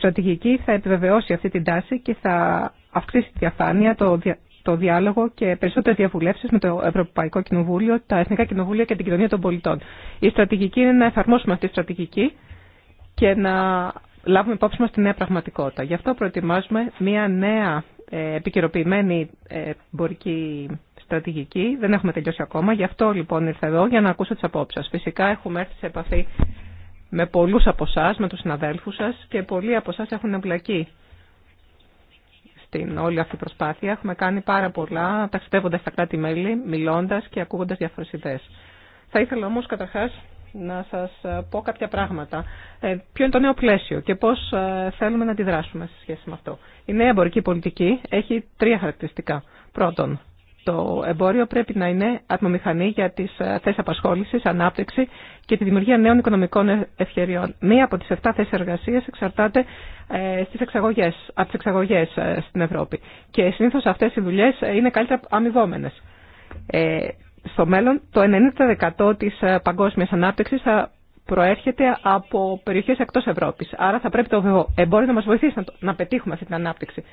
στρατηγική θα επιβεβαιώσει αυτή την τάση και θα αυξήσει τη διαφάνεια, το, το διάλογο και περισσότερε διαβουλεύσει με το Ευρωπαϊκό Κοινοβούλιο, τα Εθνικά Κοινοβούλια και την κοινωνία των πολιτών. Η στρατηγική είναι να εφαρμόσουμε αυτή τη στρατηγική και να λάβουμε υπόψη μα τη νέα πραγματικότητα. Γι' αυτό προετοιμάζουμε μια νέα ε, επικαιροποιημένη ε, εμπορική στρατηγική. Δεν έχουμε τελειώσει ακόμα. Γι' αυτό λοιπόν ήρθα εδώ για να ακούσω τι απόψει Φυσικά έχουμε έρθει σε επαφή με πολλούς από εσά, με τους συναδέλφους σας και πολλοί από εσά έχουν εμπλακεί στην όλη αυτή προσπάθεια. Έχουμε κάνει πάρα πολλά ταξιδεύοντας στα κράτη-μέλη, μιλώντας και ακούγοντας διάφορες Θα ήθελα όμως καταρχάς να σας πω κάποια πράγματα. Ε, ποιο είναι το νέο πλαίσιο και πώς ε, θέλουμε να αντιδράσουμε σε σχέση με αυτό. Η νέα εμπορική πολιτική έχει τρία χαρακτηριστικά. Πρώτον, το εμπόριο πρέπει να είναι ατμομηχανή για τι ε, θέσει απασχόληση, ανάπτυξη και τη δημιουργία νέων οικονομικών ε, ευκαιριών. Μία από τι 7 θέσει εργασία εξαρτάται ε, στι από τι εξαγωγέ στην Ευρώπη. Και συνήθω αυτέ οι δουλειέ είναι καλύτερα αμοιβόμενε. στο μέλλον, το 90% τη παγκόσμια ανάπτυξη θα προέρχεται από περιοχέ εκτό Ευρώπη. Άρα θα πρέπει το εμπόριο να μας βοηθήσει να, πετύχουμε αυτή την ανάπτυξη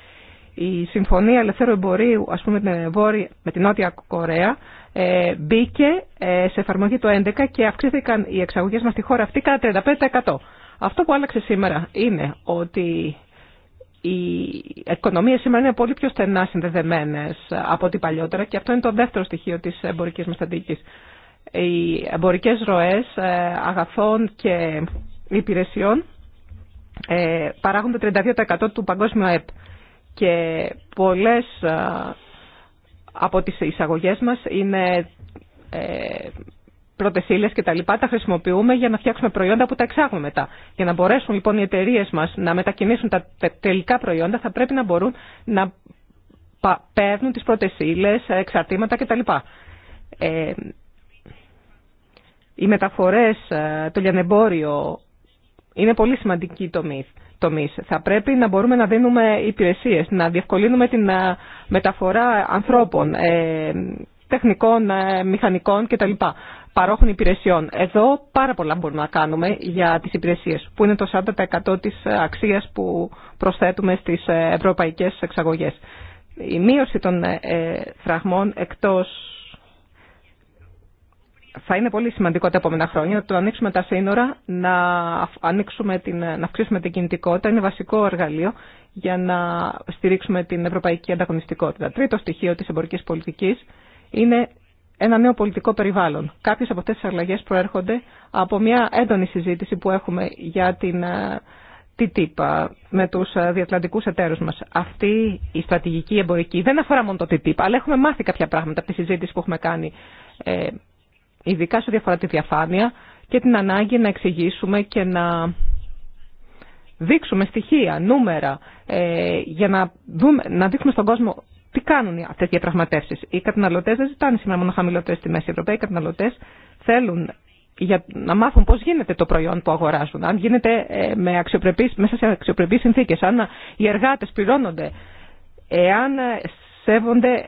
η Συμφωνία Ελευθέρου Εμπορίου, ας πούμε, με, Βόρεια, με την Νότια Κορέα, ε, μπήκε ε, σε εφαρμογή το 2011 και αυξήθηκαν οι εξαγωγές μας στη χώρα αυτή κατά 35%. Αυτό που άλλαξε σήμερα είναι ότι οι οικονομία σήμερα είναι πολύ πιο στενά συνδεδεμένες από ό,τι παλιότερα και αυτό είναι το δεύτερο στοιχείο της εμπορικής μας Οι εμπορικές ροές ε, αγαθών και υπηρεσιών ε, παράγουν το 32% του παγκόσμιου ΑΕΠ και πολλές από τις εισαγωγές μας είναι ε, πρώτε και τα λοιπά, τα χρησιμοποιούμε για να φτιάξουμε προϊόντα που τα εξάγουμε μετά. Για να μπορέσουν λοιπόν οι εταιρείε μας να μετακινήσουν τα τελικά προϊόντα, θα πρέπει να μπορούν να παίρνουν τις πρώτε ύλε, εξαρτήματα κτλ. Ε, οι μεταφορές ε, το λιανεμπόριο είναι πολύ σημαντική τομή. Θα πρέπει να μπορούμε να δίνουμε υπηρεσίες, να διευκολύνουμε την ε, μεταφορά ανθρώπων, ε, τεχνικών, ε, μηχανικών κτλ. Παρόχων υπηρεσιών. Εδώ πάρα πολλά μπορούμε να κάνουμε για τις υπηρεσίες, που είναι το 40% της αξίας που προσθέτουμε στις ευρωπαϊκές εξαγωγές. Η μείωση των φραγμών εκτός θα είναι πολύ σημαντικό τα επόμενα χρόνια το να ανοίξουμε τα σύνορα, να, ανοίξουμε την, να αυξήσουμε την κινητικότητα. Είναι βασικό εργαλείο για να στηρίξουμε την ευρωπαϊκή ανταγωνιστικότητα. Τρίτο στοιχείο της εμπορικής πολιτικής είναι ένα νέο πολιτικό περιβάλλον. Κάποιε από αυτέ τι αλλαγέ προέρχονται από μια έντονη συζήτηση που έχουμε για την ε, TTIP ε, με του ε, διατλαντικού εταίρους μα. Αυτή η στρατηγική εμπορική δεν αφορά μόνο το TTIP, αλλά έχουμε μάθει κάποια πράγματα από τη συζήτηση που έχουμε κάνει ειδικά σε διαφορά τη διαφάνεια και την ανάγκη να εξηγήσουμε και να δείξουμε στοιχεία, νούμερα, ε, για να, δούμε, να δείξουμε στον κόσμο τι κάνουν αυτέ οι διαπραγματεύσει. Οι καταναλωτέ δεν ζητάνε σήμερα μόνο χαμηλότερε τιμέ. Οι Ευρωπαίοι καταναλωτέ θέλουν για να μάθουν πώ γίνεται το προϊόν που αγοράζουν, αν γίνεται ε, με μέσα σε αξιοπρεπεί συνθήκε, αν ε, οι εργάτε πληρώνονται, εάν ε, σέβονται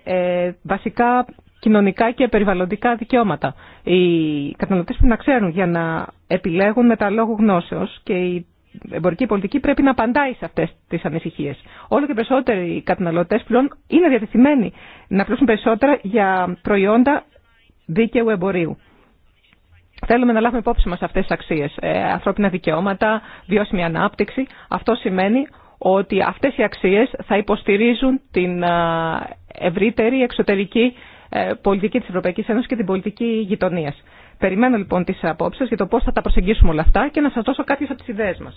βασικά κοινωνικά και περιβαλλοντικά δικαιώματα. Οι καταναλωτές πρέπει να ξέρουν για να επιλέγουν με τα λόγου γνώσεως και η εμπορική πολιτική πρέπει να απαντάει σε αυτές τις ανησυχίες. Όλο και περισσότεροι καταναλωτές πλέον είναι διατεθειμένοι να πλούσουν περισσότερα για προϊόντα δίκαιου εμπορίου. Θέλουμε να λάβουμε υπόψη μας αυτές τις αξίες. Ε, ανθρώπινα δικαιώματα, βιώσιμη ανάπτυξη. Αυτό σημαίνει ότι αυτές οι αξίες θα υποστηρίζουν την ε, ευρύτερη εξωτερική ε, πολιτική της Ευρωπαϊκής Ένωσης και την πολιτική γειτονία. Περιμένω λοιπόν τις απόψει για το πώς θα τα προσεγγίσουμε όλα αυτά και να σα δώσω κάποιες από τι ιδέες μας.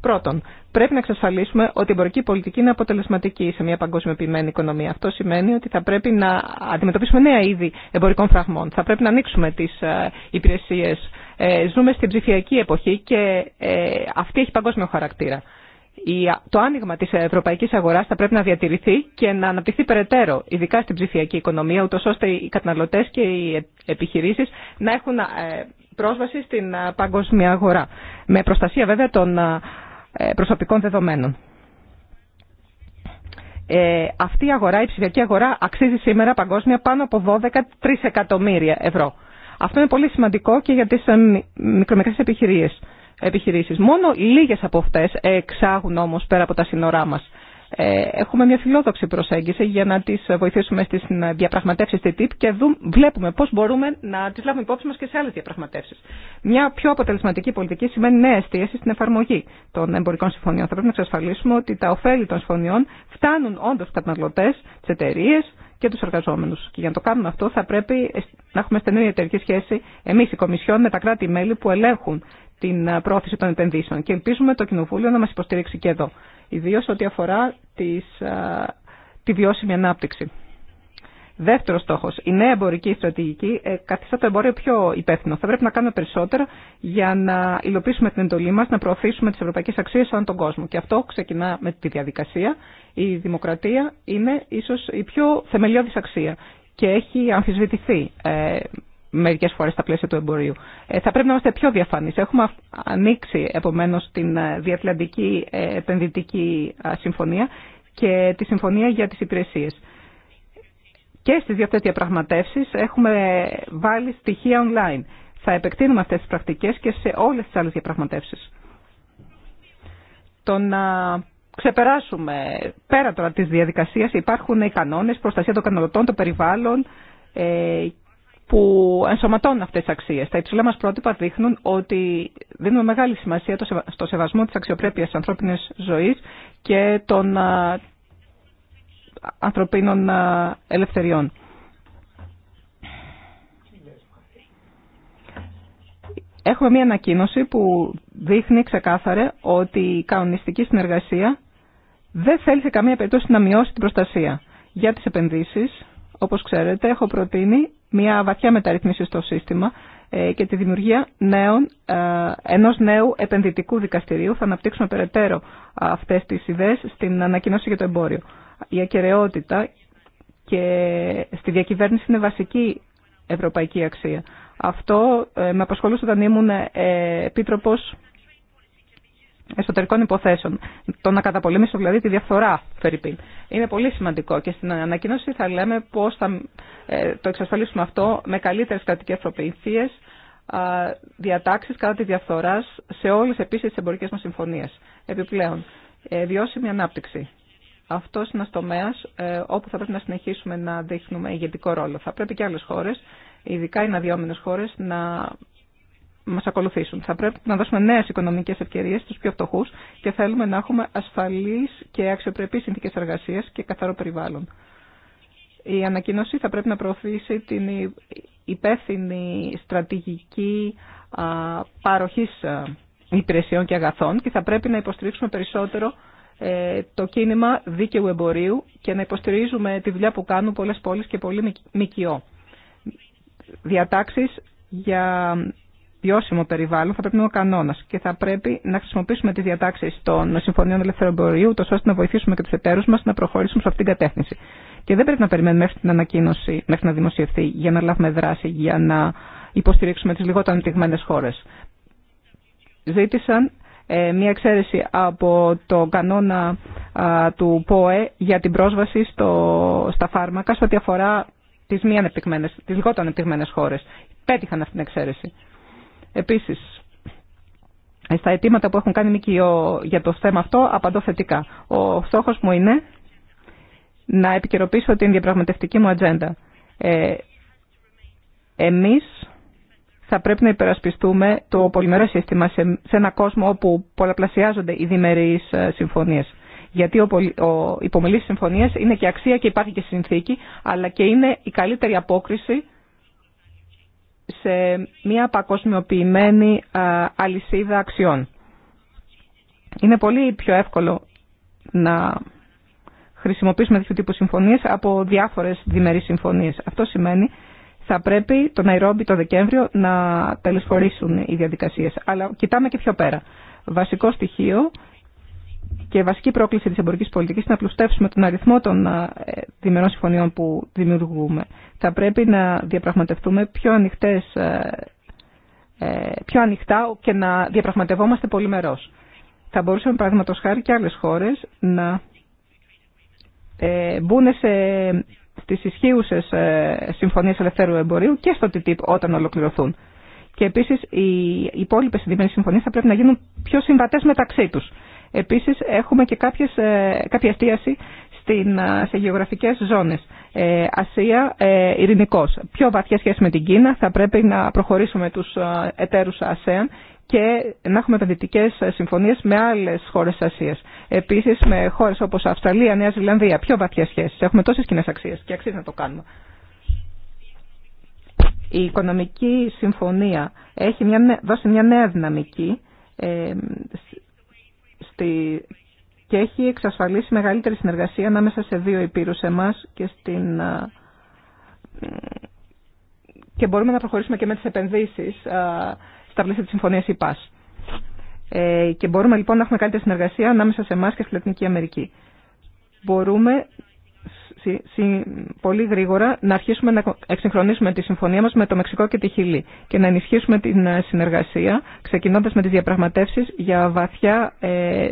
Πρώτον, πρέπει να εξασφαλίσουμε ότι η εμπορική πολιτική είναι αποτελεσματική σε μια παγκοσμιοποιημένη οικονομία. Αυτό σημαίνει ότι θα πρέπει να αντιμετωπίσουμε νέα είδη εμπορικών φραγμών. Θα πρέπει να ανοίξουμε τι ε, υπηρεσίε. Ε, ζούμε στην ψηφιακή εποχή και αυτή έχει παγκόσμιο χαρακτήρα το άνοιγμα της ευρωπαϊκής αγοράς θα πρέπει να διατηρηθεί και να αναπτυχθεί περαιτέρω, ειδικά στην ψηφιακή οικονομία, ούτως ώστε οι καταναλωτές και οι επιχειρήσεις να έχουν ε, πρόσβαση στην ε, παγκόσμια αγορά, με προστασία βέβαια των ε, προσωπικών δεδομένων. Ε, αυτή η αγορά, η ψηφιακή αγορά, αξίζει σήμερα παγκόσμια πάνω από 12-3 εκατομμύρια ευρώ. Αυτό είναι πολύ σημαντικό και για τις μικρομεσαίες επιχειρήσεις επιχειρήσεις. Μόνο λίγες από αυτές εξάγουν όμως πέρα από τα σύνορά μας. Ε, έχουμε μια φιλόδοξη προσέγγιση για να τις βοηθήσουμε στις διαπραγματεύσεις στη ΤΥΠ και βλέπουμε πώς μπορούμε να τις λάβουμε υπόψη μας και σε άλλες διαπραγματεύσεις. Μια πιο αποτελεσματική πολιτική σημαίνει νέα εστίαση στην εφαρμογή των εμπορικών συμφωνιών. Θα πρέπει να εξασφαλίσουμε ότι τα ωφέλη των συμφωνιών φτάνουν όντως στους καταναλωτές, τις εταιρείε και τους εργαζόμενους. Και για να το κάνουμε αυτό θα πρέπει να έχουμε στενή εταιρική σχέση εμείς οι Κομισιόν με τα κράτη-μέλη που ελέγχουν την ε, πρόθεση των επενδύσεων. Και ελπίζουμε το Κοινοβούλιο να μας υποστηρίξει και εδώ. Ιδίω ό,τι αφορά τις, α, ε, τη βιώσιμη ανάπτυξη. Δεύτερο στόχο, η νέα εμπορική στρατηγική ε, καθιστά το εμπόριο πιο υπεύθυνο. Θα πρέπει να κάνουμε περισσότερα για να υλοποιήσουμε την εντολή μα, να προωθήσουμε τι ευρωπαϊκέ αξίε όλο τον κόσμο. Και αυτό ξεκινά με τη διαδικασία. Η δημοκρατία είναι ίσω η πιο θεμελιώδη αξία και έχει αμφισβητηθεί ε, μερικές φορές στα πλαίσια του εμπορίου. Ε, θα πρέπει να είμαστε πιο διαφανείς. Έχουμε ανοίξει επομένως την ε, Διατλαντική ε, Επενδυτική Συμφωνία και τη Συμφωνία για τις Υπηρεσίες. Και στις δύο αυτές διαπραγματεύσεις έχουμε βάλει στοιχεία online. Θα επεκτείνουμε αυτές τις πρακτικές και σε όλες τις άλλες διαπραγματεύσεις. Το να ξεπεράσουμε πέρα τώρα της διαδικασίας υπάρχουν οι κανόνες, προστασία των καταναλωτών, των περιβάλλων που ενσωματώνουν αυτές τις αξίες. Τα υψηλά μας πρότυπα δείχνουν ότι δίνουμε μεγάλη σημασία στο σεβασμό της αξιοπρέπειας της ανθρώπινης ζωής και των ανθρωπίνων ελευθεριών. Έχουμε μία ανακοίνωση που δείχνει ξεκάθαρα ότι η κανονιστική συνεργασία δεν θέλει σε καμία περίπτωση να μειώσει την προστασία. Για τις επενδύσεις, όπως ξέρετε, έχω προτείνει μια βαθιά μεταρρύθμιση στο σύστημα ε, και τη δημιουργία νέων, ε, ενός νέου επενδυτικού δικαστηρίου. Θα αναπτύξουμε περαιτέρω ε, αυτές τις ιδέες στην ανακοινώση για το εμπόριο. Η ακεραιότητα και στη διακυβέρνηση είναι βασική ευρωπαϊκή αξία. Αυτό με απασχολούσε όταν ήμουν επίτροπος εσωτερικών υποθέσεων. Το να καταπολεμήσω δηλαδή τη διαφθορά, Φερρυπίν. Είναι πολύ σημαντικό και στην ανακοίνωση θα λέμε πώ θα ε, το εξασφαλίσουμε αυτό με καλύτερε κρατικέ προπηρεσίε, διατάξει κατά τη διαφθορά σε όλε επίση τι εμπορικέ μα συμφωνίε. Επιπλέον, ε, βιώσιμη ανάπτυξη. Αυτό είναι ένα τομέα ε, όπου θα πρέπει να συνεχίσουμε να δείχνουμε ηγετικό ρόλο. Θα πρέπει και άλλε χώρε, ειδικά οι αναδυόμενε χώρε, να μα ακολουθήσουν. Θα πρέπει να δώσουμε νέε οικονομικέ ευκαιρίε, στους πιο φτωχού και θέλουμε να έχουμε ασφαλείς και αξιοπρεπείς συνθήκε εργασία και καθαρό περιβάλλον. Η ανακοίνωση θα πρέπει να προωθήσει την υπεύθυνη στρατηγική πάροχή υπηρεσιών και αγαθών και θα πρέπει να υποστηρίξουμε περισσότερο ε, το κίνημα δίκαιου εμπορίου και να υποστηρίζουμε τη δουλειά που κάνουν πολλές πόλεις και πολλοί μικιό. Διατάξεις για βιώσιμο περιβάλλον θα πρέπει να είναι ο κανόνα και θα πρέπει να χρησιμοποιήσουμε τι διατάξει των Συμφωνίων Ελευθερωμπορίου, τόσο ώστε να βοηθήσουμε και του εταίρου μα να προχωρήσουμε σε αυτήν την κατεύθυνση. Και δεν πρέπει να περιμένουμε μέχρι την ανακοίνωση, μέχρι να δημοσιευθεί, για να λάβουμε δράση, για να υποστηρίξουμε τι λιγότερο ανεπτυγμένε χώρε. Ζήτησαν ε, μία εξαίρεση από το κανόνα του ΠΟΕ για την πρόσβαση στο, στα φάρμακα σε ό,τι αφορά τις, μη λιγότερο ανεπτυγμένες χώρες. Πέτυχαν αυτήν την εξαίρεση. Επίσης, στα αιτήματα που έχουν κάνει ΜΚΙΟ για το θέμα αυτό, απαντώ θετικά. Ο στόχος μου είναι να επικαιροποιήσω την διαπραγματευτική μου ατζέντα. Ε, εμείς θα πρέπει να υπερασπιστούμε το πολυμερές σύστημα σε, ένα κόσμο όπου πολλαπλασιάζονται οι διμερείς ε, συμφωνίες. Γιατί ο, ο υπομελής είναι και αξία και υπάρχει και συνθήκη, αλλά και είναι η καλύτερη απόκριση σε μια πακοσμιοποιημένη αλυσίδα αξιών. Είναι πολύ πιο εύκολο να χρησιμοποιήσουμε τέτοιου τύπου συμφωνίες από διάφορες διμερείς συμφωνίες. Αυτό σημαίνει θα πρέπει το Ναϊρόμπι το Δεκέμβριο να τελεσφορήσουν οι διαδικασίες. Αλλά κοιτάμε και πιο πέρα. Βασικό στοιχείο και η βασική πρόκληση της εμπορικής πολιτικής είναι να πλουστεύσουμε τον αριθμό των ε, διμερών συμφωνιών που δημιουργούμε. Θα πρέπει να διαπραγματευτούμε πιο, ανοιχτές, ε, ε, πιο ανοιχτά και να διαπραγματευόμαστε πολυμερώς. Θα μπορούσαμε, παραδείγματο χάρη, και άλλες χώρες να μπουν σε, στις ισχύουσες συμφωνίες ελευθέρου εμπορίου και στο TTIP όταν ολοκληρωθούν. Και επίση οι υπόλοιπε συνδυμένε συμφωνίε θα πρέπει να γίνουν πιο συμβατέ μεταξύ του. Επίσης έχουμε και κάποιες, ε, κάποια εστίαση στην, ε, σε γεωγραφικές ζώνες. Ε, Ασία, ε, ειρηνικός. Πιο βαθιά σχέση με την Κίνα θα πρέπει να προχωρήσουμε τους ε, εταίρους ΑΣΕΑΝ και να έχουμε επενδυτικέ συμφωνίε με άλλε χώρε Ασία. Επίση με χώρε όπω Αυστραλία, Νέα Ζηλανδία. Πιο βαθιά σχέσει. Έχουμε τόσε κοινέ αξίε και αξίζει να το κάνουμε. Η οικονομική συμφωνία έχει μια, δώσει μια νέα δυναμική στη... και έχει εξασφαλίσει μεγαλύτερη συνεργασία ανάμεσα σε δύο υπήρους εμάς και στην... Και μπορούμε να προχωρήσουμε και με τις επενδύσεις στα πλαίσια της Συμφωνίας Ε, και μπορούμε λοιπόν να έχουμε καλύτερη συνεργασία ανάμεσα σε εμά και στη Λατινική Αμερική. Μπορούμε πολύ γρήγορα να αρχίσουμε να εξυγχρονίσουμε τη συμφωνία μας με το Μεξικό και τη Χιλή και να ενισχύσουμε την ε, συνεργασία ξεκινώντας με τις διαπραγματεύσεις για βαθιά ε,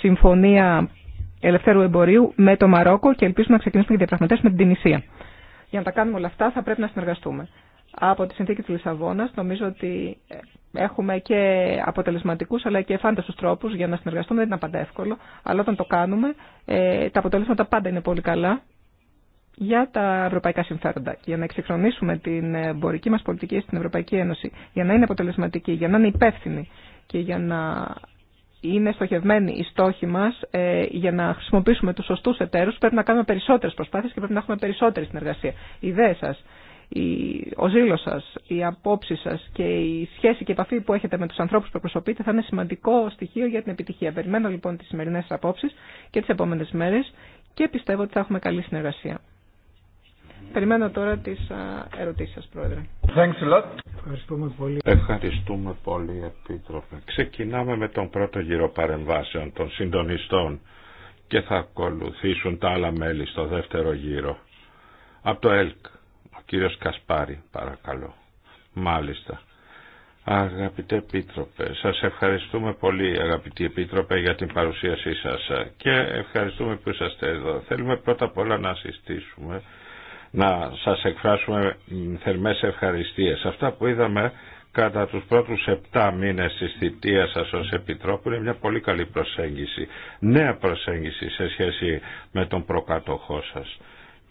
συμφωνία ελευθέρου εμπορίου με το Μαρόκο και ελπίζουμε να ξεκινήσουμε και διαπραγματεύσεις με την Τινησία. Για να τα κάνουμε όλα αυτά θα πρέπει να συνεργαστούμε από τη συνθήκη της Λισαβόνας. Νομίζω ότι έχουμε και αποτελεσματικούς αλλά και φάνταστους τρόπους για να συνεργαστούμε. Δεν είναι πάντα εύκολο, αλλά όταν το κάνουμε ε, τα αποτελέσματα πάντα είναι πολύ καλά για τα ευρωπαϊκά συμφέροντα. Για να εξυγχρονίσουμε την εμπορική μας πολιτική στην Ευρωπαϊκή Ένωση, για να είναι αποτελεσματική, για να είναι υπεύθυνη και για να είναι στοχευμένοι οι στόχοι μα ε, για να χρησιμοποιήσουμε του σωστού εταίρου. Πρέπει να κάνουμε περισσότερε προσπάθειε και πρέπει να έχουμε περισσότερη συνεργασία. ιδέε ο ζήλος σας, η απόψη σας και η σχέση και η επαφή που έχετε με τους ανθρώπους που προσωπείτε θα είναι σημαντικό στοιχείο για την επιτυχία. Περιμένω λοιπόν τις σημερινές απόψεις και τις επόμενες μέρες και πιστεύω ότι θα έχουμε καλή συνεργασία. Περιμένω τώρα τις ερωτήσεις σας, Πρόεδρε. Ευχαριστούμε πολύ. Ευχαριστούμε πολύ, Επίτροπε. Ξεκινάμε με τον πρώτο γύρο παρεμβάσεων των συντονιστών και θα ακολουθήσουν τα άλλα μέλη στο δεύτερο γύρο. Από το ΕΛΚ. Κύριος Κασπάρη, παρακαλώ. Μάλιστα. Αγαπητέ Επίτροπε, σας ευχαριστούμε πολύ αγαπητή Επίτροπε για την παρουσίασή σας και ευχαριστούμε που είσαστε εδώ. Θέλουμε πρώτα απ' όλα να συστήσουμε, να σας εκφράσουμε θερμές ευχαριστίες. Αυτά που είδαμε κατά τους πρώτους 7 μήνες της θητείας σας ως Επιτρόπου είναι μια πολύ καλή προσέγγιση, νέα προσέγγιση σε σχέση με τον προκατοχό σας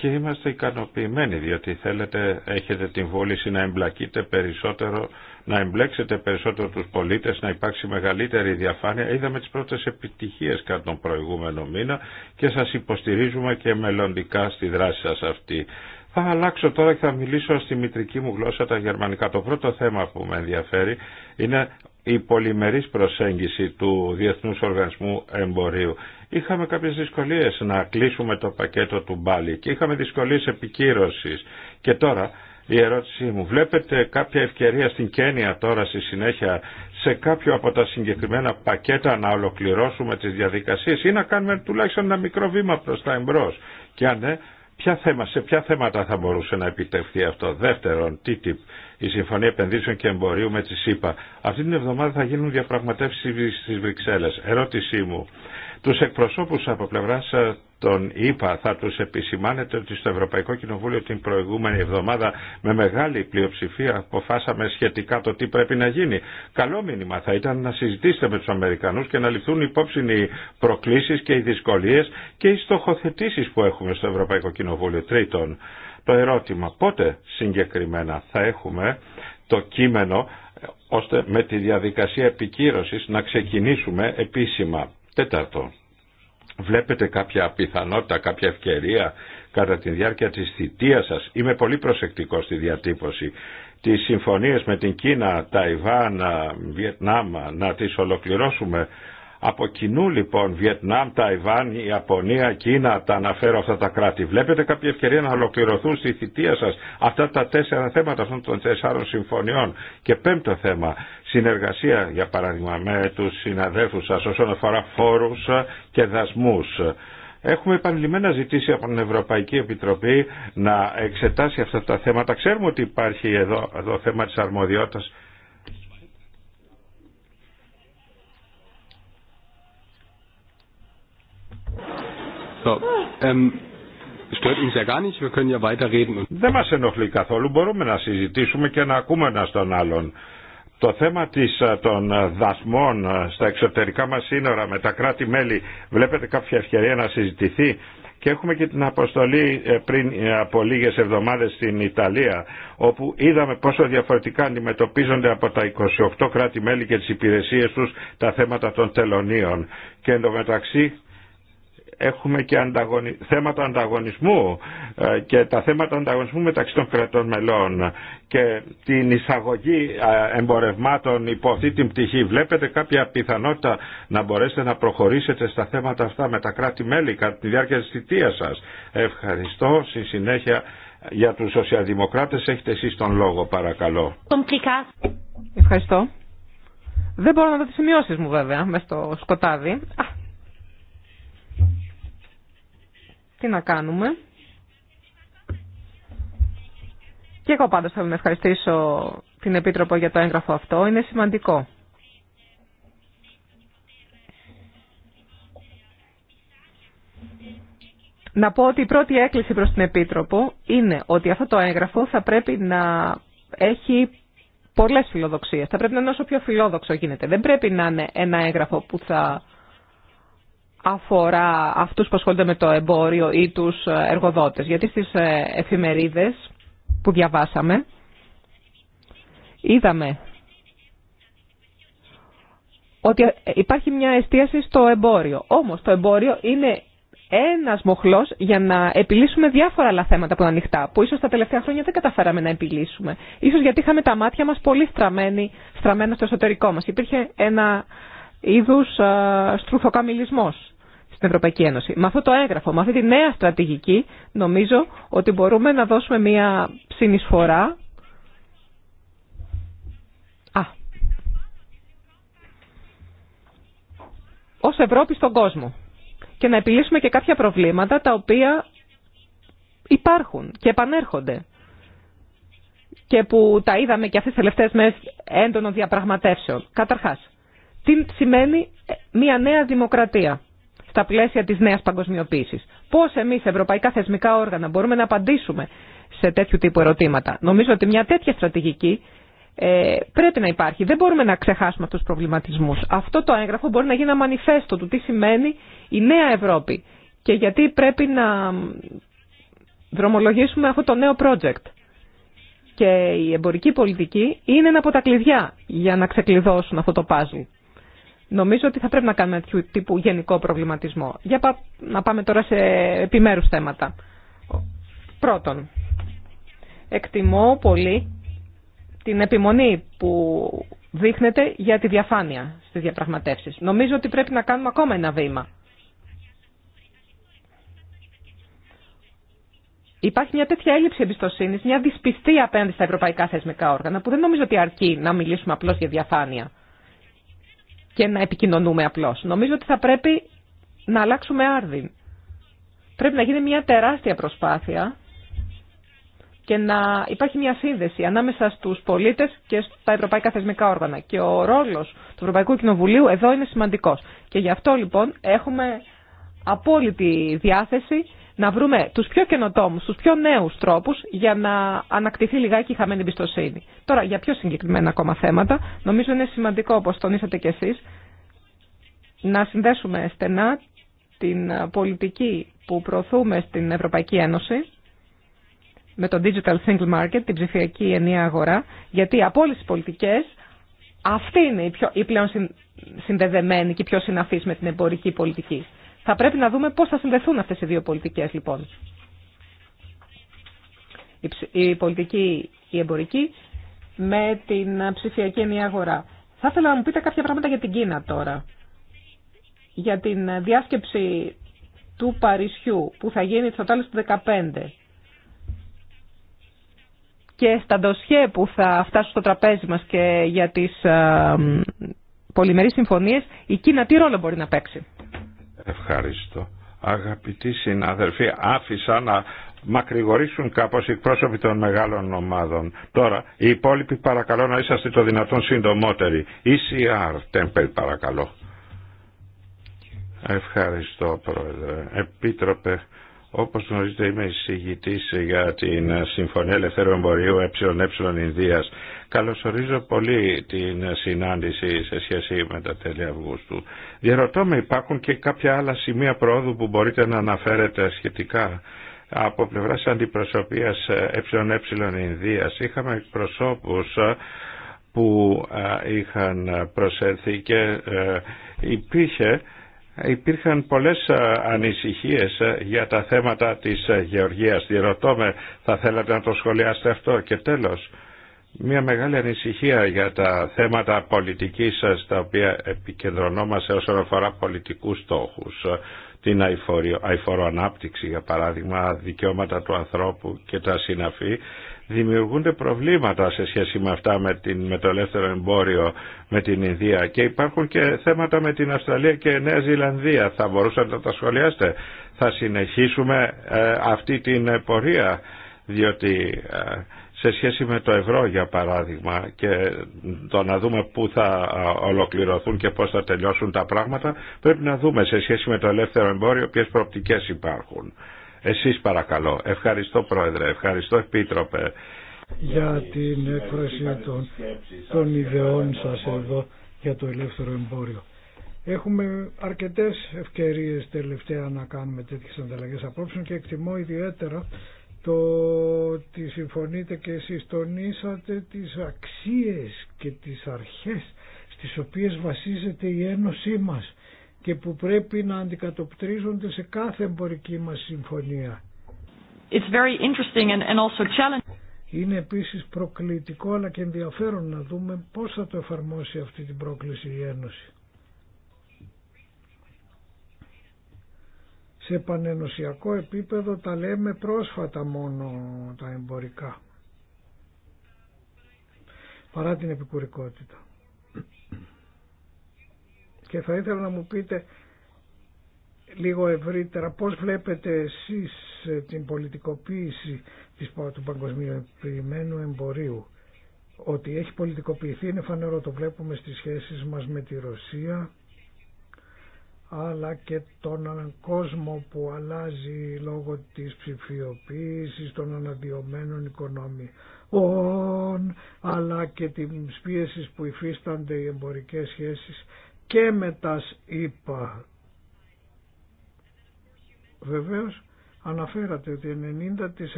και είμαστε ικανοποιημένοι διότι θέλετε, έχετε την βούληση να εμπλακείτε περισσότερο, να εμπλέξετε περισσότερο τους πολίτες, να υπάρξει μεγαλύτερη διαφάνεια. Είδαμε τις πρώτες επιτυχίες κατά τον προηγούμενο μήνα και σας υποστηρίζουμε και μελλοντικά στη δράση σας αυτή. Θα αλλάξω τώρα και θα μιλήσω στη μητρική μου γλώσσα τα γερμανικά. Το πρώτο θέμα που με ενδιαφέρει είναι η πολυμερής προσέγγιση του Διεθνούς Οργανισμού Εμπορίου. Είχαμε κάποιες δυσκολίες να κλείσουμε το πακέτο του Μπάλι και είχαμε δυσκολίες επικύρωσης. Και τώρα η ερώτησή μου, βλέπετε κάποια ευκαιρία στην Κένια τώρα στη συνέχεια σε κάποιο από τα συγκεκριμένα πακέτα να ολοκληρώσουμε τις διαδικασίες ή να κάνουμε τουλάχιστον ένα μικρό βήμα προς τα εμπρός. Και αν ναι, Ποια θέμα, σε ποια θέματα θα μπορούσε να επιτευχθεί αυτό. Δεύτερον, TTIP, η Συμφωνία Επενδύσεων και Εμπορίου με τη ΣΥΠΑ. Αυτή την εβδομάδα θα γίνουν διαπραγματεύσεις στις Βρυξέλλες. Ερώτησή μου, τους εκπροσώπους από πλευράς ε, τον είπα, θα τους επισημάνετε ότι στο Ευρωπαϊκό Κοινοβούλιο την προηγούμενη εβδομάδα με μεγάλη πλειοψηφία αποφάσαμε σχετικά το τι πρέπει να γίνει. Καλό μήνυμα θα ήταν να συζητήσετε με τους Αμερικανούς και να ληφθούν υπόψη οι προκλήσεις και οι δυσκολίες και οι στοχοθετήσεις που έχουμε στο Ευρωπαϊκό Κοινοβούλιο. Τρίτον, το ερώτημα πότε συγκεκριμένα θα έχουμε το κείμενο ώστε με τη διαδικασία επικύρωσης να ξεκινήσουμε επίσημα. Τέταρτο, Βλέπετε κάποια πιθανότητα, κάποια ευκαιρία κατά τη διάρκεια της θητείας σας. Είμαι πολύ προσεκτικός στη διατύπωση. Τις συμφωνίες με την Κίνα, Ταϊβάν, Βιετνάμ να τις ολοκληρώσουμε από κοινού λοιπόν Βιετνάμ, Ταϊβάν, Ιαπωνία, Κίνα, τα αναφέρω αυτά τα κράτη. Βλέπετε κάποια ευκαιρία να ολοκληρωθούν στη θητεία σας αυτά τα τέσσερα θέματα αυτών των τεσσάρων συμφωνιών. Και πέμπτο θέμα, συνεργασία για παράδειγμα με τους συναδέλφους σας όσον αφορά φόρους και δασμούς. Έχουμε επανειλημμένα ζητήσει από την Ευρωπαϊκή Επιτροπή να εξετάσει αυτά τα θέματα. Ξέρουμε ότι υπάρχει εδώ, εδώ θέμα της αρμοδιότητας So, ähm, stört uns weiterreden. Δεν μας ενοχλεί καθόλου, μπορούμε να συζητήσουμε και να ακούμε ένα τον άλλον. Το θέμα της, ε, των ε, δασμών ε, στα εξωτερικά μας σύνορα με τα κράτη-μέλη βλέπετε κάποια ευκαιρία να συζητηθεί και έχουμε και την αποστολή πριν από λίγες εβδομάδες στην Ιταλία όπου είδαμε πόσο διαφορετικά αντιμετωπίζονται από τα 28 κράτη-μέλη και τις υπηρεσίες τους τα θέματα των τελωνίων και εντωμεταξύ έχουμε και ανταγωνι... θέματα ανταγωνισμού ε, και τα θέματα ανταγωνισμού μεταξύ των κρατών μελών και την εισαγωγή ε, εμπορευμάτων υπό αυτή την πτυχή. Βλέπετε κάποια πιθανότητα να μπορέσετε να προχωρήσετε στα θέματα αυτά με τα κράτη-μέλη κατά τη διάρκεια της θητείας σας. Ευχαριστώ. Στη συνέχεια για τους σοσιαλδημοκράτες έχετε εσείς τον λόγο παρακαλώ. Ευχαριστώ. Δεν μπορώ να δω τις σημειώσεις μου βέβαια με στο σκοτάδι. τι να κάνουμε. Και εγώ πάντως θέλω να ευχαριστήσω την Επίτροπο για το έγγραφο αυτό. Είναι σημαντικό. Να πω ότι η πρώτη έκκληση προς την Επίτροπο είναι ότι αυτό το έγγραφο θα πρέπει να έχει πολλές φιλοδοξίες. Θα πρέπει να είναι όσο πιο φιλόδοξο γίνεται. Δεν πρέπει να είναι ένα έγγραφο που θα αφορά αυτούς που ασχολούνται με το εμπόριο ή τους εργοδότες. Γιατί στις ε, εφημερίδες που διαβάσαμε είδαμε ότι υπάρχει μια εστίαση στο εμπόριο. Όμως το εμπόριο είναι ένας μοχλός για να επιλύσουμε διάφορα άλλα θέματα που είναι ανοιχτά, που ίσως τα τελευταία χρόνια δεν καταφέραμε να επιλύσουμε. Ίσως γιατί είχαμε τα μάτια μας πολύ στραμμένα στο εσωτερικό μας. Υπήρχε ένα είδου στρουφοκαμιλισμό στην Ευρωπαϊκή Ένωση. Με αυτό το έγγραφο, με αυτή τη νέα στρατηγική, νομίζω ότι μπορούμε να δώσουμε μια συνεισφορά. Α. Ως Ευρώπη στον κόσμο. Και να επιλύσουμε και κάποια προβλήματα τα οποία υπάρχουν και επανέρχονται και που τα είδαμε και αυτές τις τελευταίες μέρες έντονων διαπραγματεύσεων. Καταρχάς, τι σημαίνει ε, μια νέα δημοκρατία στα πλαίσια της νέας παγκοσμιοποίησης. Πώς εμείς, ευρωπαϊκά θεσμικά όργανα, μπορούμε να απαντήσουμε σε τέτοιου τύπου ερωτήματα. Νομίζω ότι μια τέτοια στρατηγική ε, πρέπει να υπάρχει. Δεν μπορούμε να ξεχάσουμε αυτούς τους προβληματισμούς. Αυτό το έγγραφο μπορεί να γίνει ένα μανιφέστο του τι σημαίνει η νέα Ευρώπη και γιατί πρέπει να δρομολογήσουμε αυτό το νέο project. Και η εμπορική πολιτική είναι ένα από τα κλειδιά για να ξεκλειδώσουν αυτό το παζλ. Νομίζω ότι θα πρέπει να κάνουμε τέτοιου τύπου γενικό προβληματισμό. Για να πάμε τώρα σε επιμέρους θέματα. Πρώτον, εκτιμώ πολύ την επιμονή που δείχνεται για τη διαφάνεια στις διαπραγματεύσεις. Νομίζω ότι πρέπει να κάνουμε ακόμα ένα βήμα. Υπάρχει μια τέτοια έλλειψη εμπιστοσύνης, μια δυσπιστία απέναντι στα ευρωπαϊκά θεσμικά όργανα, που δεν νομίζω ότι αρκεί να μιλήσουμε απλώς για διαφάνεια και να επικοινωνούμε απλώς. Νομίζω ότι θα πρέπει να αλλάξουμε άρδιν. Πρέπει να γίνει μια τεράστια προσπάθεια και να υπάρχει μια σύνδεση ανάμεσα στους πολίτες και στα ευρωπαϊκά θεσμικά όργανα. Και ο ρόλος του Ευρωπαϊκού Κοινοβουλίου εδώ είναι σημαντικός. Και γι' αυτό λοιπόν έχουμε απόλυτη διάθεση να βρούμε τους πιο καινοτόμους, τους πιο νέους τρόπους για να ανακτηθεί λιγάκι η χαμένη εμπιστοσύνη. Τώρα, για πιο συγκεκριμένα ακόμα θέματα, νομίζω είναι σημαντικό, όπως τονίσατε κι εσείς, να συνδέσουμε στενά την πολιτική που προωθούμε στην Ευρωπαϊκή Ένωση με το Digital Single Market, την ψηφιακή ενιαία αγορά, γιατί από όλες τις πολιτικές αυτή είναι η, πιο, η πλέον συνδεδεμένη και η πιο συναφής με την εμπορική πολιτική. Θα πρέπει να δούμε πώς θα συνδεθούν αυτές οι δύο πολιτικές λοιπόν. Η πολιτική, η εμπορική με την ψηφιακή ενιαία αγορά. Θα ήθελα να μου πείτε κάποια πράγματα για την Κίνα τώρα. Για την διάσκεψη του Παρισιού που θα γίνει στο τέλος του 2015 και στα ντοσιέ που θα φτάσουν στο τραπέζι μας και για τις α, ε, πολυμερείς συμφωνίες, η Κίνα τι ρόλο μπορεί να παίξει. Ευχαριστώ. Αγαπητοί συναδελφοί, άφησα να μακρηγορήσουν κάπως οι πρόσωποι των μεγάλων ομάδων. Τώρα, οι υπόλοιποι παρακαλώ να είσαστε το δυνατόν συντομότεροι. ECR, Τέμπελ παρακαλώ. Ευχαριστώ Πρόεδρε. Επίτροπε, όπως γνωρίζετε είμαι εισηγητής για την Συμφωνία Ελευθέρου Εμπορίου ΕΕ Ινδίας. Καλωσορίζω πολύ την συνάντηση σε σχέση με τα τέλη Αυγούστου. Διαρωτώ με υπάρχουν και κάποια άλλα σημεία πρόοδου που μπορείτε να αναφέρετε σχετικά από πλευράς αντιπροσωπείας ΕΕ Ινδίας. Είχαμε εκπροσώπους ε, που ε, είχαν προσέλθει και ε, υπήρχε υπήρχαν πολλές ε, ανησυχίες ε, για τα θέματα της ε, γεωργίας. Διερωτώ με, θα θέλατε να το σχολιάσετε αυτό. Και τέλος, μια μεγάλη ανησυχία για τα θέματα πολιτικής σας, τα οποία επικεντρωνόμαστε όσον αφορά πολιτικούς στόχους. Την αηφοροανάπτυξη, για παράδειγμα, δικαιώματα του ανθρώπου και τα συναφή δημιουργούνται προβλήματα σε σχέση με αυτά με, την, το ελεύθερο εμπόριο με την Ινδία και υπάρχουν και θέματα με την Αυστραλία και Νέα Ζηλανδία. Θα μπορούσατε να τα σχολιάσετε. Θα συνεχίσουμε ε, αυτή την πορεία διότι ε, σε σχέση με το ευρώ για παράδειγμα και το να δούμε πού θα ε, ολοκληρωθούν και πώς θα τελειώσουν τα πράγματα πρέπει να δούμε σε σχέση με το ελεύθερο εμπόριο ποιες προοπτικές υπάρχουν. Εσείς παρακαλώ. Ευχαριστώ Πρόεδρε, ευχαριστώ Επίτροπε. Για την έκφραση των, των ιδεών σας εδώ για το ελεύθερο εμπόριο. Έχουμε αρκετές ευκαιρίες τελευταία να κάνουμε τέτοιες ανταλλαγές απόψεων και εκτιμώ ιδιαίτερα το ότι συμφωνείτε και εσείς τονίσατε τις αξίες και τις αρχές στις οποίες βασίζεται η Ένωσή μας και που πρέπει να αντικατοπτρίζονται σε κάθε εμπορική μας συμφωνία. Είναι επίσης προκλητικό αλλά και ενδιαφέρον να δούμε πώς θα το εφαρμόσει αυτή την πρόκληση η Ένωση. Σε πανενωσιακό επίπεδο τα λέμε πρόσφατα μόνο τα εμπορικά. Παρά την επικουρικότητα. Και θα ήθελα να μου πείτε λίγο ευρύτερα πώς βλέπετε εσείς ε, την πολιτικοποίηση του παγκοσμιοποιημένου εμπορίου. Ότι έχει πολιτικοποιηθεί είναι φανερό, το βλέπουμε στις σχέσεις μας με τη Ρωσία αλλά και τον κόσμο που αλλάζει λόγω της ψηφιοποίησης των αναδειωμένων οικονομιών αλλά και την πίεση που υφίστανται οι εμπορικές σχέσεις και με τα Βεβαίως αναφέρατε ότι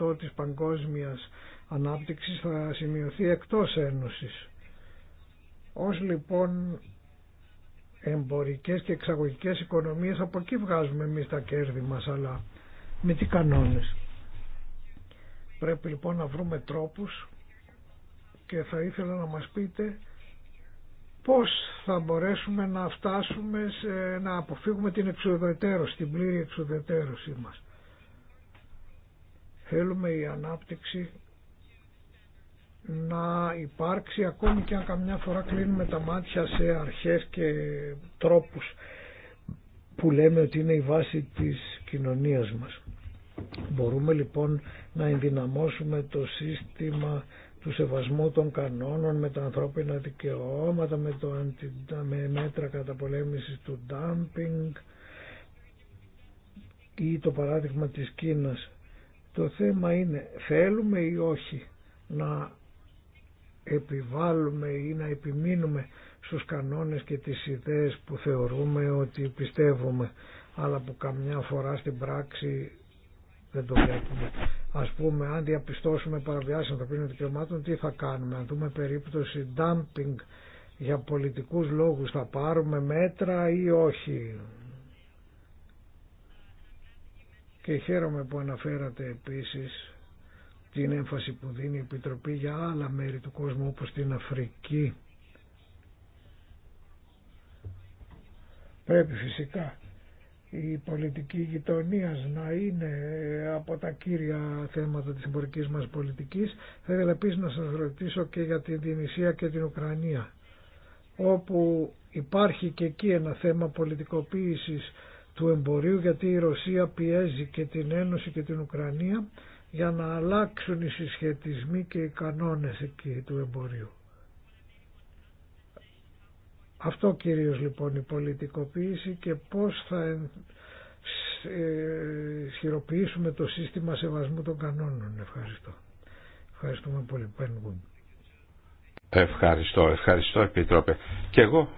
90% της παγκόσμιας ανάπτυξης θα σημειωθεί εκτός Ένωσης. Ως λοιπόν εμπορικές και εξαγωγικές οικονομίες από εκεί βγάζουμε εμείς τα κέρδη μας αλλά με τι κανόνες. Πρέπει λοιπόν να βρούμε τρόπους και θα ήθελα να μας πείτε πώς θα μπορέσουμε να φτάσουμε να αποφύγουμε την εξουδετέρωση, την πλήρη εξουδετέρωση μας. Θέλουμε η ανάπτυξη να υπάρξει ακόμη και αν καμιά φορά κλείνουμε τα μάτια σε αρχές και τρόπους που λέμε ότι είναι η βάση της κοινωνίας μας. Μπορούμε λοιπόν να ενδυναμώσουμε το σύστημα του σεβασμού των κανόνων, με τα ανθρώπινα δικαιώματα, με, το, με μέτρα καταπολέμησης του ντάμπινγκ ή το παράδειγμα της Κίνας. Το θέμα είναι θέλουμε ή όχι να επιβάλλουμε ή να επιμείνουμε στους κανόνες και τις ιδέες που θεωρούμε ότι πιστεύουμε αλλά που καμιά φορά στην πράξη δεν το βλέπουμε. Α πούμε αν διαπιστώσουμε παραβιάσει ανθρωπίνων δικαιωμάτων τι θα κάνουμε αν δούμε περίπτωση dumping για πολιτικούς λόγους θα πάρουμε μέτρα ή όχι και χαίρομαι που αναφέρατε επίσης την έμφαση που δίνει η Επιτροπή για άλλα μέρη του κόσμου όπως την Αφρική πρέπει φυσικά η πολιτική γειτονία να είναι από τα κύρια θέματα της εμπορικής μας πολιτικής. Θα ήθελα επίσης να σας ρωτήσω και για την Δημησία και την Ουκρανία, όπου υπάρχει και εκεί ένα θέμα πολιτικοποίησης του εμπορίου, γιατί η Ρωσία πιέζει και την Ένωση και την Ουκρανία για να αλλάξουν οι συσχετισμοί και οι κανόνες εκεί του εμπορίου. Αυτό κυρίως λοιπόν η πολιτικοποίηση και πώς θα ε, ισχυροποιήσουμε το σύστημα σεβασμού των κανόνων. Ευχαριστώ. Ευχαριστούμε πολύ. Ευχαριστώ, ευχαριστώ Επίτροπε. Και εγώ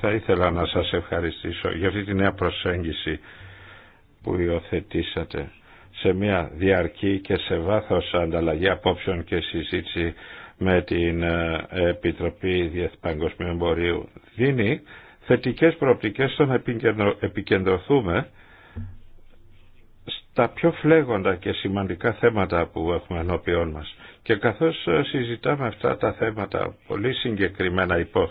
θα ήθελα να σας ευχαριστήσω για αυτή τη νέα προσέγγιση που υιοθετήσατε σε μια διαρκή και σε βάθος ανταλλαγή απόψεων και συζήτηση με την ε, Επιτροπή Παγκοσμίου Εμπορίου δίνει θετικές προοπτικές στο να επικεντρωθούμε στα πιο φλέγοντα και σημαντικά θέματα που έχουμε ενώπιόν μας. Και καθώς ε, συζητάμε αυτά τα θέματα πολύ συγκεκριμένα υπό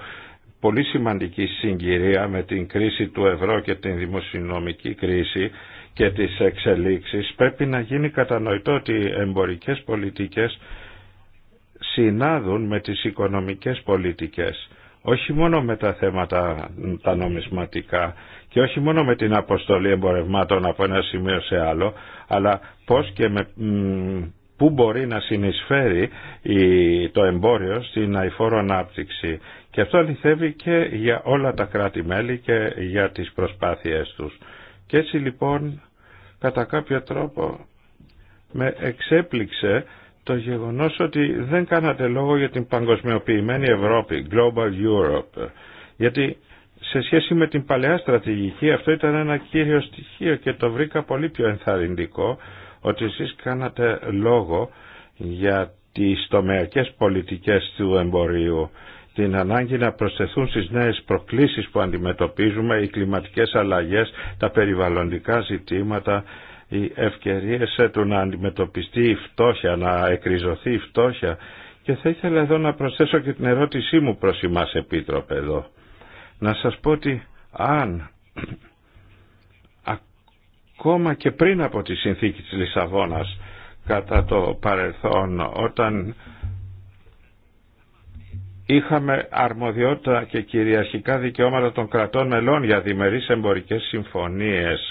πολύ σημαντική συγκυρία με την κρίση του ευρώ και την δημοσιονομική κρίση και τις εξελίξεις, πρέπει να γίνει κατανοητό ότι εμπορικές πολιτικές συνάδουν με τις οικονομικές πολιτικές όχι μόνο με τα θέματα τα νομισματικά και όχι μόνο με την αποστολή εμπορευμάτων από ένα σημείο σε άλλο, αλλά πώς και με, πού μπορεί να συνεισφέρει το εμπόριο στην αηφόρο ανάπτυξη. Και αυτό αληθεύει και για όλα τα κράτη-μέλη και για τις προσπάθειές τους. Και έτσι λοιπόν, κατά κάποιο τρόπο, με εξέπληξε το γεγονός ότι δεν κάνατε λόγο για την παγκοσμιοποιημένη Ευρώπη, Global Europe, γιατί σε σχέση με την παλαιά στρατηγική αυτό ήταν ένα κύριο στοιχείο και το βρήκα πολύ πιο ενθαρρυντικό ότι εσείς κάνατε λόγο για τις τομεακές πολιτικές του εμπορίου την ανάγκη να προσθεθούν στις νέες προκλήσεις που αντιμετωπίζουμε, οι κλιματικές αλλαγές, τα περιβαλλοντικά ζητήματα, οι ευκαιρίες ε, του να αντιμετωπιστεί η φτώχεια, να εκριζωθεί η φτώχεια και θα ήθελα εδώ να προσθέσω και την ερώτησή μου προς εμάς Επίτροπε εδώ. Να σας πω ότι αν ακόμα και πριν από τη συνθήκη της Λισαβόνας κατά το παρελθόν όταν είχαμε αρμοδιότητα και κυριαρχικά δικαιώματα των κρατών μελών για διμερείς εμπορικές συμφωνίες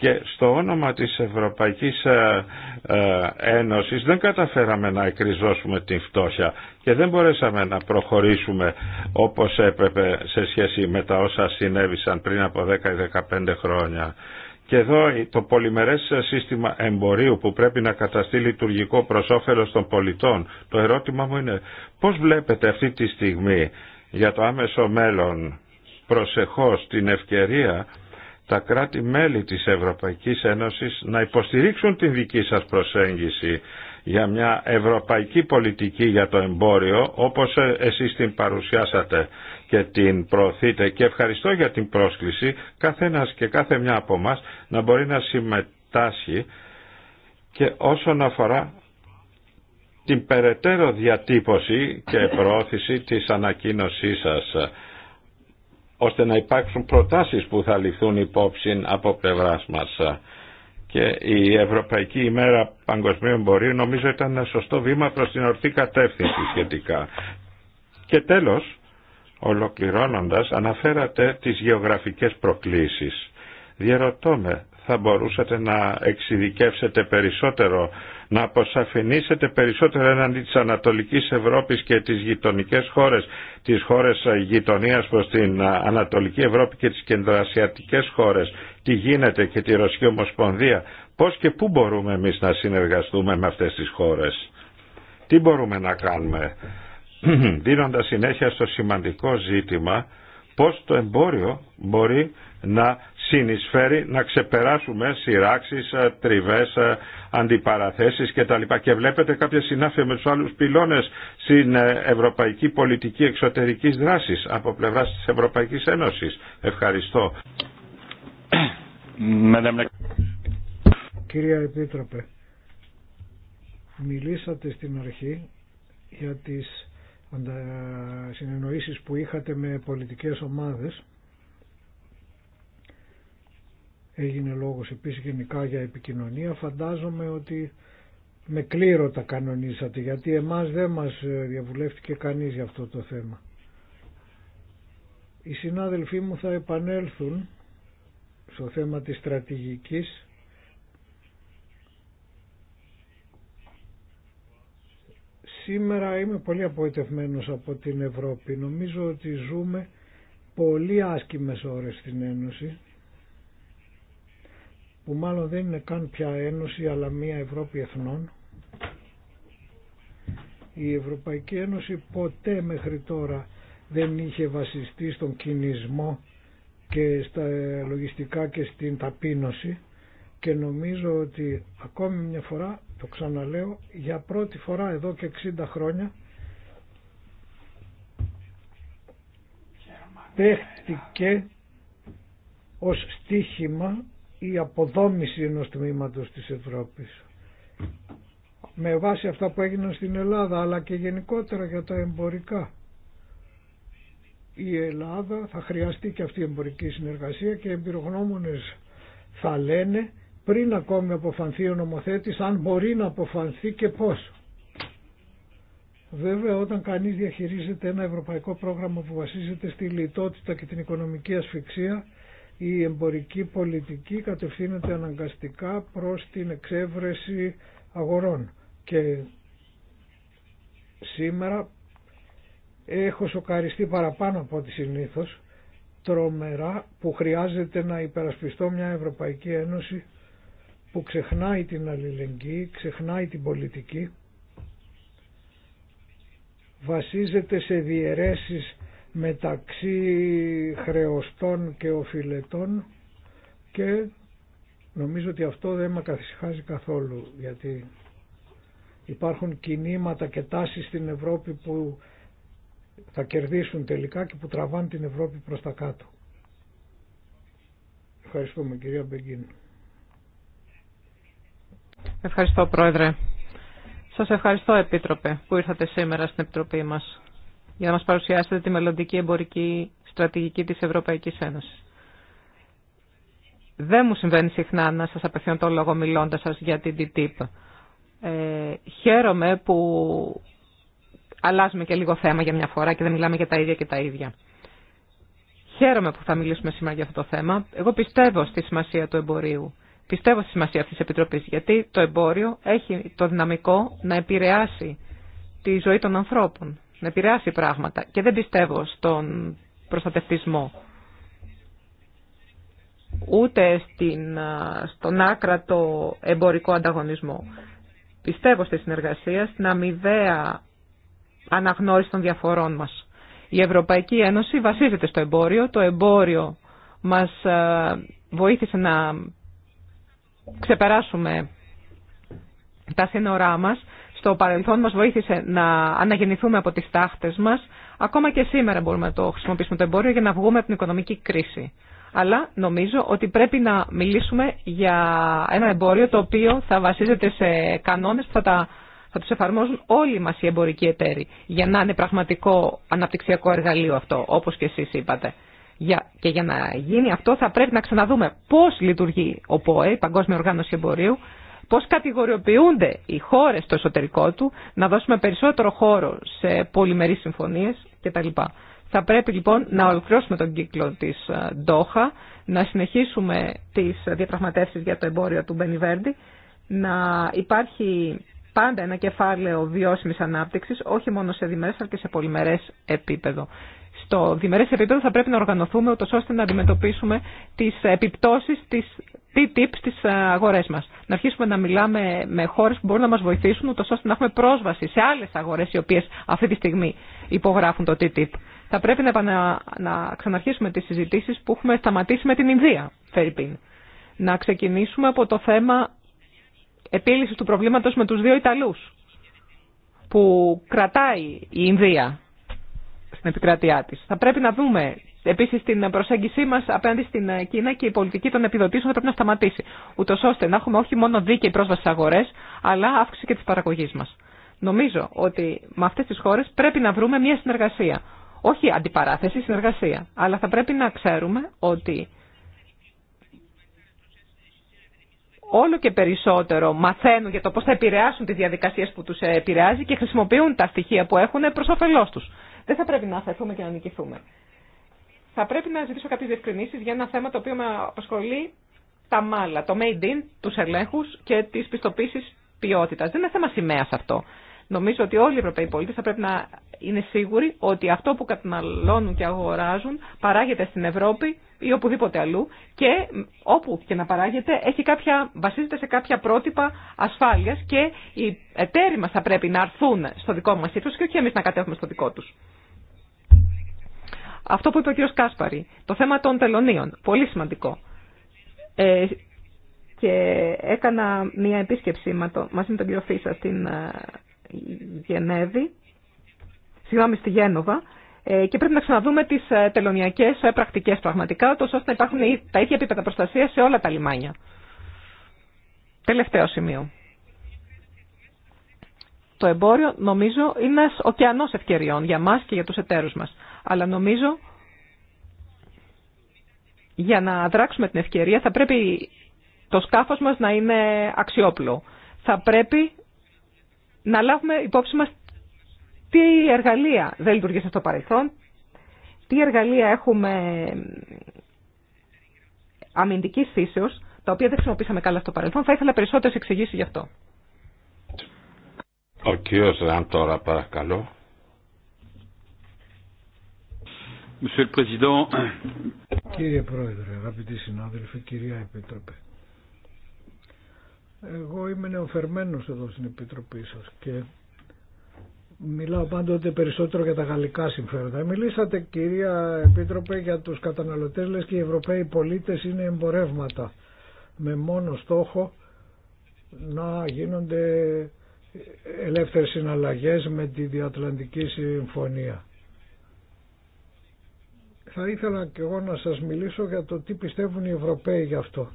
και στο όνομα της Ευρωπαϊκής ε, ε, Ένωσης δεν καταφέραμε να εκριζώσουμε την φτώχεια και δεν μπορέσαμε να προχωρήσουμε όπως έπρεπε σε σχέση με τα όσα συνέβησαν πριν από 10 ή 15 χρόνια. Και εδώ το πολυμερές σύστημα εμπορίου που πρέπει να καταστεί λειτουργικό προς όφελος των πολιτών. Το ερώτημα μου είναι πώς βλέπετε αυτή τη στιγμή για το άμεσο μέλλον προσεχώς την ευκαιρία τα κράτη-μέλη της Ευρωπαϊκής Ένωσης να υποστηρίξουν την δική σας προσέγγιση για μια ευρωπαϊκή πολιτική για το εμπόριο όπως ε, εσείς την παρουσιάσατε και την προωθείτε και ευχαριστώ για την πρόσκληση καθένας και κάθε μια από μας να μπορεί να συμμετάσχει και όσον αφορά την περαιτέρω διατύπωση και προώθηση της ανακοίνωσής σας ώστε να υπάρξουν προτάσεις που θα ληφθούν υπόψη από πλευράς μας. Και η Ευρωπαϊκή ημέρα παγκοσμίου εμπορίου νομίζω ήταν ένα σωστό βήμα προς την ορθή κατεύθυνση σχετικά. Και τέλος, ολοκληρώνοντας, αναφέρατε τις γεωγραφικές προκλήσεις. Διαρωτώ με, θα μπορούσατε να εξειδικεύσετε περισσότερο να αποσαφηνίσετε περισσότερο έναντι της Ανατολικής Ευρώπης και τις γειτονικές χώρες, τις χώρες γειτονίας προς την Ανατολική Ευρώπη και τις Κεντρασιατικές χώρες, τι γίνεται και τη Ρωσική Ομοσπονδία, πώς και πού μπορούμε εμείς να συνεργαστούμε με αυτές τις χώρες. Τι μπορούμε να κάνουμε, δίνοντας συνέχεια στο σημαντικό ζήτημα, πώς το εμπόριο μπορεί να συνεισφέρει να ξεπεράσουμε σειράξεις, ε, τριβές, ε, αντιπαραθέσεις κτλ. Και βλέπετε κάποια συνάφεια με τους άλλους πυλώνες στην ε, ευρωπαϊκή πολιτική εξωτερικής δράσης από πλευράς της Ευρωπαϊκής Ένωσης. Ευχαριστώ. Κυρία Επίτροπε, μιλήσατε στην αρχή για τις συνεννοήσεις που είχατε με πολιτικές ομάδες Έγινε λόγος επίσης γενικά για επικοινωνία. Φαντάζομαι ότι με κλήρο τα κανονίσατε γιατί εμάς δεν μας ε, διαβουλεύτηκε κανείς για αυτό το θέμα. Οι συνάδελφοί μου θα επανέλθουν στο θέμα της στρατηγικής Σήμερα είμαι πολύ απογοητευμένος από την Ευρώπη. Νομίζω ότι ζούμε πολύ άσκημες ώρες στην Ένωση που μάλλον δεν είναι καν πια ένωση αλλά μία Ευρώπη εθνών. Η Ευρωπαϊκή Ένωση ποτέ μέχρι τώρα δεν είχε βασιστεί στον κινησμό και στα λογιστικά και στην ταπείνωση και νομίζω ότι ακόμη μια φορά, το ξαναλέω, για πρώτη φορά εδώ και 60 χρόνια παίχτηκε ως στίχημα η αποδόμηση ενός τμήματος της Ευρώπης. Με βάση αυτά που έγιναν στην Ελλάδα αλλά και γενικότερα για τα εμπορικά. Η Ελλάδα θα χρειαστεί και αυτή η εμπορική συνεργασία και οι εμπειρογνώμονες θα λένε πριν ακόμη αποφανθεί ο νομοθέτης αν μπορεί να αποφανθεί και πώς. Βέβαια όταν κανείς διαχειρίζεται ένα ευρωπαϊκό πρόγραμμα που βασίζεται στη λιτότητα και την οικονομική ασφυξία η εμπορική πολιτική κατευθύνεται αναγκαστικά προς την εξέβρεση αγορών και σήμερα έχω σοκαριστεί παραπάνω από ό,τι συνήθως τρομερά που χρειάζεται να υπερασπιστώ μια Ευρωπαϊκή Ένωση που ξεχνάει την αλληλεγγύη, ξεχνάει την πολιτική βασίζεται σε διαιρέσεις μεταξύ χρεωστών και οφειλετών και νομίζω ότι αυτό δεν με καθυσχάζει καθόλου γιατί υπάρχουν κινήματα και τάσεις στην Ευρώπη που θα κερδίσουν τελικά και που τραβάν την Ευρώπη προς τα κάτω. Ευχαριστούμε κυρία Μπεγκίν. Ευχαριστώ Πρόεδρε. Σας ευχαριστώ Επίτροπε που ήρθατε σήμερα στην Επιτροπή μας για να μας παρουσιάσετε τη μελλοντική εμπορική στρατηγική της Ευρωπαϊκής Ένωσης. Δεν μου συμβαίνει συχνά να σας απευθύνω το λόγο μιλώντας σας για την DTIP. Ε, χαίρομαι που αλλάζουμε και λίγο θέμα για μια φορά και δεν μιλάμε για τα ίδια και τα ίδια. Χαίρομαι που θα μιλήσουμε σήμερα για αυτό το θέμα. Εγώ πιστεύω στη σημασία του εμπορίου. Πιστεύω στη σημασία αυτής της Επιτροπής, γιατί το εμπόριο έχει το δυναμικό να επηρεάσει τη ζωή των ανθρώπων να επηρεάσει πράγματα και δεν πιστεύω στον προστατευτισμό ούτε στην, στον άκρατο εμπορικό ανταγωνισμό. Πιστεύω στη συνεργασία, στην αμοιβαία αναγνώριση των διαφορών μας. Η Ευρωπαϊκή Ένωση βασίζεται στο εμπόριο. Το εμπόριο μας βοήθησε να ξεπεράσουμε τα σύνορά μας το παρελθόν μας βοήθησε να αναγεννηθούμε από τις τάχτες μας. Ακόμα και σήμερα μπορούμε να το χρησιμοποιήσουμε το εμπόριο για να βγούμε από την οικονομική κρίση. Αλλά νομίζω ότι πρέπει να μιλήσουμε για ένα εμπόριο το οποίο θα βασίζεται σε κανόνες που θα, τα, θα τους εφαρμόζουν όλοι μας οι εμπορικοί εταίροι για να είναι πραγματικό αναπτυξιακό εργαλείο αυτό, όπως και εσείς είπατε. Για, και για να γίνει αυτό θα πρέπει να ξαναδούμε πώς λειτουργεί ο ΠΟΕ, η Παγκόσμια Οργάνωση Εμπορίου, πώς κατηγοριοποιούνται οι χώρες στο εσωτερικό του, να δώσουμε περισσότερο χώρο σε πολυμερείς συμφωνίες κτλ. Θα πρέπει λοιπόν να ολοκληρώσουμε τον κύκλο της ε, Ντόχα, να συνεχίσουμε τις διαπραγματεύσεις για το εμπόριο του Μπενιβέρντι, να υπάρχει πάντα ένα κεφάλαιο βιώσιμης ανάπτυξης, όχι μόνο σε διμερές αλλά και σε πολυμερές επίπεδο στο διμερές επίπεδο θα πρέπει να οργανωθούμε ούτως ώστε να αντιμετωπίσουμε τις επιπτώσεις της TTIP στις ε, αγορές μας. Να αρχίσουμε να μιλάμε με χώρες που μπορούν να μας βοηθήσουν ούτως ώστε να έχουμε πρόσβαση σε άλλες αγορές οι οποίες αυτή τη στιγμή υπογράφουν το TTIP. Θα πρέπει να, να, να ξαναρχίσουμε τις συζητήσεις που έχουμε σταματήσει με την Ινδία, Φερρυπίν. Να ξεκινήσουμε από το θέμα επίλυσης του προβλήματος με τους δύο Ιταλούς που κρατάει η Ινδία στην επικράτειά της. Θα πρέπει να δούμε επίσης την προσέγγισή μας απέναντι στην Κίνα και η πολιτική των επιδοτήσεων θα πρέπει να σταματήσει. Ούτω ώστε να έχουμε όχι μόνο δίκαιη πρόσβαση στις αγορές, αλλά αύξηση και της παραγωγής μας. Νομίζω ότι με αυτές τις χώρες πρέπει να βρούμε μια συνεργασία. Όχι αντιπαράθεση, συνεργασία. Αλλά θα πρέπει να ξέρουμε ότι όλο και περισσότερο μαθαίνουν για το πώς θα επηρεάσουν τις διαδικασίες που τους επηρεάζει και χρησιμοποιούν τα στοιχεία που έχουν προς όφελός τους. Δεν θα πρέπει να αφαιθούμε και να νικηθούμε. Θα πρέπει να ζητήσω κάποιε διευκρινήσει για ένα θέμα το οποίο με απασχολεί τα μάλα, το made in, του ελέγχου και τι πιστοποίησει ποιότητα. Δεν είναι θέμα σημαία αυτό. Νομίζω ότι όλοι οι Ευρωπαίοι πολίτε θα πρέπει να είναι σίγουροι ότι αυτό που καταναλώνουν και αγοράζουν παράγεται στην Ευρώπη ή οπουδήποτε αλλού και όπου και να παράγεται έχει κάποια, βασίζεται σε κάποια πρότυπα ασφάλειας και οι εταίροι μας θα πρέπει να αρθούν στο δικό μας ύψος και όχι εμείς να κατέχουμε στο δικό τους. Αυτό που είπε ο κ. Κάσπαρη, το θέμα των τελωνίων, πολύ σημαντικό. Ε, και έκανα μια επίσκεψη μαζί με τον κ. Φίσα στην ε, Γενέβη, συγγνώμη στη Γένοβα, ε, και πρέπει να ξαναδούμε τι ε, τελωνιακέ ε, πρακτικέ πραγματικά, ώστε να υπάρχουν τα ίδια επίπεδα προστασία σε όλα τα λιμάνια. Τελευταίο σημείο. Το εμπόριο, νομίζω, είναι ένα ωκεανό ευκαιριών για μα και για του εταίρου μα. Αλλά νομίζω, για να δράξουμε την ευκαιρία, θα πρέπει το σκάφο μα να είναι αξιόπλο. Θα πρέπει να λάβουμε υπόψη μας τι εργαλεία δεν λειτουργήσαν στο παρελθόν, τι εργαλεία έχουμε αμυντικής φύσεως, τα οποία δεν χρησιμοποίησαμε καλά στο παρελθόν. Θα ήθελα περισσότερε εξηγήσει γι' αυτό. Ο κύριο Ραν τώρα παρακαλώ. Κύριε Πρόεδρε, αγαπητοί συνάδελφοι, κυρία Επίτροπε. Εγώ είμαι νεοφερμένος εδώ στην Επιτροπή σας και Μιλάω πάντοτε περισσότερο για τα γαλλικά συμφέροντα. Ε, μιλήσατε κυρία Επίτροπε για τους καταναλωτές, λες και οι Ευρωπαίοι πολίτες είναι εμπορεύματα με μόνο στόχο να γίνονται ελεύθερες συναλλαγές με τη Διατλαντική Συμφωνία. Θα ήθελα και εγώ να σας μιλήσω για το τι πιστεύουν οι Ευρωπαίοι γι' αυτό.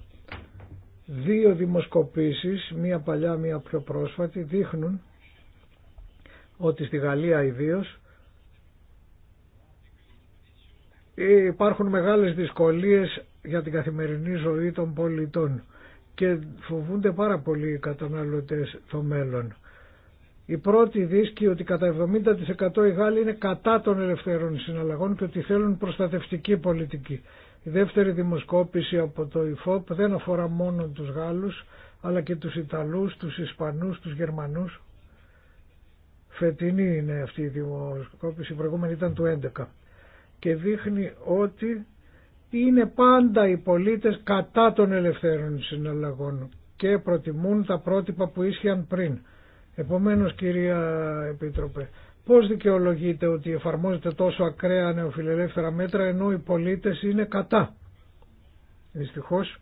Δύο δημοσκοπήσεις, μία παλιά, μία πιο πρόσφατη, δείχνουν ότι στη Γαλλία ιδίω υπάρχουν μεγάλες δυσκολίες για την καθημερινή ζωή των πολιτών και φοβούνται πάρα πολύ οι καταναλωτές το μέλλον. Η πρώτη δίσκη ότι κατά 70% οι Γάλλοι είναι κατά των ελευθερών συναλλαγών και ότι θέλουν προστατευτική πολιτική. Η δεύτερη δημοσκόπηση από το ΙΦΟΠ δεν αφορά μόνο τους Γάλλους αλλά και τους Ιταλούς, τους Ισπανούς, τους Γερμανούς φετινή είναι αυτή η δημοσκόπηση, η προηγούμενη ήταν του 11 και δείχνει ότι είναι πάντα οι πολίτες κατά των ελευθέρων συναλλαγών και προτιμούν τα πρότυπα που ίσχυαν πριν. Επομένως κυρία Επίτροπε, πώς δικαιολογείτε ότι εφαρμόζεται τόσο ακραία νεοφιλελεύθερα μέτρα ενώ οι πολίτες είναι κατά. Δυστυχώς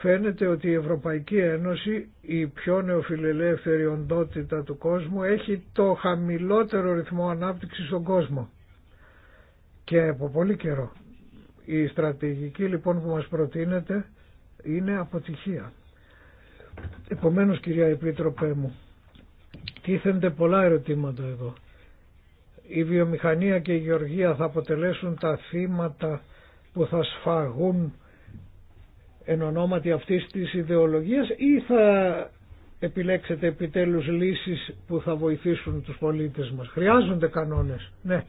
Φαίνεται ότι η Ευρωπαϊκή Ένωση, η πιο νεοφιλελεύθερη οντότητα του κόσμου, έχει το χαμηλότερο ρυθμό ανάπτυξης στον κόσμο. Και από πολύ καιρό. Η στρατηγική λοιπόν που μας προτείνεται είναι αποτυχία. Επομένως κυρία Επίτροπέ μου, τίθενται πολλά ερωτήματα εδώ. Η βιομηχανία και η γεωργία θα αποτελέσουν τα θύματα που θα σφαγούν εν ονόματι αυτής της ιδεολογίας ή θα επιλέξετε επιτέλους λύσεις που θα βοηθήσουν τους πολίτες μας. Χρειάζονται κανόνες, ναι.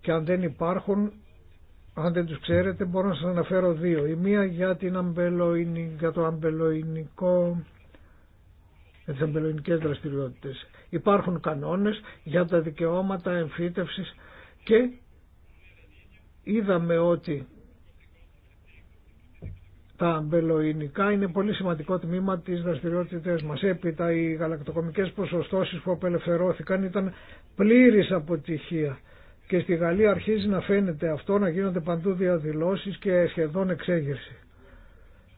Και αν δεν υπάρχουν, αν δεν τους ξέρετε, μπορώ να σας αναφέρω δύο. Η μία για, την αμπελοϊνη, για το αμπελοϊνικό για τις αμπελοϊνικές δραστηριότητες. Υπάρχουν κανόνες για τα δικαιώματα εμφύτευσης και είδαμε ότι τα μπελοϊνικά είναι πολύ σημαντικό τμήμα της δραστηριότητας μας. Έπειτα οι γαλακτοκομικές ποσοστώσεις που απελευθερώθηκαν ήταν πλήρης αποτυχία. Και στη Γαλλία αρχίζει να φαίνεται αυτό, να γίνονται παντού διαδηλώσεις και σχεδόν εξέγερση.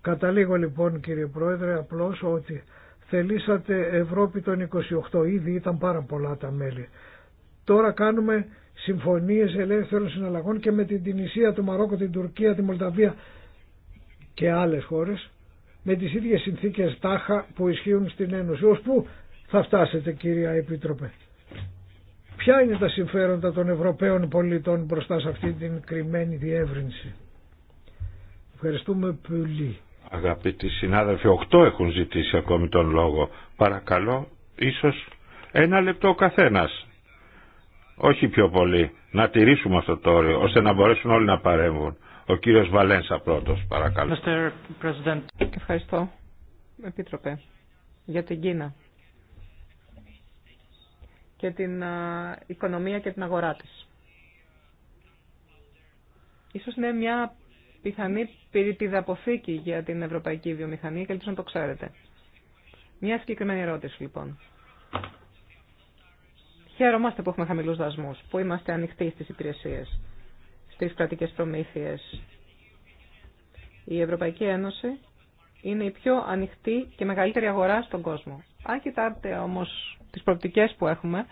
Καταλήγω λοιπόν κύριε Πρόεδρε απλώς ότι θελήσατε Ευρώπη των 28, ήδη ήταν πάρα πολλά τα μέλη. Τώρα κάνουμε συμφωνίες ελεύθερων συναλλαγών και με την Τινησία, το Μαρόκο, την Τουρκία, τη Μολδαβία και άλλες χώρες με τις ίδιες συνθήκες τάχα που ισχύουν στην Ένωση. Ως πού θα φτάσετε κυρία Επίτροπε. Ποια είναι τα συμφέροντα των Ευρωπαίων πολιτών μπροστά σε αυτή την κρυμμένη διεύρυνση. Ευχαριστούμε πολύ. Αγαπητοί συνάδελφοι, οκτώ έχουν ζητήσει ακόμη τον λόγο. Παρακαλώ, ίσως ένα λεπτό ο καθένας. Όχι πιο πολύ. Να τηρήσουμε αυτό το όριο, ώστε να μπορέσουν όλοι να παρέμβουν. Ο κύριος Βαλένσα πρώτος, παρακαλώ. Ευχαριστώ, Επίτροπε, για την Κίνα και την οικονομία και την αγορά της. Ίσως είναι μια πιθανή πυρητιδαποθήκη για την ευρωπαϊκή βιομηχανία και ελπίζω να το ξέρετε. Μια συγκεκριμένη ερώτηση λοιπόν. Χαίρομαστε που έχουμε χαμηλούς δασμούς, που είμαστε ανοιχτοί στις υπηρεσίες στις κρατικές προμήθειες. Η Ευρωπαϊκή Ένωση είναι η πιο ανοιχτή και μεγαλύτερη αγορά στον κόσμο. Αν κοιτάτε όμως τις προοπτικές που έχουμε,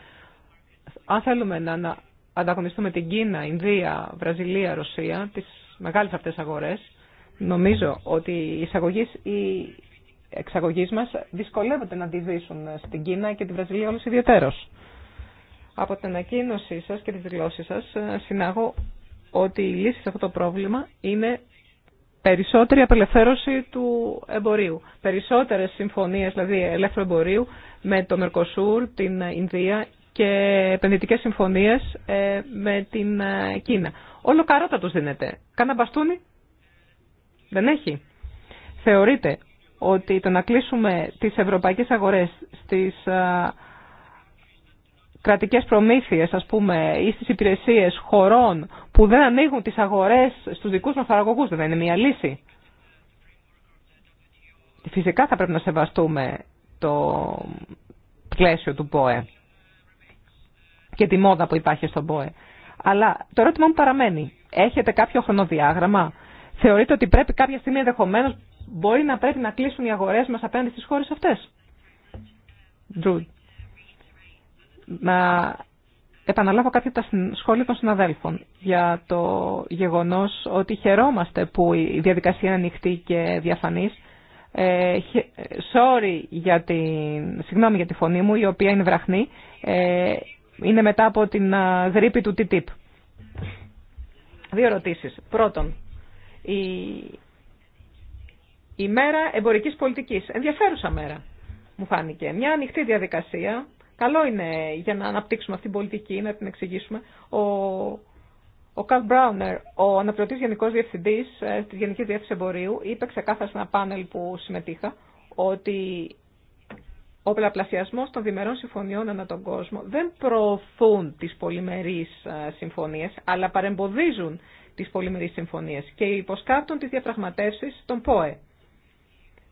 αν θέλουμε να ανταγωνιστούμε την Κίνα, Ινδία, Βραζιλία, Ρωσία, τις μεγάλες αυτές αγορές, νομίζω ότι οι ή εξαγωγής μας δυσκολεύονται να αντιδύσουν στην Κίνα και την Βραζιλία όλους ιδιαίτερος. Από την ανακοίνωσή σας και τις δηλώσεις σας ε, συνάγω ότι η λύση σε αυτό το πρόβλημα είναι περισσότερη απελευθέρωση του εμπορίου. Περισσότερες συμφωνίες, δηλαδή ελεύθερου εμπορίου, με το Μερκοσούρ, την Ινδία και επενδυτικές συμφωνίες ε, με την ε, Κίνα. Όλο καρότα τους δίνεται. Κάνα μπαστούνι δεν έχει. Θεωρείτε ότι το να κλείσουμε τις ευρωπαϊκές αγορές στις ε, κρατικές προμήθειες, ας πούμε, ή στις υπηρεσίες χωρών που δεν ανοίγουν τις αγορές στους δικούς μας παραγωγούς, δεν είναι μια λύση. Φυσικά θα πρέπει να σεβαστούμε το πλαίσιο του ΠΟΕ και τη μόδα που υπάρχει στον ΠΟΕ. Αλλά το ερώτημα μου παραμένει. Έχετε κάποιο χρονοδιάγραμμα. Θεωρείτε ότι πρέπει κάποια στιγμή ενδεχομένω μπορεί να πρέπει να κλείσουν οι αγορέ μα απέναντι στι αυτές. αυτέ να επαναλάβω κάποια τα σχόλια των συναδέλφων για το γεγονός ότι χαιρόμαστε που η διαδικασία είναι ανοιχτή και διαφανής. Ε, για την, συγγνώμη για τη φωνή μου, η οποία είναι βραχνή. Ε, είναι μετά από την γρήπη του TTIP. Δύο ερωτήσεις. Πρώτον, η, η μέρα εμπορικής πολιτικής. Ενδιαφέρουσα μέρα, μου φάνηκε. Μια ανοιχτή διαδικασία Καλό είναι για να αναπτύξουμε αυτή την πολιτική, να την εξηγήσουμε. Ο, ο Καρλ Μπράουνερ, ο αναπληρωτή Γενικό διευθυντής ε, τη Γενική Διεύθυνσης Εμπορίου, είπε ξεκάθαρα σε ένα πάνελ που συμμετείχα ότι ο πελαπλασιασμός των διμερών συμφωνιών ανά τον κόσμο δεν προωθούν τι πολυμερει ε, συμφωνίε, αλλά παρεμποδίζουν τι πολυμερει συμφωνίε και υποσκάπτουν τι διαπραγματεύσει των ΠΟΕ.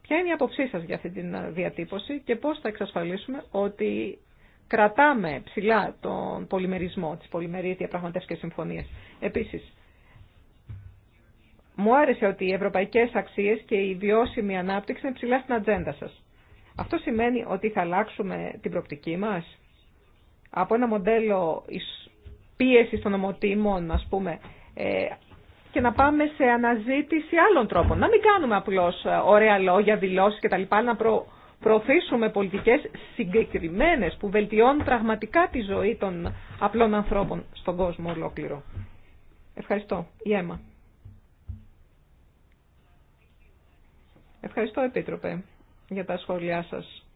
Ποια είναι η άποψή σα για αυτή την ε, διατύπωση και πώ θα εξασφαλίσουμε ότι κρατάμε ψηλά τον πολυμερισμό, τις πολυμερίες διαπραγματεύσεις και συμφωνίες. Επίσης, μου άρεσε ότι οι ευρωπαϊκές αξίες και η βιώσιμη ανάπτυξη είναι ψηλά στην ατζέντα σας. Αυτό σημαίνει ότι θα αλλάξουμε την προπτική μας από ένα μοντέλο πίεση των ομοτήμων, ας πούμε, ε, και να πάμε σε αναζήτηση άλλων τρόπων. Να μην κάνουμε απλώς ε, ωραία λόγια, δηλώσεις κτλ. Να προ προωθήσουμε πολιτικές συγκεκριμένες που βελτιώνουν πραγματικά τη ζωή των απλών ανθρώπων στον κόσμο ολόκληρο. Ευχαριστώ. Η Έμα. Ευχαριστώ, Επίτροπε, για τα σχόλιά σας.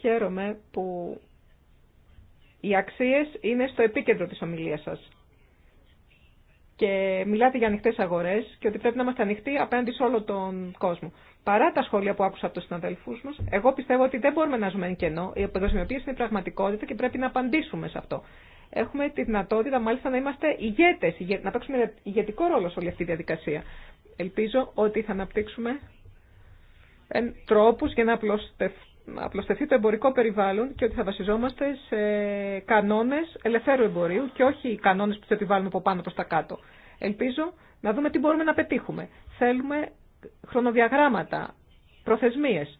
Χαίρομαι που οι αξίες είναι στο επίκεντρο της ομιλίας σας. Και μιλάτε για ανοιχτέ αγορές και ότι πρέπει να είμαστε ανοιχτοί απέναντι σε όλο τον κόσμο παρά τα σχόλια που άκουσα από του συναδελφού μα, εγώ πιστεύω ότι δεν μπορούμε να ζούμε εν κενό. Η αποδοσμιοποίηση είναι πραγματικότητα και πρέπει να απαντήσουμε σε αυτό. Έχουμε τη δυνατότητα μάλιστα να είμαστε ηγέτε, να παίξουμε ηγετικό ρόλο σε όλη αυτή τη διαδικασία. Ελπίζω ότι θα αναπτύξουμε τρόπου για να απλωστευτεί το εμπορικό περιβάλλον και ότι θα βασιζόμαστε σε κανόνε ελευθέρου εμπορίου και όχι κανόνε που του επιβάλλουμε από πάνω προ τα κάτω. Ελπίζω να δούμε τι μπορούμε να πετύχουμε. Θέλουμε χρονοδιαγράμματα, προθεσμίες.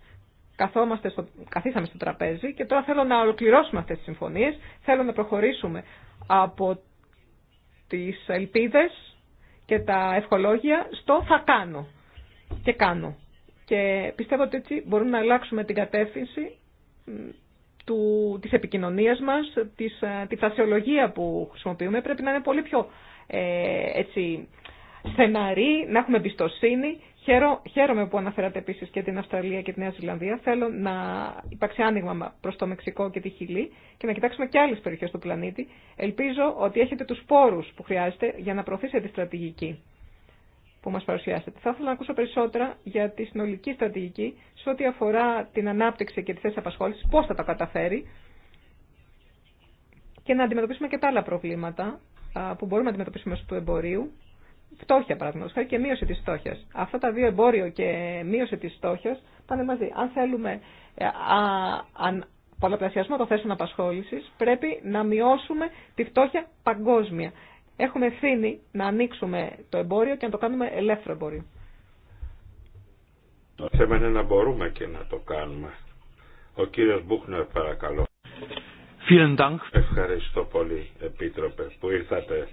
Καθόμαστε στο, καθίσαμε στο τραπέζι και τώρα θέλω να ολοκληρώσουμε αυτές τις συμφωνίες, θέλω να προχωρήσουμε από τις ελπίδες και τα ευχολόγια στο θα κάνω και κάνω. Και πιστεύω ότι έτσι μπορούμε να αλλάξουμε την κατεύθυνση του, της επικοινωνίας μας, της, ε, τη φρασιολογία που χρησιμοποιούμε πρέπει να είναι πολύ πιο ε, έτσι, στεναρή, να έχουμε εμπιστοσύνη Χαίρο, χαίρομαι που αναφέρατε επίσης και την Αυστραλία και τη Νέα Ζηλανδία. Θέλω να υπάρξει άνοιγμα προς το Μεξικό και τη Χιλή και να κοιτάξουμε και άλλες περιοχές του πλανήτη. Ελπίζω ότι έχετε τους πόρους που χρειάζεται για να προωθήσετε τη στρατηγική που μας παρουσιάσετε. Θα ήθελα να ακούσω περισσότερα για τη συνολική στρατηγική σε ό,τι αφορά την ανάπτυξη και τη θέση απασχόληση, πώ θα τα καταφέρει και να αντιμετωπίσουμε και τα άλλα προβλήματα που μπορούμε να αντιμετωπίσουμε μέσω του εμπορίου φτώχεια, παραδείγματο χάρη, και μείωση τη φτώχεια. Αυτά τα δύο, εμπόριο και μείωση τη φτώχεια, πάνε μαζί. Αν θέλουμε ε, αν πολλαπλασιασμό των θέσεων απασχόληση, πρέπει να μειώσουμε τη φτώχεια παγκόσμια. Έχουμε ευθύνη να ανοίξουμε το εμπόριο και να το κάνουμε ελεύθερο εμπόριο. Το θέμα είναι να μπορούμε και να το κάνουμε. Ο κύριος Μπούχνερ παρακαλώ. Ευχαριστώ πολύ Επίτροπε που ήρθατε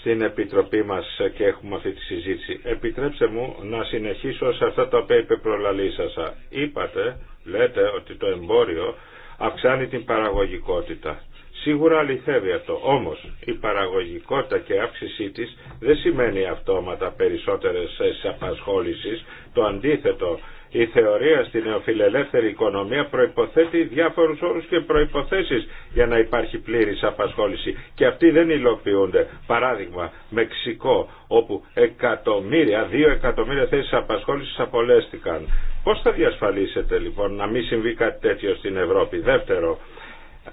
στην Επιτροπή μας και έχουμε αυτή τη συζήτηση. Επιτρέψτε μου να συνεχίσω σε αυτά τα οποία είπε προλαλήσασα. Είπατε, λέτε, ότι το εμπόριο αυξάνει την παραγωγικότητα. Σίγουρα αληθεύει αυτό. Όμως η παραγωγικότητα και η αύξησή της δεν σημαίνει αυτόματα περισσότερες θέσεις απασχόλησης. Το αντίθετο η θεωρία στην νεοφιλελεύθερη οικονομία προϋποθέτει διάφορους όρους και προϋποθέσεις για να υπάρχει πλήρης απασχόληση και αυτοί δεν υλοποιούνται. Παράδειγμα, Μεξικό όπου εκατομμύρια, δύο εκατομμύρια θέσεις απασχόλησης απολέστηκαν. Πώς θα διασφαλίσετε λοιπόν να μην συμβεί κάτι τέτοιο στην Ευρώπη. Δεύτερο,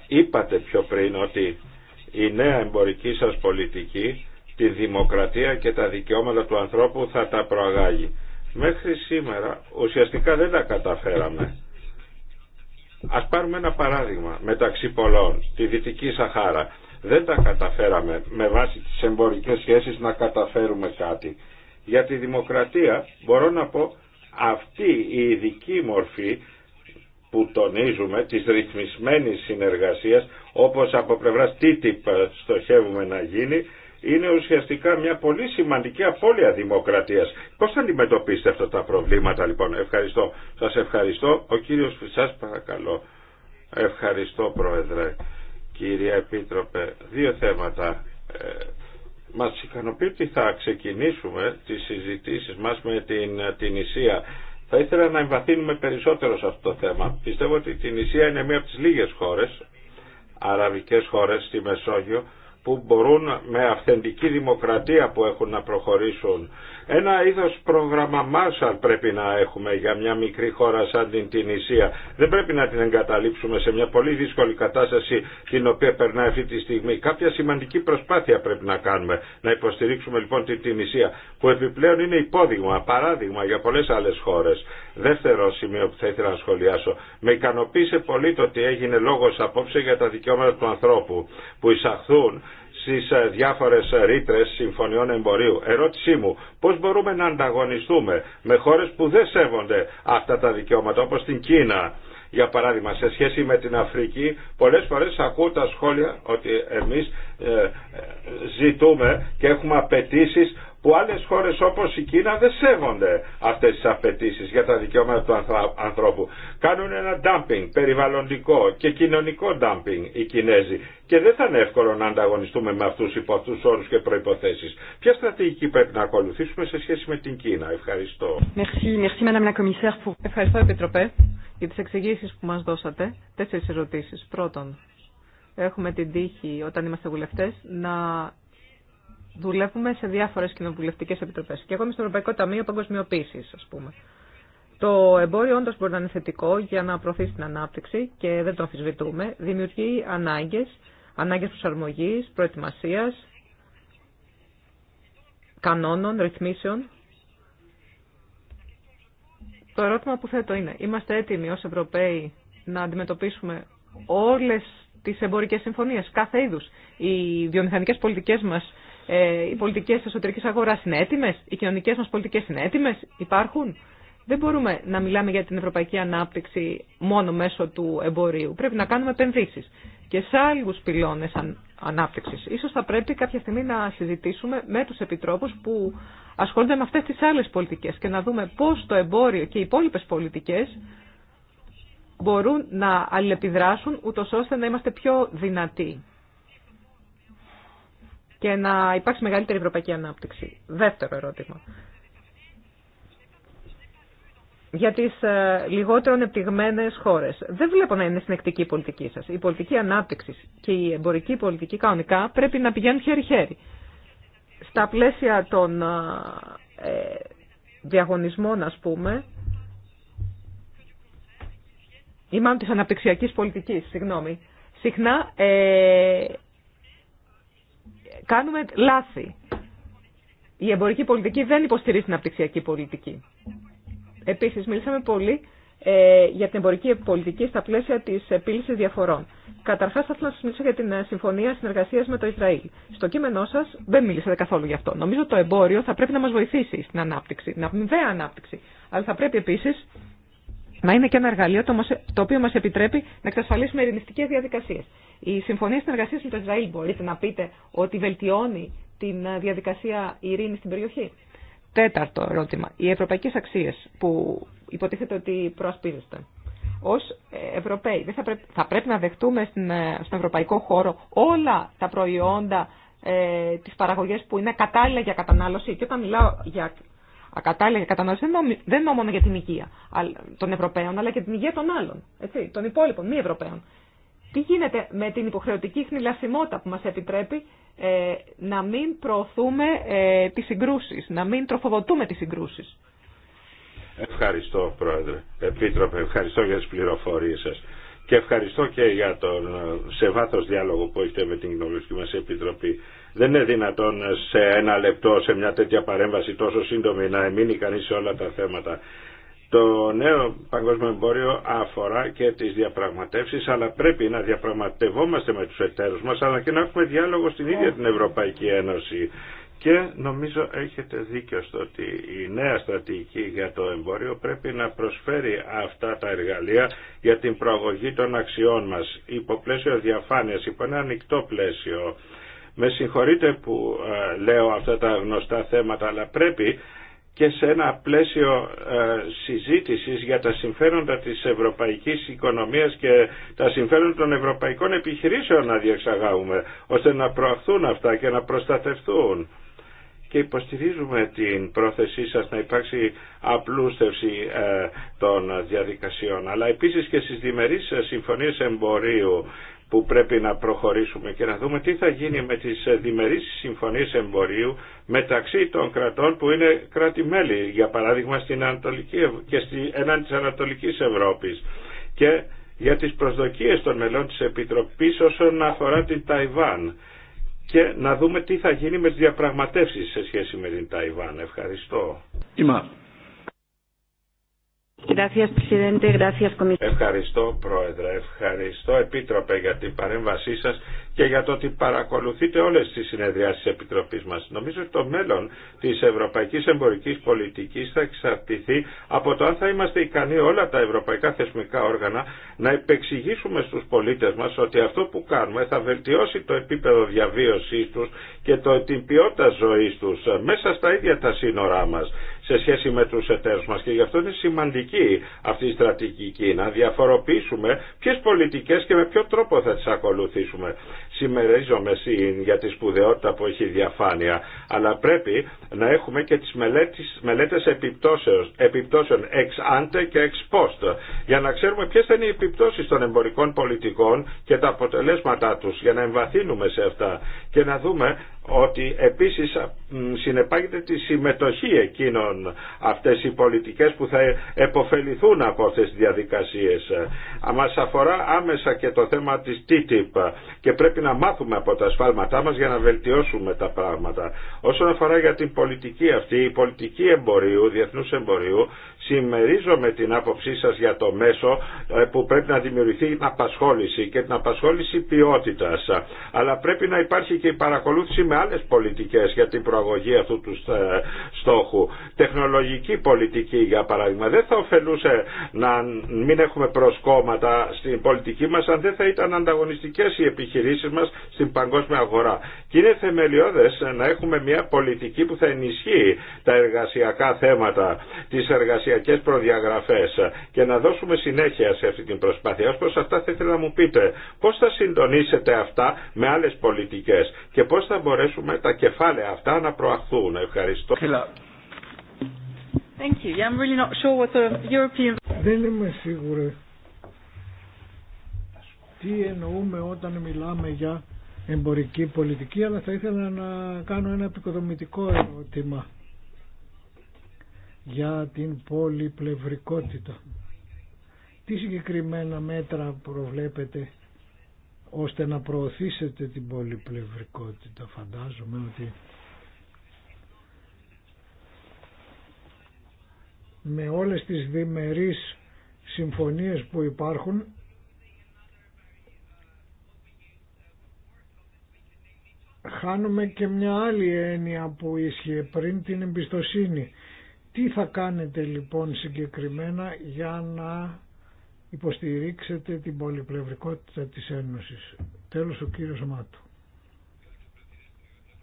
είπατε πιο πριν ότι η νέα εμπορική σας πολιτική τη δημοκρατία και τα δικαιώματα του ανθρώπου θα τα προαγάγει. Μέχρι σήμερα ουσιαστικά δεν τα καταφέραμε. Ας πάρουμε ένα παράδειγμα μεταξύ πολλών, τη Δυτική Σαχάρα. Δεν τα καταφέραμε με βάση τις εμπορικές σχέσεις να καταφέρουμε κάτι. Για τη δημοκρατία μπορώ να πω αυτή η ειδική μορφή που τονίζουμε της ρυθμισμένης συνεργασίας όπως από πλευράς TTIP στοχεύουμε να γίνει είναι ουσιαστικά μια πολύ σημαντική απώλεια δημοκρατίας. Πώς θα αντιμετωπίσετε αυτά τα προβλήματα λοιπόν. Ευχαριστώ. Σας ευχαριστώ. Ο κύριος Φυσάς παρακαλώ. Ευχαριστώ Πρόεδρε. Κύριε Επίτροπε, δύο θέματα. Ε, μας ικανοποιεί ότι θα ξεκινήσουμε τις συζητήσεις μας με την, την Ισία. Θα ήθελα να εμβαθύνουμε περισσότερο σε αυτό το θέμα. Πιστεύω ότι την Ισία είναι μία από τις λίγες χώρες, αραβικές χώρες στη Μεσόγειο, που μπορούν με αυθεντική δημοκρατία που έχουν να προχωρήσουν ένα είδος πρόγραμμα Marshall πρέπει να έχουμε για μια μικρή χώρα σαν την Τινησία. Δεν πρέπει να την εγκαταλείψουμε σε μια πολύ δύσκολη κατάσταση την οποία περνάει αυτή τη στιγμή. Κάποια σημαντική προσπάθεια πρέπει να κάνουμε. Να υποστηρίξουμε λοιπόν την Τινησία που επιπλέον είναι υπόδειγμα, παράδειγμα για πολλές άλλες χώρες. Δεύτερο σημείο που θα ήθελα να σχολιάσω. Με ικανοποίησε πολύ το ότι έγινε λόγος απόψε για τα δικαιώματα του ανθρώπου που εισαχθούν Στι ε, διάφορες ε, ρήτρε συμφωνιών εμπορίου. Ερώτησή μου, πώς μπορούμε να ανταγωνιστούμε με χώρες που δεν σέβονται αυτά τα δικαιώματα, όπως την Κίνα. Για παράδειγμα, σε σχέση με την Αφρική, πολλέ φορές ακούω τα σχόλια ότι εμείς ε, ζητούμε και έχουμε απαιτήσει που άλλες χώρες όπως η Κίνα δεν σέβονται αυτές τις απαιτήσεις για τα δικαιώματα του ανθρώπου. Κάνουν ένα dumping περιβαλλοντικό και κοινωνικό dumping οι Κινέζοι και δεν θα είναι εύκολο να ανταγωνιστούμε με αυτούς υπό αυτούς όρους και προϋποθέσεις. Ποια στρατηγική πρέπει να ακολουθήσουμε σε σχέση με την Κίνα. Ευχαριστώ. Ευχαριστώ Επιτροπέ για τις εξηγήσεις που μας δώσατε. Τέσσερις ερωτήσεις. Πρώτον, έχουμε την τύχη όταν είμαστε βουλευτέ, να δουλεύουμε σε διάφορε κοινοβουλευτικέ επιτροπέ Και εγώ είμαι στο Ευρωπαϊκό Ταμείο Παγκοσμιοποίηση, α πούμε. Το εμπόριο όντω μπορεί να είναι θετικό για να προωθήσει την ανάπτυξη και δεν το αμφισβητούμε. Δημιουργεί ανάγκε, ανάγκε προσαρμογή, προετοιμασία, κανόνων, ρυθμίσεων. Το ερώτημα που θέτω είναι, είμαστε έτοιμοι ως Ευρωπαίοι να αντιμετωπίσουμε όλες τις εμπορικές συμφωνίες, κάθε είδους. Οι βιομηχανικέ πολιτικές μας ε, οι πολιτικές της εσωτερικής αγοράς είναι έτοιμες, οι κοινωνικές μας πολιτικές είναι έτοιμες, υπάρχουν. Δεν μπορούμε να μιλάμε για την ευρωπαϊκή ανάπτυξη μόνο μέσω του εμπορίου. Πρέπει να κάνουμε επενδύσεις και σε άλλους πυλώνες ανάπτυξης. Ίσως θα πρέπει κάποια στιγμή να συζητήσουμε με τους επιτρόπους που ασχολούνται με αυτές τις άλλες πολιτικές και να δούμε πώς το εμπόριο και οι υπόλοιπε πολιτικές μπορούν να αλληλεπιδράσουν ούτω ώστε να είμαστε πιο δυνατοί και να υπάρξει μεγαλύτερη ευρωπαϊκή ανάπτυξη. Δεύτερο ερώτημα. Για τις ε, λιγότερο ανεπτυγμένε χώρες. Δεν βλέπω να είναι συνεκτική η πολιτική σας. Η πολιτική ανάπτυξης και η εμπορική πολιτική κανονικά πρέπει να πηγαίνουν χέρι-χέρι. Στα πλαίσια των ε, ε, διαγωνισμών, ας πούμε, ή μάλλον τη αναπτυξιακής πολιτικής, συγγνώμη, συχνά ε, κάνουμε λάθη. Η εμπορική πολιτική δεν υποστηρίζει την απτυξιακή πολιτική. Επίσης, μιλήσαμε πολύ ε, για την εμπορική πολιτική στα πλαίσια τη επίλυση διαφορών. Καταρχά, θα ήθελα να σα μιλήσω για την ε, συμφωνία συνεργασία με το Ισραήλ. Στο κείμενό σα δεν μίλησατε καθόλου γι' αυτό. Νομίζω το εμπόριο θα πρέπει να μα βοηθήσει στην ανάπτυξη, την αμοιβαία ανάπτυξη. Αλλά θα πρέπει επίση να είναι και ένα εργαλείο το οποίο μα επιτρέπει να εξασφαλίσουμε ειρηνιστικές διαδικασίε. Η Συμφωνία συνεργασία με το Ισραήλ μπορείτε να πείτε ότι βελτιώνει την ε, διαδικασία ειρήνη στην περιοχή. Τέταρτο ερώτημα. Οι Ευρωπαϊκέ Αξίε που υποτίθεται ότι προασπίζεστε. Ω ε, Ευρωπαίοι δεν θα, πρέπει, θα πρέπει να δεχτούμε στην, ε, στον ευρωπαϊκό χώρο όλα τα προϊόντα ε, τις που είναι κατάλληλα για κατανάλωση και όταν μιλάω για ακατάλληλη κατανόηση δεν είναι μόνο για την υγεία των Ευρωπαίων, αλλά και την υγεία των άλλων, έτσι, των υπόλοιπων μη Ευρωπαίων. Τι γίνεται με την υποχρεωτική χνηλασιμότητα που μας επιτρέπει ε, να μην προωθούμε ε, τις συγκρούσεις, να μην τροφοδοτούμε τις συγκρούσεις. Ευχαριστώ Πρόεδρε. Επίτροπε, ευχαριστώ για τις πληροφορίες σας. Και ευχαριστώ και για τον ε, σεβάθος διάλογο που έχετε με την Κοινοβουλευτική μας Επιτροπή. Δεν είναι δυνατόν σε ένα λεπτό, σε μια τέτοια παρέμβαση τόσο σύντομη να εμείνει κανεί σε όλα τα θέματα. Το νέο παγκόσμιο εμπόριο αφορά και τι διαπραγματεύσει, αλλά πρέπει να διαπραγματευόμαστε με του εταίρου μα αλλά και να έχουμε διάλογο στην ίδια την Ευρωπαϊκή Ένωση. Και νομίζω έχετε δίκιο στο ότι η νέα στρατηγική για το εμπόριο πρέπει να προσφέρει αυτά τα εργαλεία για την προαγωγή των αξιών μας υπό πλαίσιο διαφάνειας, υπό ένα ανοιχτό πλαίσιο με συγχωρείτε που ε, λέω αυτά τα γνωστά θέματα, αλλά πρέπει και σε ένα πλαίσιο ε, συζήτησης για τα συμφέροντα της ευρωπαϊκής οικονομίας και τα συμφέροντα των ευρωπαϊκών επιχειρήσεων να διεξαγάγουμε, ώστε να προαχθούν αυτά και να προστατευτούν. Και υποστηρίζουμε την πρόθεσή σας να υπάρξει απλούστευση ε, των διαδικασιών, αλλά επίσης και στις διμερείς συμφωνίες εμπορίου που πρέπει να προχωρήσουμε και να δούμε τι θα γίνει με τις διμερείς συμφωνίες εμπορίου μεταξύ των κρατών που είναι κράτη-μέλη, για παράδειγμα στην Ανατολική, και στην έναν της Ανατολικής Ευρώπης και για τις προσδοκίες των μελών της Επιτροπής όσον αφορά την Ταϊβάν και να δούμε τι θα γίνει με τις διαπραγματεύσεις σε σχέση με την Ταϊβάν. Ευχαριστώ. Ευχαριστώ Πρόεδρε, ευχαριστώ Επίτροπε για την παρέμβασή σας και για το ότι παρακολουθείτε όλες τις συνεδριάσεις της Επιτροπής μας. Νομίζω ότι το μέλλον της ευρωπαϊκής εμπορικής πολιτικής θα εξαρτηθεί από το αν θα είμαστε ικανοί όλα τα ευρωπαϊκά θεσμικά όργανα να επεξηγήσουμε στους πολίτες μας ότι αυτό που κάνουμε θα βελτιώσει το επίπεδο διαβίωσής τους και το, την ποιότητα ζωής τους μέσα στα ίδια τα σύνορά μας σε σχέση με τους εταίρους μας και γι' αυτό είναι σημαντική αυτή η στρατηγική να διαφοροποιήσουμε ποιε πολιτικές και με ποιο τρόπο θα τις ακολουθήσουμε συμμερίζομαι για τη σπουδαιότητα που έχει η διαφάνεια, αλλά πρέπει να έχουμε και τις μελέτες, μελέτες επιπτώσεων εξ άντε και εξ post, για να ξέρουμε ποιες θα είναι οι επιπτώσεις των εμπορικών πολιτικών και τα αποτελέσματά τους, για να εμβαθύνουμε σε αυτά και να δούμε ότι επίσης συνεπάγεται τη συμμετοχή εκείνων αυτές οι πολιτικές που θα επωφεληθούν από αυτές τις διαδικασίες. Μας αφορά άμεσα και το θέμα της TTIP και πρέπει να μάθουμε από τα σφάλματά μας για να βελτιώσουμε τα πράγματα. Όσον αφορά για την πολιτική αυτή, η πολιτική εμπορίου, διεθνούς εμπορίου, συμμερίζομαι την άποψή σας για το μέσο ε, που πρέπει να δημιουργηθεί την απασχόληση και την απασχόληση ποιότητας. Αλλά πρέπει να υπάρχει και η παρακολούθηση με άλλες πολιτικές για την προαγωγή αυτού του ε, στόχου. Τεχνολογική πολιτική για παράδειγμα. Δεν θα ωφελούσε να μην έχουμε προσκόμματα στην πολιτική μας αν δεν θα ήταν ανταγωνιστικές οι επιχειρήσεις μας στην παγκόσμια αγορά. Και είναι θεμελιώδες να έχουμε μια πολιτική που θα ενισχύει τα εργασιακά θέματα, τις εργασιακές ψηφιακές προδιαγραφές και να δώσουμε συνέχεια σε αυτή την προσπάθεια. Ως προς αυτά θα ήθελα να μου πείτε πώς θα συντονίσετε αυτά με άλλες πολιτικές και πώς θα μπορέσουμε τα κεφάλαια αυτά να προαχθούν. Ευχαριστώ. Thank you. I'm really not sure what European... Δεν είμαι σίγουρη τι εννοούμε όταν μιλάμε για εμπορική πολιτική, αλλά θα ήθελα να κάνω ένα επικοδομητικό ερώτημα για την πολυπλευρικότητα. Τι συγκεκριμένα μέτρα προβλέπετε ώστε να προωθήσετε την πολυπλευρικότητα φαντάζομαι ότι με όλες τις διμερείς συμφωνίες που υπάρχουν χάνουμε και μια άλλη έννοια που ίσχυε πριν την εμπιστοσύνη τι θα κάνετε λοιπόν συγκεκριμένα για να υποστηρίξετε την πολυπλευρικότητα της Ένωσης. Τέλος ο κύριος Μάτου.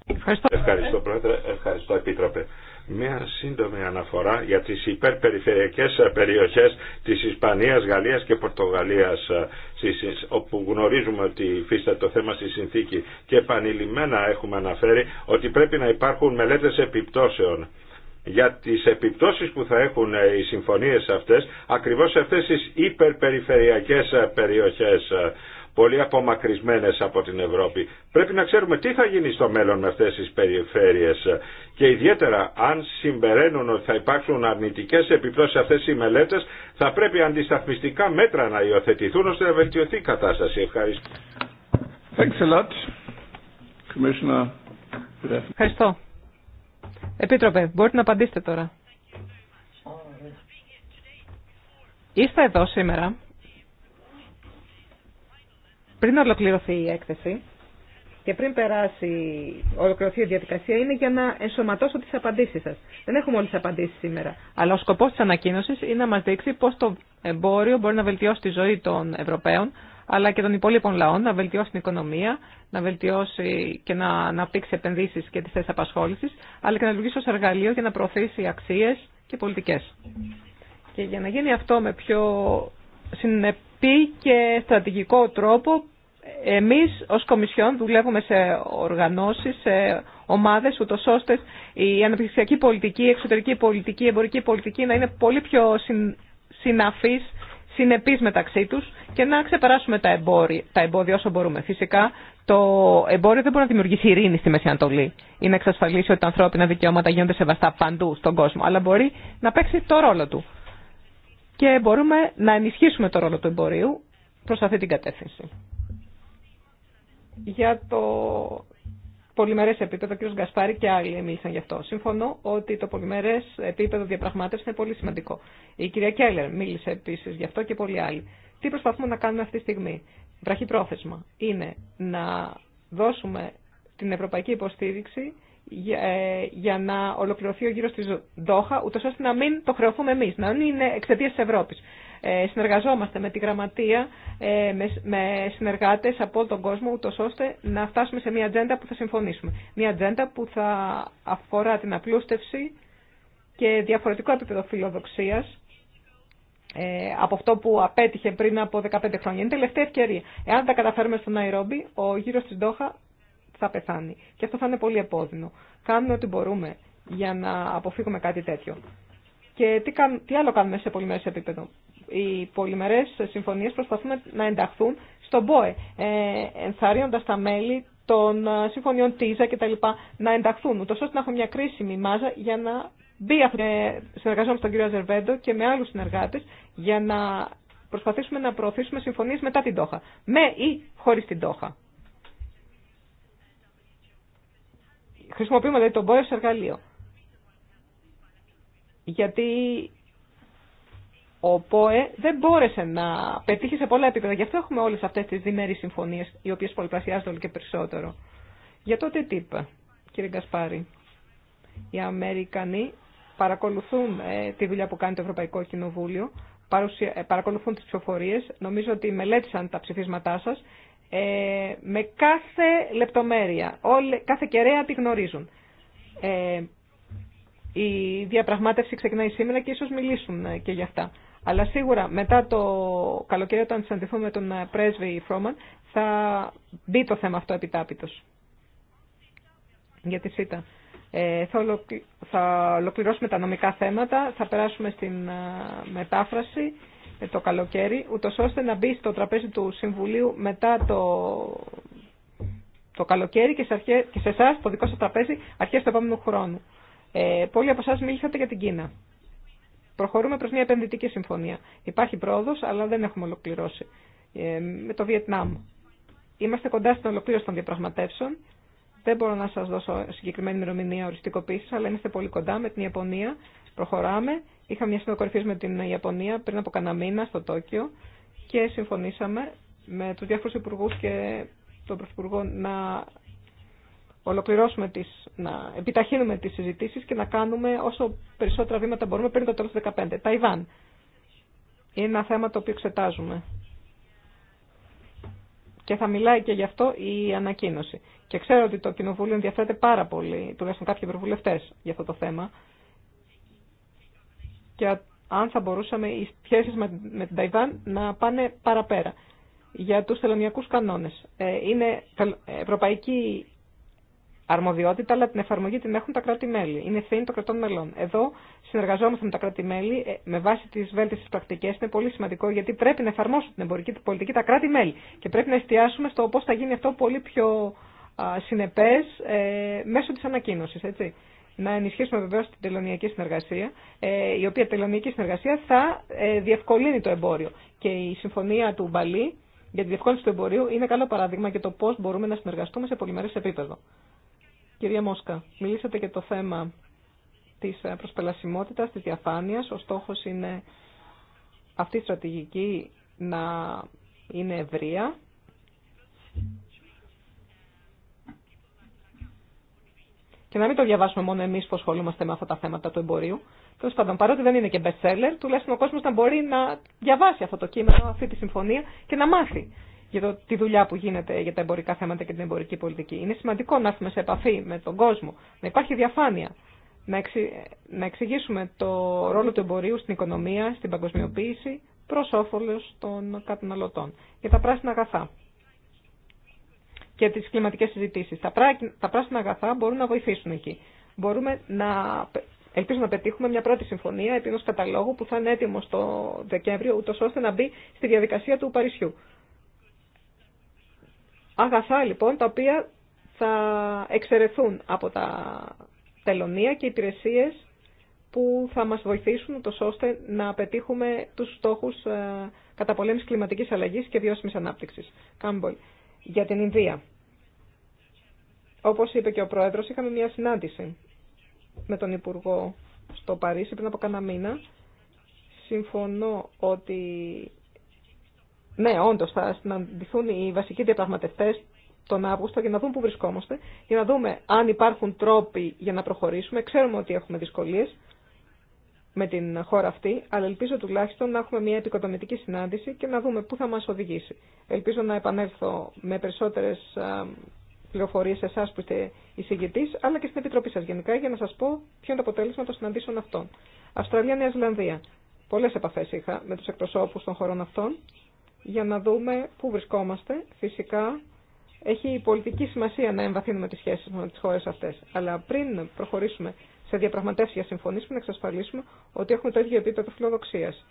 Ευχαριστώ. Ευχαριστώ Πρόεδρε, ευχαριστώ Επίτροπε. Μια σύντομη αναφορά για τις υπερπεριφερειακές περιοχές της Ισπανίας, Γαλλίας και Πορτογαλίας ε, όπου γνωρίζουμε ότι υφίσταται το θέμα στη συνθήκη και επανειλημμένα έχουμε αναφέρει ότι πρέπει να υπάρχουν μελέτες επιπτώσεων για τις επιπτώσεις που θα έχουν οι συμφωνίες αυτές ακριβώς σε αυτές τις υπερπεριφερειακές περιοχές πολύ απομακρυσμένες από την Ευρώπη. Πρέπει να ξέρουμε τι θα γίνει στο μέλλον με αυτές τις περιφέρειες και ιδιαίτερα αν συμπεραίνουν ότι θα υπάρξουν αρνητικές επιπτώσεις σε αυτές οι μελέτες θα πρέπει αντισταθμιστικά μέτρα να υιοθετηθούν ώστε να βελτιωθεί η κατάσταση. Ευχαριστώ. Ευχαριστώ. Επίτροπε, μπορείτε να απαντήσετε τώρα. Είστε εδώ σήμερα, πριν ολοκληρωθεί η έκθεση και πριν περάσει, ολοκληρωθεί η διαδικασία, είναι για να ενσωματώσω τις απαντήσεις σας. Δεν έχουμε όλες τις απαντήσεις σήμερα, αλλά ο σκοπός της ανακοίνωσης είναι να μας δείξει πώς το εμπόριο μπορεί να βελτιώσει τη ζωή των Ευρωπαίων, αλλά και των υπόλοιπων λαών, να βελτιώσει την οικονομία, να βελτιώσει και να αναπτύξει επενδύσεις και τι θέσει απασχόληση, αλλά και να λειτουργήσει ως εργαλείο για να προωθήσει αξίες και πολιτικές. Και για να γίνει αυτό με πιο συνεπή και στρατηγικό τρόπο, εμείς ως Κομισιόν δουλεύουμε σε οργανώσεις, σε ομάδες, ούτω ώστε η αναπτυξιακή πολιτική, η εξωτερική πολιτική, η εμπορική πολιτική να είναι πολύ πιο συναφής Συνεπεί μεταξύ τους και να ξεπεράσουμε τα, εμπόρια, τα εμπόδια όσο μπορούμε. Φυσικά το εμπόριο δεν μπορεί να δημιουργήσει ειρήνη στη Μέση Ανατολή ή να εξασφαλίσει ότι τα ανθρώπινα δικαιώματα γίνονται σεβαστά παντού στον κόσμο, αλλά μπορεί να παίξει το ρόλο του. Και μπορούμε να ενισχύσουμε το ρόλο του εμπορίου προ αυτή την κατεύθυνση. Για το πολυμερές επίπεδο, ο κ. Γκασπάρη και άλλοι μίλησαν γι' αυτό. Σύμφωνο ότι το πολυμερές επίπεδο διαπραγμάτευση είναι πολύ σημαντικό. Η κυρία Κέλλερ μίλησε επίσης γι' αυτό και πολλοί άλλοι. Τι προσπαθούμε να κάνουμε αυτή τη στιγμή. πρόθεσμα είναι να δώσουμε την ευρωπαϊκή υποστήριξη για, ε, για να ολοκληρωθεί ο γύρος της Δόχα, ούτως ώστε να μην το χρεωθούμε εμείς, να μην είναι εξαιτία της Ευρώπης. Ε, συνεργαζόμαστε με τη γραμματεία, ε, με συνεργάτες από τον κόσμο, ούτως ώστε να φτάσουμε σε μια ατζέντα που θα συμφωνήσουμε. Μια ατζέντα που θα αφορά την απλούστευση και διαφορετικό επίπεδο φιλοδοξίας ε, από αυτό που απέτυχε πριν από 15 χρόνια. Είναι τελευταία ευκαιρία. Εάν τα καταφέρουμε στο Ναϊρόμπι, ο γύρος της Ντόχα θα πεθάνει. Και αυτό θα είναι πολύ επώδυνο. Κάνουμε ό,τι μπορούμε για να αποφύγουμε κάτι τέτοιο. Και τι, τι άλλο κάνουμε σε πολυμέρες επίπεδο οι πολυμερές συμφωνίες προσπαθούν να ενταχθούν στον ΠΟΕ, ε, ενθαρρύνοντας τα μέλη των ε, συμφωνιών ΤΙΖΑ και τα λοιπά να ενταχθούν, ούτως ώστε να έχουμε μια κρίσιμη μάζα για να μπει αυτή. Ε, συνεργαζόμαστε με τον κύριο Αζερβέντο και με άλλους συνεργάτες για να προσπαθήσουμε να προωθήσουμε συμφωνίες μετά την Τόχα, με ή χωρίς την Τόχα. Χρησιμοποιούμε δηλαδή τον ΠΟΕ ως εργαλείο. Γιατί ο ΠΟΕ δεν μπόρεσε να πετύχει σε πολλά επίπεδα. Γι' αυτό έχουμε όλε αυτέ τι διμερείς συμφωνίε οι οποίε πολλαπλασιάζονται όλο και περισσότερο. Για τότε τι είπα, κύριε Γκασπάρη. Οι Αμερικανοί παρακολουθούν ε, τη δουλειά που κάνει το Ευρωπαϊκό Κοινοβούλιο, παρουσια, ε, παρακολουθούν τι ψηφοφορίε, νομίζω ότι μελέτησαν τα ψηφίσματά σα, ε, με κάθε λεπτομέρεια, όλη, κάθε κεραία τη γνωρίζουν. Ε, η διαπραγμάτευση ξεκινάει σήμερα και ίσως μιλήσουν ε, και για αυτά. Αλλά σίγουρα μετά το καλοκαίρι όταν συναντηθούμε με τον ε, πρέσβη Φρόμαν θα μπει το θέμα αυτό επιτάπητος για τη ΣΥΤΑ. θα, ολοκληρώσουμε τα νομικά θέματα, θα περάσουμε στην ε, μετάφραση ε, το καλοκαίρι, ούτω ώστε να μπει στο τραπέζι του Συμβουλίου μετά το, το καλοκαίρι και σε, αρχέ, και σε εσά, το δικό σας τραπέζι, αρχές του επόμενου χρόνου. Ε, πολλοί από εσά μίλησατε για την Κίνα προχωρούμε προς μια επενδυτική συμφωνία. Υπάρχει πρόοδος, αλλά δεν έχουμε ολοκληρώσει. Ε, με το Βιετνάμ. Είμαστε κοντά στην ολοκλήρωση των διαπραγματεύσεων. Δεν μπορώ να σας δώσω συγκεκριμένη ημερομηνία οριστικοποίηση, αλλά είμαστε πολύ κοντά με την Ιαπωνία. Προχωράμε. Είχαμε μια συνοκορυφή με την Ιαπωνία πριν από κανένα μήνα στο Τόκιο και συμφωνήσαμε με τους διάφορους υπουργού και τον Πρωθυπουργό να ολοκληρώσουμε τις, να επιταχύνουμε τις συζητήσεις και να κάνουμε όσο περισσότερα βήματα μπορούμε πριν το τέλος του 2015. Ταϊβάν. Είναι ένα θέμα το οποίο εξετάζουμε. Και θα μιλάει και γι' αυτό η ανακοίνωση. Και ξέρω ότι το Κοινοβούλιο ενδιαφέρεται πάρα πολύ, τουλάχιστον κάποιοι ευρωβουλευτέ για αυτό το θέμα. Και αν θα μπορούσαμε οι σχέσει με την Ταϊβάν να πάνε παραπέρα. Για τους θελωνιακούς κανόνες. Ε, είναι Ευρωπαϊκή αρμοδιότητα, αλλά την εφαρμογή την έχουν τα κράτη-μέλη. Είναι ευθύνη των κρατών μελών. Εδώ συνεργαζόμαστε με τα κράτη-μέλη ε, με βάση τι βέλτιστε πρακτικέ. Είναι πολύ σημαντικό γιατί πρέπει να εφαρμόσουν την εμπορική πολιτική τα κράτη-μέλη και πρέπει να εστιάσουμε στο πώ θα γίνει αυτό πολύ πιο συνεπέ ε, μέσω τη ανακοίνωση. Να ενισχύσουμε βεβαίω την τελωνιακή συνεργασία, ε, η οποία τελωνιακή συνεργασία θα ε, διευκολύνει το εμπόριο. Και η συμφωνία του Μπαλί για τη διευκόλυνση του εμπορίου είναι καλό παράδειγμα για το πώ μπορούμε να συνεργαστούμε σε πολυμερέ επίπεδο. Κυρία Μόσκα, μιλήσατε για το θέμα της ε, προσπελασιμότητας, της διαφάνειας. Ο στόχος είναι αυτή η στρατηγική να είναι ευρεία. Και να μην το διαβάσουμε μόνο εμείς που ασχολούμαστε με αυτά τα θέματα του εμπορίου. Τέλο πάντων, παρότι δεν είναι και best seller, τουλάχιστον ο κόσμο να μπορεί να διαβάσει αυτό το κείμενο, αυτή τη συμφωνία και να μάθει για τη δουλειά που γίνεται για τα εμπορικά θέματα και την εμπορική πολιτική. Είναι σημαντικό να έρθουμε σε επαφή με τον κόσμο, να υπάρχει διαφάνεια, να, εξη, εξηγήσουμε το ρόλο του εμπορίου στην οικονομία, στην παγκοσμιοποίηση, προ όφελο των καταναλωτών. Για τα πράσινα αγαθά και τι κλιματικέ συζητήσει. Τα, τα πράσινα αγαθά μπορούν να βοηθήσουν εκεί. Μπορούμε να Ελπίζω να πετύχουμε μια πρώτη συμφωνία επί ενό καταλόγου που θα είναι έτοιμο το Δεκέμβριο, ούτω ώστε να μπει στη διαδικασία του Παρισιού. Αγαθά λοιπόν τα οποία θα εξαιρεθούν από τα τελωνία και υπηρεσίε που θα μας βοηθήσουν τόσο ώστε να πετύχουμε τους στόχους ε, καταπολέμησης κλιματικής αλλαγής και βιώσιμης ανάπτυξης. Κάμπολ, για την Ινδία. Όπως είπε και ο Πρόεδρος, είχαμε μια συνάντηση με τον Υπουργό στο Παρίσι πριν από κάνα μήνα. Συμφωνώ ότι ναι, όντω θα συναντηθούν οι βασικοί διαπραγματευτέ τον Αύγουστο για να δούμε πού βρισκόμαστε, για να δούμε αν υπάρχουν τρόποι για να προχωρήσουμε. Ξέρουμε ότι έχουμε δυσκολίε με την χώρα αυτή, αλλά ελπίζω τουλάχιστον να έχουμε μια επικοδομητική συνάντηση και να δούμε πού θα μα οδηγήσει. Ελπίζω να επανέλθω με περισσότερε πληροφορίε σε εσά που είστε εισηγητή, αλλά και στην Επιτροπή σα γενικά, για να σα πω ποιο είναι το αποτέλεσμα των συναντήσεων αυτών. Αυστραλία-Νέα Ζηλανδία. Πολλέ επαφέ είχα με του εκπροσώπου των χωρών αυτών για να δούμε πού βρισκόμαστε. Φυσικά έχει πολιτική σημασία να εμβαθύνουμε τις σχέσεις με τις χώρες αυτές. Αλλά πριν προχωρήσουμε σε διαπραγματεύσεις για συμφωνίες, να εξασφαλίσουμε ότι έχουμε το ίδιο επίπεδο φιλοδοξίας.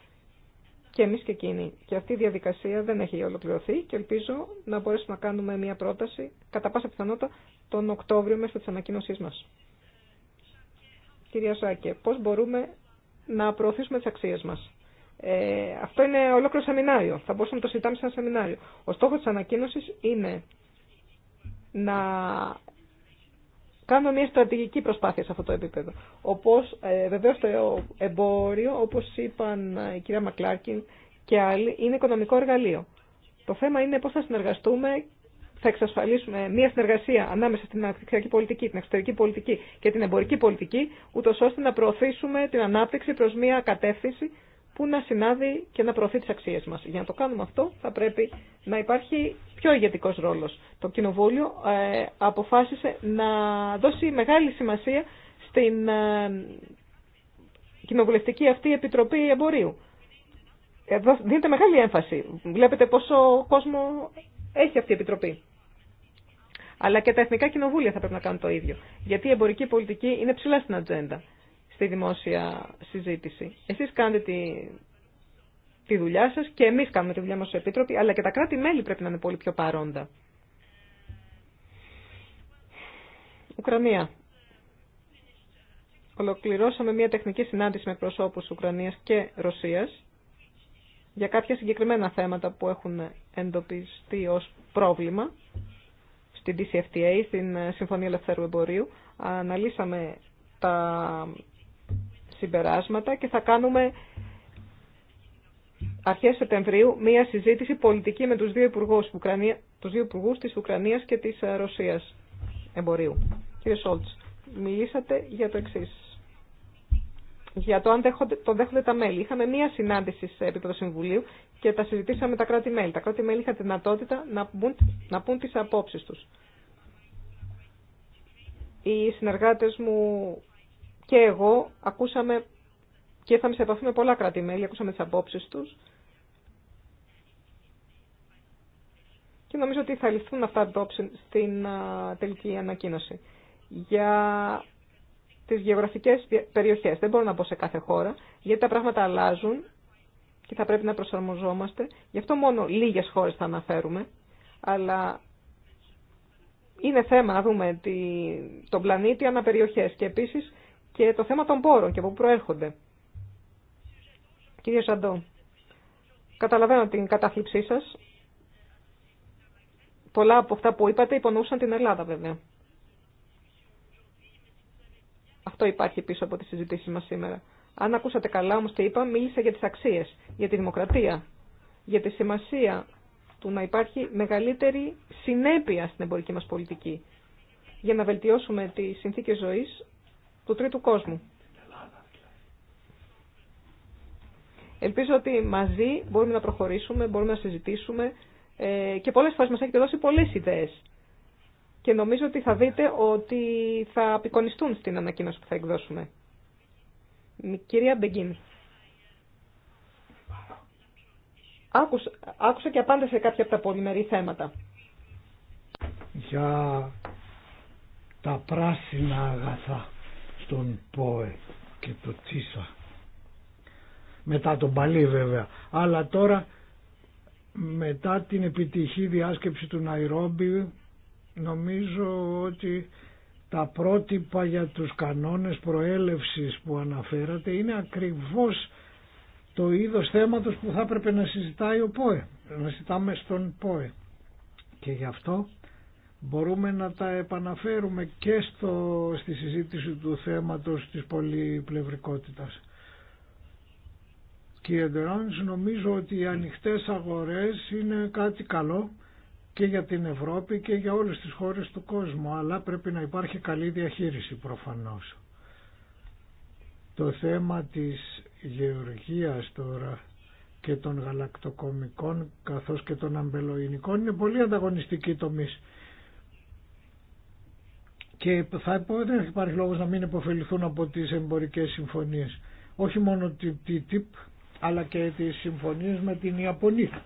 Και εμείς και εκείνοι. Και αυτή η διαδικασία δεν έχει ολοκληρωθεί και ελπίζω να μπορέσουμε να κάνουμε μια πρόταση, κατά πάσα πιθανότητα, τον Οκτώβριο μέσα της ανακοίνωσής μας. Κυρία Σάκε, πώς μπορούμε να προωθήσουμε τι αξίες μας. Ε, αυτό είναι ολόκληρο σεμινάριο. Θα μπορούσαμε να το συζητάμε σε ένα σεμινάριο. Ο στόχο τη ανακοίνωση είναι να κάνουμε μια στρατηγική προσπάθεια σε αυτό το επίπεδο. Όπω ε, βεβαίως το εμπόριο, όπω είπαν ε, η κυρία Μακλάρκιν και άλλοι, είναι οικονομικό εργαλείο. Το θέμα είναι πώ θα συνεργαστούμε, θα εξασφαλίσουμε μια συνεργασία ανάμεσα στην αναπτυξιακή πολιτική, την εξωτερική πολιτική και την εμπορική πολιτική, ούτω ώστε να προωθήσουμε την ανάπτυξη προ μια κατεύθυνση που να συνάδει και να προωθεί τι αξίε μα. Για να το κάνουμε αυτό, θα πρέπει να υπάρχει πιο ηγετικό ρόλο. Το Κοινοβούλιο ε, αποφάσισε να δώσει μεγάλη σημασία στην ε, κοινοβουλευτική αυτή επιτροπή εμπορίου. Ε, δίνεται μεγάλη έμφαση. Βλέπετε πόσο κόσμο έχει αυτή η επιτροπή. Αλλά και τα εθνικά κοινοβούλια θα πρέπει να κάνουν το ίδιο. Γιατί η εμπορική πολιτική είναι ψηλά στην ατζέντα στη δημόσια συζήτηση. Εσείς κάνετε τη, τη δουλειά σας και εμείς κάνουμε τη δουλειά μας ως Επίτροποι, αλλά και τα κράτη-μέλη πρέπει να είναι πολύ πιο παρόντα. Ουκρανία. Ολοκληρώσαμε μια τεχνική συνάντηση με προσώπους Ουκρανίας και Ρωσίας για κάποια συγκεκριμένα θέματα που έχουν εντοπιστεί ως πρόβλημα στην DCFTA, στην Συμφωνία Ελευθέρου Εμπορίου. Αναλύσαμε τα συμπεράσματα και θα κάνουμε αρχές Σεπτεμβρίου μία συζήτηση πολιτική με τους δύο υπουργούς, τους δύο της Ουκρανίας και της ε, Ρωσίας εμπορίου. Κύριε Σόλτς, μιλήσατε για το εξή. Για το αν δέχονται, το δέχονται τα μέλη. Είχαμε μία συνάντηση σε επίπεδο Συμβουλίου και τα συζητήσαμε με τα κράτη-μέλη. Τα κράτη-μέλη είχαν τη δυνατότητα να πούν, να πούν τις απόψεις τους. Οι συνεργάτες μου και εγώ ακούσαμε και ήρθαμε σε επαφή με πολλά ακούσαμε τις απόψεις τους και νομίζω ότι θα ληφθούν αυτά στην τελική ανακοίνωση. Για τις γεωγραφικές περιοχές, δεν μπορώ να πω σε κάθε χώρα, γιατί τα πράγματα αλλάζουν και θα πρέπει να προσαρμοζόμαστε. Γι' αυτό μόνο λίγες χώρες θα αναφέρουμε, αλλά είναι θέμα να δούμε τον πλανήτη αναπεριοχές και επίσης και το θέμα των πόρων και από πού προέρχονται. Κύριε Ζαντό, καταλαβαίνω την κατάθλιψή σας. Πολλά από αυτά που είπατε υπονοούσαν την Ελλάδα βέβαια. Αυτό υπάρχει πίσω από τις συζητήσεις μας σήμερα. Αν ακούσατε καλά όμως τι είπα, μίλησα για τις αξίες, για τη δημοκρατία, για τη σημασία του να υπάρχει μεγαλύτερη συνέπεια στην εμπορική μας πολιτική για να βελτιώσουμε τις συνθήκες ζωής του τρίτου κόσμου. Ελπίζω ότι μαζί μπορούμε να προχωρήσουμε, μπορούμε να συζητήσουμε ε, και πολλές φορές μας έχετε δώσει πολλές ιδέες. Και νομίζω ότι θα δείτε ότι θα απεικονιστούν στην ανακοίνωση που θα εκδώσουμε. Κυρία Μπεγκίν. Άκουσα, και απάντησε κάποια από τα πολυμερή θέματα. Για τα πράσινα αγαθά τον ΠΟΕ και το Τσίσα. Μετά τον Παλί βέβαια. Αλλά τώρα μετά την επιτυχή διάσκεψη του Ναϊρόμπι νομίζω ότι τα πρότυπα για τους κανόνες προέλευσης που αναφέρατε είναι ακριβώς το είδος θέματος που θα έπρεπε να συζητάει ο ΠΟΕ, να συζητάμε στον ΠΟΕ. Και γι' αυτό μπορούμε να τα επαναφέρουμε και στο, στη συζήτηση του θέματος της πολυπλευρικότητας. Κύριε Ντεράνς, νομίζω ότι οι ανοιχτές αγορές είναι κάτι καλό και για την Ευρώπη και για όλες τις χώρες του κόσμου, αλλά πρέπει να υπάρχει καλή διαχείριση προφανώς. Το θέμα της γεωργίας τώρα και των γαλακτοκομικών καθώς και των αμπελοϊνικών είναι πολύ ανταγωνιστική τομής και θα, δεν υπάρχει λόγος να μην υποφεληθούν από τις εμπορικές συμφωνίες. Όχι μόνο τη TTIP αλλά και τις συμφωνίες με την Ιαπωνία.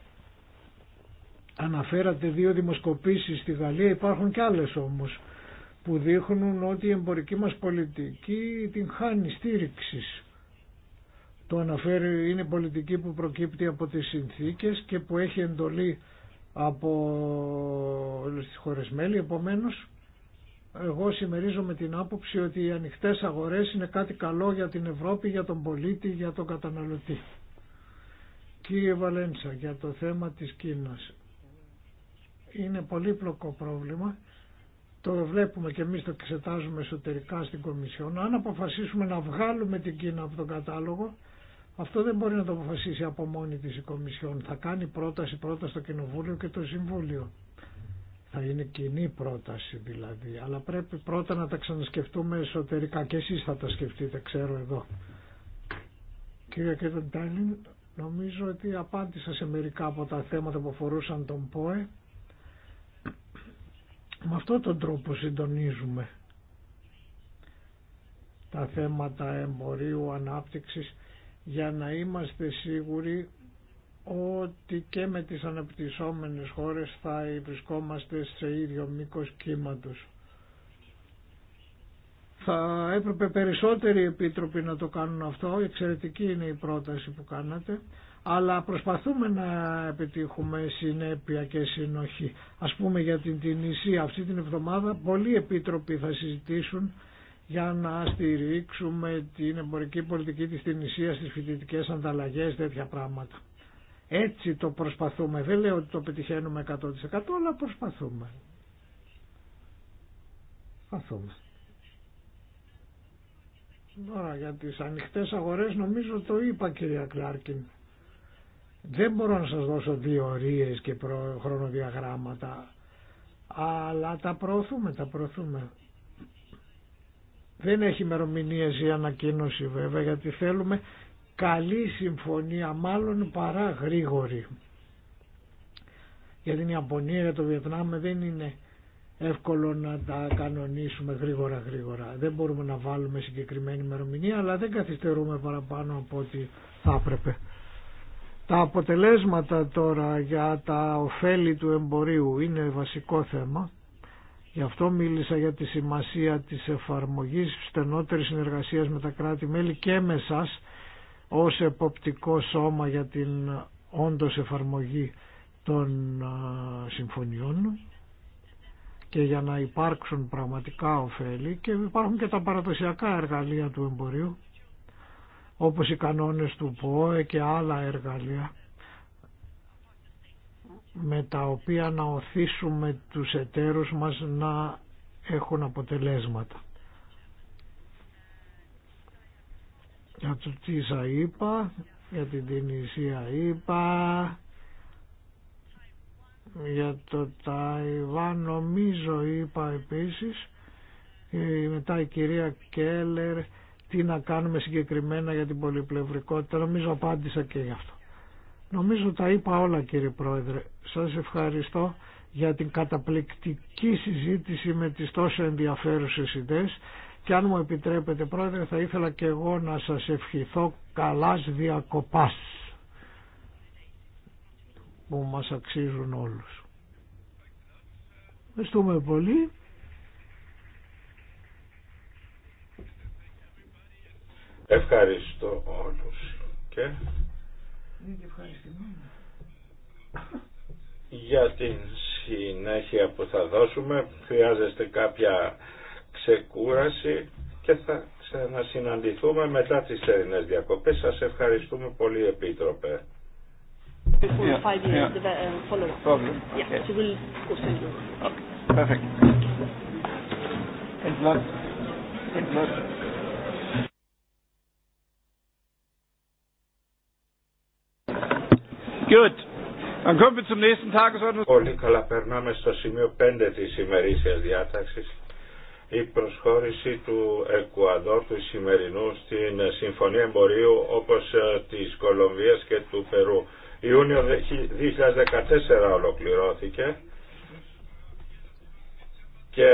Αναφέρατε δύο δημοσκοπήσεις στη Γαλλία, υπάρχουν και άλλες όμως που δείχνουν ότι η εμπορική μας πολιτική την χάνει στήριξη. Το αναφέρει είναι πολιτική που προκύπτει από τις συνθήκες και που έχει εντολή από όλες τις χώρες μέλη, επομένως εγώ συμμερίζομαι την άποψη ότι οι ανοιχτές αγορές είναι κάτι καλό για την Ευρώπη, για τον πολίτη, για τον καταναλωτή. Κύριε Βαλέντσα, για το θέμα της Κίνας. Είναι πολύπλοκο πρόβλημα. Το βλέπουμε και εμείς το εξετάζουμε εσωτερικά στην Κομισιόν. Αν αποφασίσουμε να βγάλουμε την Κίνα από τον κατάλογο, αυτό δεν μπορεί να το αποφασίσει από μόνη της η Κομισιόν. Θα κάνει πρόταση πρώτα στο Κοινοβούλιο και το Συμβούλιο. Θα είναι κοινή πρόταση δηλαδή, αλλά πρέπει πρώτα να τα ξανασκεφτούμε εσωτερικά και εσείς θα τα σκεφτείτε, ξέρω εδώ. Κύριε Κέντον νομίζω ότι απάντησα σε μερικά από τα θέματα που αφορούσαν τον ΠΟΕ. Με αυτόν τον τρόπο συντονίζουμε τα θέματα εμπορίου, ανάπτυξης, για να είμαστε σίγουροι ότι και με τις αναπτυσσόμενες χώρες θα βρισκόμαστε σε ίδιο μήκος κύματος. Θα έπρεπε περισσότεροι επίτροποι να το κάνουν αυτό, εξαιρετική είναι η πρόταση που κάνατε, αλλά προσπαθούμε να επιτύχουμε συνέπεια και συνοχή. Ας πούμε για την Τινησία αυτή την εβδομάδα πολλοί επίτροποι θα συζητήσουν για να στηρίξουμε την εμπορική πολιτική της Τινησίας, τις φοιτητικές ανταλλαγές, τέτοια πράγματα. Έτσι το προσπαθούμε. Δεν λέω ότι το πετυχαίνουμε 100% αλλά προσπαθούμε. Προσπαθούμε. Τώρα για τις ανοιχτές αγορές νομίζω το είπα κυρία Κλάρκιν. Δεν μπορώ να σας δώσω διορίες και χρονοδιαγράμματα αλλά τα προωθούμε, τα προωθούμε. Δεν έχει ημερομηνίε η ανακοίνωση βέβαια γιατί θέλουμε καλή συμφωνία μάλλον παρά γρήγορη. Για την Ιαπωνία, για το Βιετνάμ δεν είναι εύκολο να τα κανονίσουμε γρήγορα γρήγορα. Δεν μπορούμε να βάλουμε συγκεκριμένη ημερομηνία αλλά δεν καθυστερούμε παραπάνω από ό,τι θα έπρεπε. Τα αποτελέσματα τώρα για τα ωφέλη του εμπορίου είναι βασικό θέμα. Γι' αυτό μίλησα για τη σημασία της εφαρμογής στενότερης συνεργασίας με τα κράτη-μέλη και με ως εποπτικό σώμα για την όντως εφαρμογή των συμφωνιών και για να υπάρξουν πραγματικά ωφέλη και υπάρχουν και τα παραδοσιακά εργαλεία του εμπορίου όπως οι κανόνες του ΠΟΕ και άλλα εργαλεία με τα οποία να οθήσουμε τους εταίρους μας να έχουν αποτελέσματα. για τι σα είπα, για την Τινησία είπα, για το Ταϊβάν νομίζω είπα επίσης, ε, μετά η κυρία Κέλλερ, τι να κάνουμε συγκεκριμένα για την πολυπλευρικότητα, νομίζω απάντησα και γι' αυτό. Νομίζω τα είπα όλα κύριε Πρόεδρε. Σας ευχαριστώ για την καταπληκτική συζήτηση με τις τόσο ενδιαφέρουσες ιδέες και αν μου επιτρέπετε πρόεδρε θα ήθελα και εγώ να σας ευχηθώ καλάς διακοπάς που μας αξίζουν όλους. Ευχαριστούμε πολύ. Ευχαριστώ όλους. Και... Για την συνέχεια που θα δώσουμε χρειάζεστε κάποια ξεκούραση και θα ξανασυναντηθούμε μετά τις θερινές διακοπές. Σας ευχαριστούμε πολύ Επίτροπε. Uh, Good. Dann kommen wir zum nächsten Tagesordnungspunkt. Πολύ καλά περνάμε στο σημείο 5 της ημερήσιας διάταξης η προσχώρηση του Εκουαδόρ του σημερινού στην Συμφωνία Εμπορίου όπως ε, της Κολομβίας και του Περού. Ιούνιο 2014 ολοκληρώθηκε και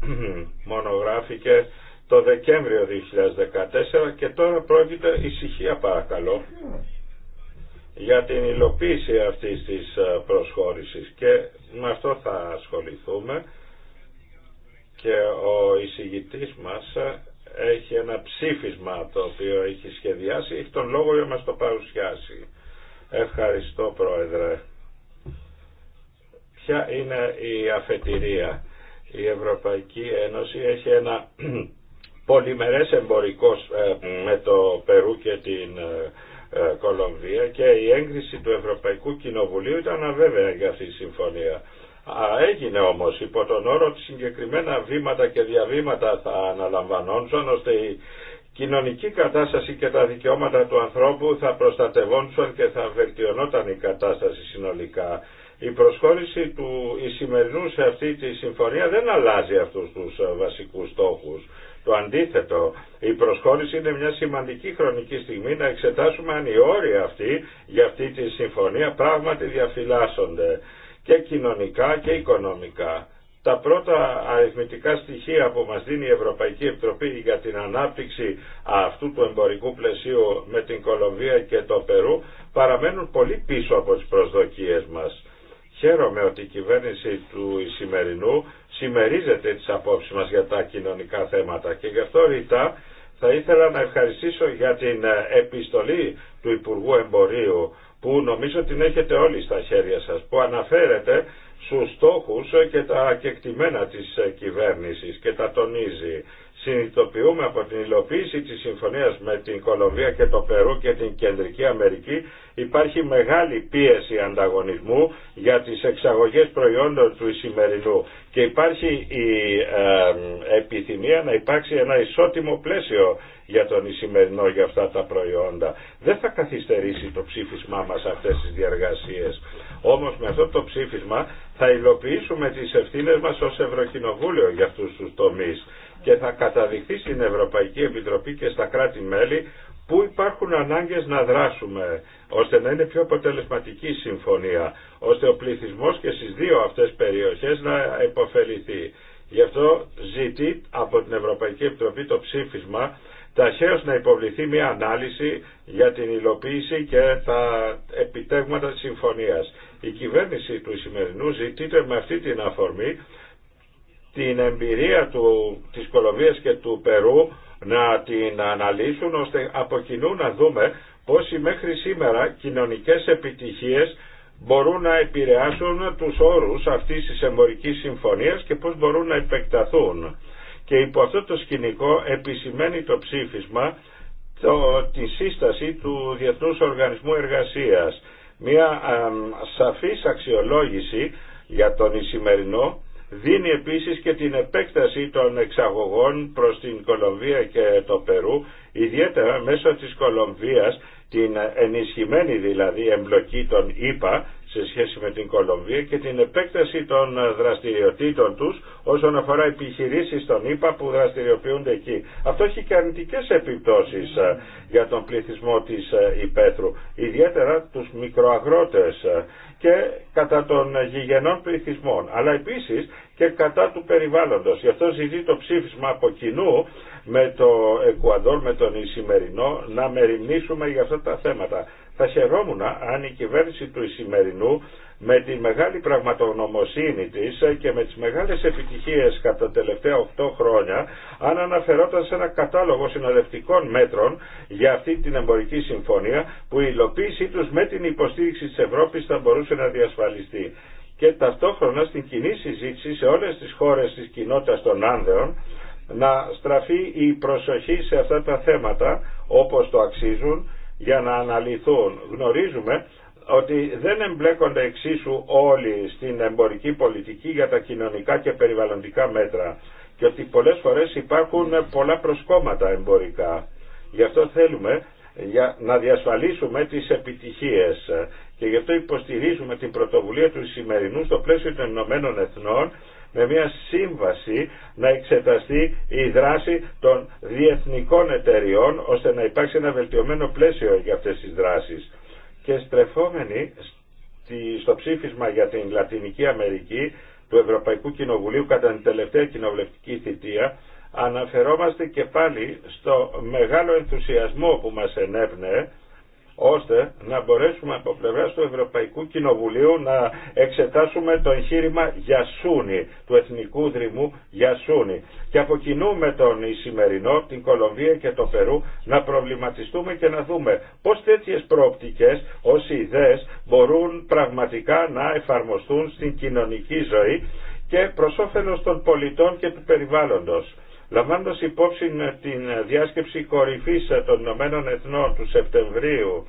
μονογράφηκε το Δεκέμβριο 2014 και τώρα πρόκειται ησυχία παρακαλώ για την υλοποίηση αυτής της ε, προσχώρησης και με αυτό θα ασχοληθούμε και ο εισηγητής μας έχει ένα ψήφισμα το οποίο έχει σχεδιάσει, έχει τον λόγο για να μας το παρουσιάσει. Ευχαριστώ Πρόεδρε. Ποια είναι η αφετηρία. Η Ευρωπαϊκή Ένωση έχει ένα πολυμερές εμπορικό ε, με το Περού και την ε, ε, Κολομβία και η έγκριση του Ευρωπαϊκού Κοινοβουλίου ήταν αβέβαια για αυτή τη συμφωνία. Έγινε όμως υπό τον όρο ότι συγκεκριμένα βήματα και διαβήματα θα αναλαμβανόντουσαν ώστε η κοινωνική κατάσταση και τα δικαιώματα του ανθρώπου θα προστατευόντουσαν και θα βελτιωνόταν η κατάσταση συνολικά. Η προσχώρηση του η σε αυτή τη συμφωνία δεν αλλάζει αυτούς τους ε, βασικούς στόχους. Το αντίθετο, η προσχώρηση είναι μια σημαντική χρονική στιγμή να εξετάσουμε αν οι όροι αυτοί για αυτή τη συμφωνία πράγματι διαφυλάσσονται και κοινωνικά και οικονομικά. Τα πρώτα αριθμητικά στοιχεία που μας δίνει η Ευρωπαϊκή Επιτροπή για την ανάπτυξη αυτού του εμπορικού πλαισίου με την Κολομβία και το Περού παραμένουν πολύ πίσω από τις προσδοκίες μας. Χαίρομαι ότι η κυβέρνηση του Ισημερινού συμμερίζεται τις απόψεις μας για τα κοινωνικά θέματα και γι' αυτό ρητά θα ήθελα να ευχαριστήσω για την επιστολή του Υπουργού Εμπορίου που νομίζω την έχετε όλοι στα χέρια σας, που αναφέρεται στους στόχους και τα κεκτημένα της κυβέρνησης και τα τονίζει συνειδητοποιούμε από την υλοποίηση της συμφωνίας με την Κολομβία και το Περού και την Κεντρική Αμερική υπάρχει μεγάλη πίεση ανταγωνισμού για τις εξαγωγές προϊόντων του σημερινού και υπάρχει η ε, επιθυμία να υπάρξει ένα ισότιμο πλαίσιο για τον Ισημερινό για αυτά τα προϊόντα. Δεν θα καθυστερήσει το ψήφισμά μας αυτές τις διαργασίες. Όμως με αυτό το ψήφισμα θα υλοποιήσουμε τις ευθύνες μας ως Ευρωκοινοβούλιο για αυτούς τους τομείς και θα καταδειχθεί στην Ευρωπαϊκή Επιτροπή και στα κράτη-μέλη που υπάρχουν ανάγκες να δράσουμε ώστε να είναι πιο αποτελεσματική η συμφωνία, ώστε ο πληθυσμός και στις δύο αυτές περιοχές να υποφεληθεί. Γι' αυτό ζητεί από την Ευρωπαϊκή Επιτροπή το ψήφισμα ταχαίως να υποβληθεί μια ανάλυση για την υλοποίηση και τα επιτέγματα της συμφωνίας. Η κυβέρνηση του σημερινού ζητείται με αυτή την αφορμή την εμπειρία του, της Κολομβίας και του Περού να την αναλύσουν ώστε από κοινού να δούμε οι μέχρι σήμερα κοινωνικές επιτυχίες μπορούν να επηρεάσουν τους όρους αυτής της εμπορικής συμφωνίας και πώς μπορούν να επεκταθούν. Και υπό αυτό το σκηνικό επισημαίνει το ψήφισμα το, τη σύσταση του Διεθνούς Οργανισμού Εργασίας. Μια σαφής αξιολόγηση για τον Ισημερινό δίνει επίσης και την επέκταση των εξαγωγών προς την Κολομβία και το Περού, ιδιαίτερα μέσω της Κολομβίας, την ενισχυμένη δηλαδή εμπλοκή των ΙΠΑ σε σχέση με την Κολομβία και την επέκταση των δραστηριοτήτων τους όσον αφορά επιχειρήσεις των ΙΠΑ που δραστηριοποιούνται εκεί. Αυτό έχει και επιπτώσεις ε, για τον πληθυσμό της ε, Υπέθρου, ιδιαίτερα τους μικροαγρότες και κατά των γηγενών πληθυσμών, αλλά επίσης και κατά του περιβάλλοντος. Γι' αυτό ζητεί το ψήφισμα από κοινού με το Εκουαδόρ, με τον Ισημερινό, να μεριμνήσουμε για αυτά τα θέματα. Θα χαιρόμουν αν η κυβέρνηση του Ισημερινού με τη μεγάλη πραγματογνωμοσύνη της και με τις μεγάλες επιτυχίες κατά τα τελευταία 8 χρόνια αν αναφερόταν σε ένα κατάλογο συνοδευτικών μέτρων για αυτή την εμπορική συμφωνία που η υλοποίησή τους με την υποστήριξη της Ευρώπης θα μπορούσε να διασφαλιστεί. Και ταυτόχρονα στην κοινή συζήτηση σε όλες τις χώρες της κοινότητας των Άνδεων να στραφεί η προσοχή σε αυτά τα θέματα όπως το αξίζουν για να αναλυθούν. Γνωρίζουμε ότι δεν εμπλέκονται εξίσου όλοι στην εμπορική πολιτική για τα κοινωνικά και περιβαλλοντικά μέτρα και ότι πολλές φορές υπάρχουν πολλά προσκόμματα εμπορικά. Γι' αυτό θέλουμε για να διασφαλίσουμε τις επιτυχίες και γι' αυτό υποστηρίζουμε την πρωτοβουλία του σημερινού στο πλαίσιο των Ηνωμένων Εθνών με μια σύμβαση να εξεταστεί η δράση των διεθνικών εταιριών ώστε να υπάρξει ένα βελτιωμένο πλαίσιο για αυτές τις δράσεις. Και στρεφόμενοι στο ψήφισμα για την Λατινική Αμερική του Ευρωπαϊκού Κοινοβουλίου κατά την τελευταία κοινοβουλευτική θητεία αναφερόμαστε και πάλι στο μεγάλο ενθουσιασμό που μας ενέπνεε ώστε να μπορέσουμε από πλευρά του Ευρωπαϊκού Κοινοβουλίου να εξετάσουμε το εγχείρημα Γιασούνη, του Εθνικού Δρυμού Γιασούνη. Και από τον Ισημερινό, την Κολομβία και το Περού να προβληματιστούμε και να δούμε πώς τέτοιες προοπτικές ως ιδέες μπορούν πραγματικά να εφαρμοστούν στην κοινωνική ζωή και προς όφελος των πολιτών και του περιβάλλοντος. Λαμβάνοντας υπόψη την διάσκεψη κορυφής των Ηνωμένων Εθνών του Σεπτεμβρίου,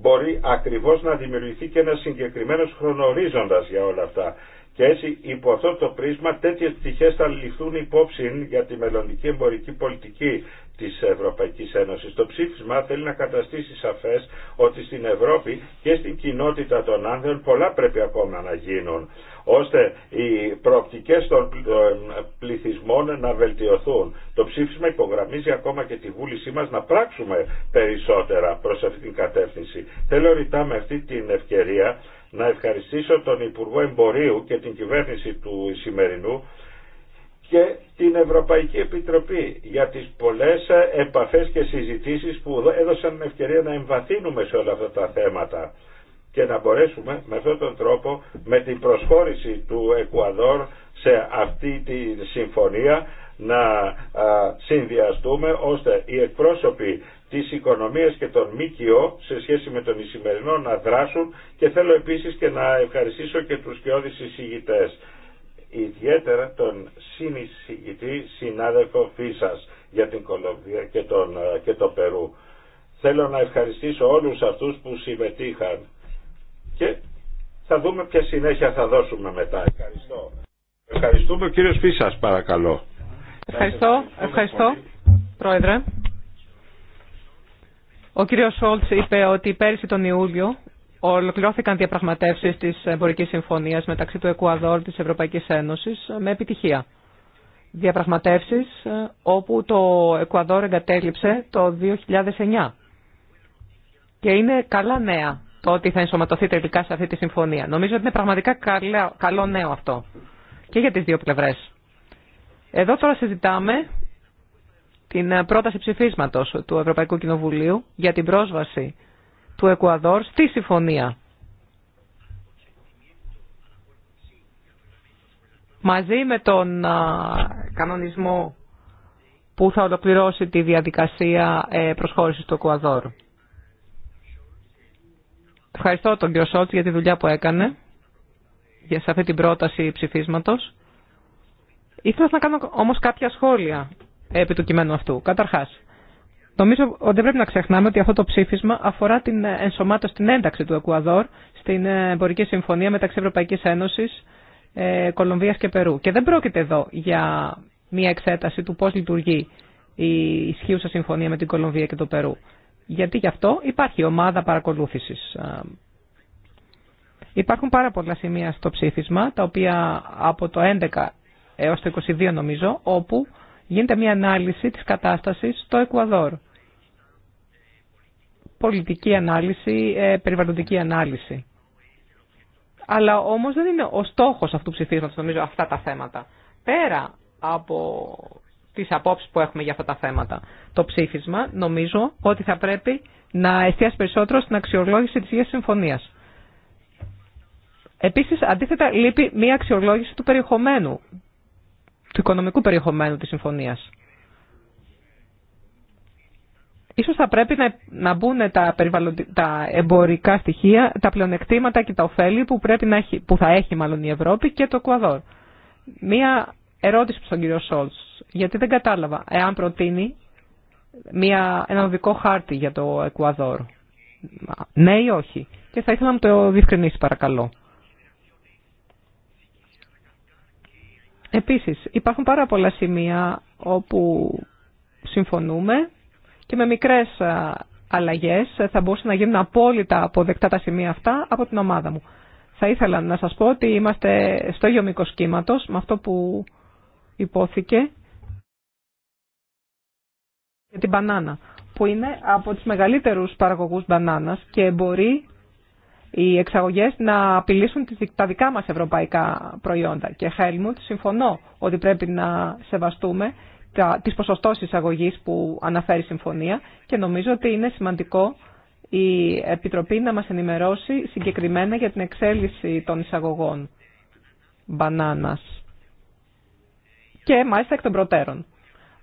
μπορεί ακριβώς να δημιουργηθεί και ένα συγκεκριμένος χρονορίζοντας για όλα αυτά. Και έτσι υπό αυτό το πρίσμα τέτοιες πτυχές θα ληφθούν υπόψη για τη μελλοντική εμπορική πολιτική της Ευρωπαϊκής Ένωσης. Το ψήφισμα θέλει να καταστήσει σαφές ότι στην Ευρώπη και στην κοινότητα των άνδρων πολλά πρέπει ακόμα να γίνουν ώστε οι προοπτικές των ε, πληθυσμών να βελτιωθούν. Το ψήφισμα υπογραμμίζει ακόμα και τη βούλησή μας να πράξουμε περισσότερα προς αυτήν την κατεύθυνση. Θέλω ρητά με αυτή την ευκαιρία να ευχαριστήσω τον Υπουργό Εμπορίου και την κυβέρνηση του σημερινού και την Ευρωπαϊκή Επιτροπή για τις πολλές επαφές και συζητήσεις που έδωσαν ευκαιρία να εμβαθύνουμε σε όλα αυτά τα θέματα και να μπορέσουμε με αυτόν τον τρόπο με την προσχώρηση του Εκουαδόρ σε αυτή τη συμφωνία να συνδυαστούμε ώστε οι εκπρόσωποι της οικονομίας και τον ΜΚΟ σε σχέση με τον Ισημερινό να δράσουν και θέλω επίσης και να ευχαριστήσω και τους κοιόδης εισηγητές ιδιαίτερα τον συνεισηγητή συνάδελφο Φίσας για την Κολομβία και, τον, ε, και το Περού. Θέλω να ευχαριστήσω όλους αυτούς που συμμετείχαν και θα δούμε ποια συνέχεια θα δώσουμε μετά. Ευχαριστώ. Ευχαριστούμε ο Φίσας παρακαλώ. Ευχαριστώ, ευχαριστώ, ευχαριστώ. Πρόεδρε. Ο κύριος Σόλτ είπε ότι πέρυσι τον Ιούλιο ολοκληρώθηκαν διαπραγματεύσεις της εμπορικής συμφωνίας μεταξύ του Εκουαδόρ της Ευρωπαϊκής Ένωσης με επιτυχία. Διαπραγματεύσεις ε, όπου το Εκουαδόρ εγκατέλειψε το 2009. Και είναι καλά νέα το ότι θα ενσωματωθεί τελικά σε αυτή τη συμφωνία. Νομίζω ότι είναι πραγματικά καλό νέο αυτό. Και για τις δύο πλευρές. Εδώ τώρα συζητάμε την ε, πρόταση ψηφίσματο του Ευρωπαϊκού Κοινοβουλίου για την πρόσβαση του Εκουαδόρ στη συμφωνία. Μαζί με τον ε, κανονισμό που θα ολοκληρώσει τη διαδικασία ε, προσχώρησης του Εκουαδόρ. Ευχαριστώ τον κύριο για τη δουλειά που έκανε για σε αυτή την πρόταση ψηφίσματος. Ήθελα να κάνω όμως κάποια σχόλια επί του κειμένου αυτού. καταρχά. νομίζω ότι δεν πρέπει να ξεχνάμε ότι αυτό το ψήφισμα αφορά την ενσωμάτωση, την ένταξη του Εκουαδόρ στην εμπορική συμφωνία μεταξύ Ευρωπαϊκή Ένωση, ε, Κολομβίας και Περού. Και δεν πρόκειται εδώ για μια εξέταση του πώ λειτουργεί η ισχύουσα συμφωνία με την Κολομβία και το Περού. Γιατί γι' αυτό υπάρχει ομάδα παρακολούθηση. Ε, υπάρχουν πάρα πολλά σημεία στο ψήφισμα, τα οποία από το 11 έως το 22 νομίζω, όπου γίνεται μια ανάλυση της κατάστασης στο Εκουαδόρ. Πολιτική ανάλυση, ε, περιβαλλοντική ανάλυση. Αλλά όμως δεν είναι ο στόχος αυτού ψηφίσματος, νομίζω, αυτά τα θέματα. Πέρα από τις απόψεις που έχουμε για αυτά τα θέματα, το ψήφισμα νομίζω ότι θα πρέπει να εστιάσει περισσότερο στην αξιολόγηση της ίδιας συμφωνίας. Επίσης, αντίθετα, λείπει μία αξιολόγηση του περιεχομένου του οικονομικού περιεχομένου της συμφωνίας. Ίσως θα πρέπει να, να μπουν τα, τα εμπορικά στοιχεία, τα πλεονεκτήματα και τα ωφέλη που, πρέπει να έχει, που θα έχει μάλλον η Ευρώπη και το Εκουαδόρ. Μία ερώτηση στον κύριο Σόλτς, γιατί δεν κατάλαβα, εάν προτείνει μια, ένα οδικό χάρτη για το Εκουαδόρ. Ναι ή όχι. Και θα ήθελα να μου το διευκρινίσει παρακαλώ. Επίσης, υπάρχουν πάρα πολλά σημεία όπου συμφωνούμε και με μικρές αλλαγές θα μπορούσαν να γίνουν απόλυτα αποδεκτά τα σημεία αυτά από την ομάδα μου. Θα ήθελα να σας πω ότι είμαστε στο ίδιο μήκο κύματος με αυτό που υπόθηκε για την μπανάνα, που είναι από τους μεγαλύτερους παραγωγούς μπανάνας και μπορεί οι εξαγωγέ να απειλήσουν τα δικά μας ευρωπαϊκά προϊόντα. Και Χέλμουντ, συμφωνώ ότι πρέπει να σεβαστούμε τις ποσοστώσεις εισαγωγή που αναφέρει η συμφωνία και νομίζω ότι είναι σημαντικό η Επιτροπή να μας ενημερώσει συγκεκριμένα για την εξέλιξη των εισαγωγών μπανάνας και μάλιστα εκ των προτέρων.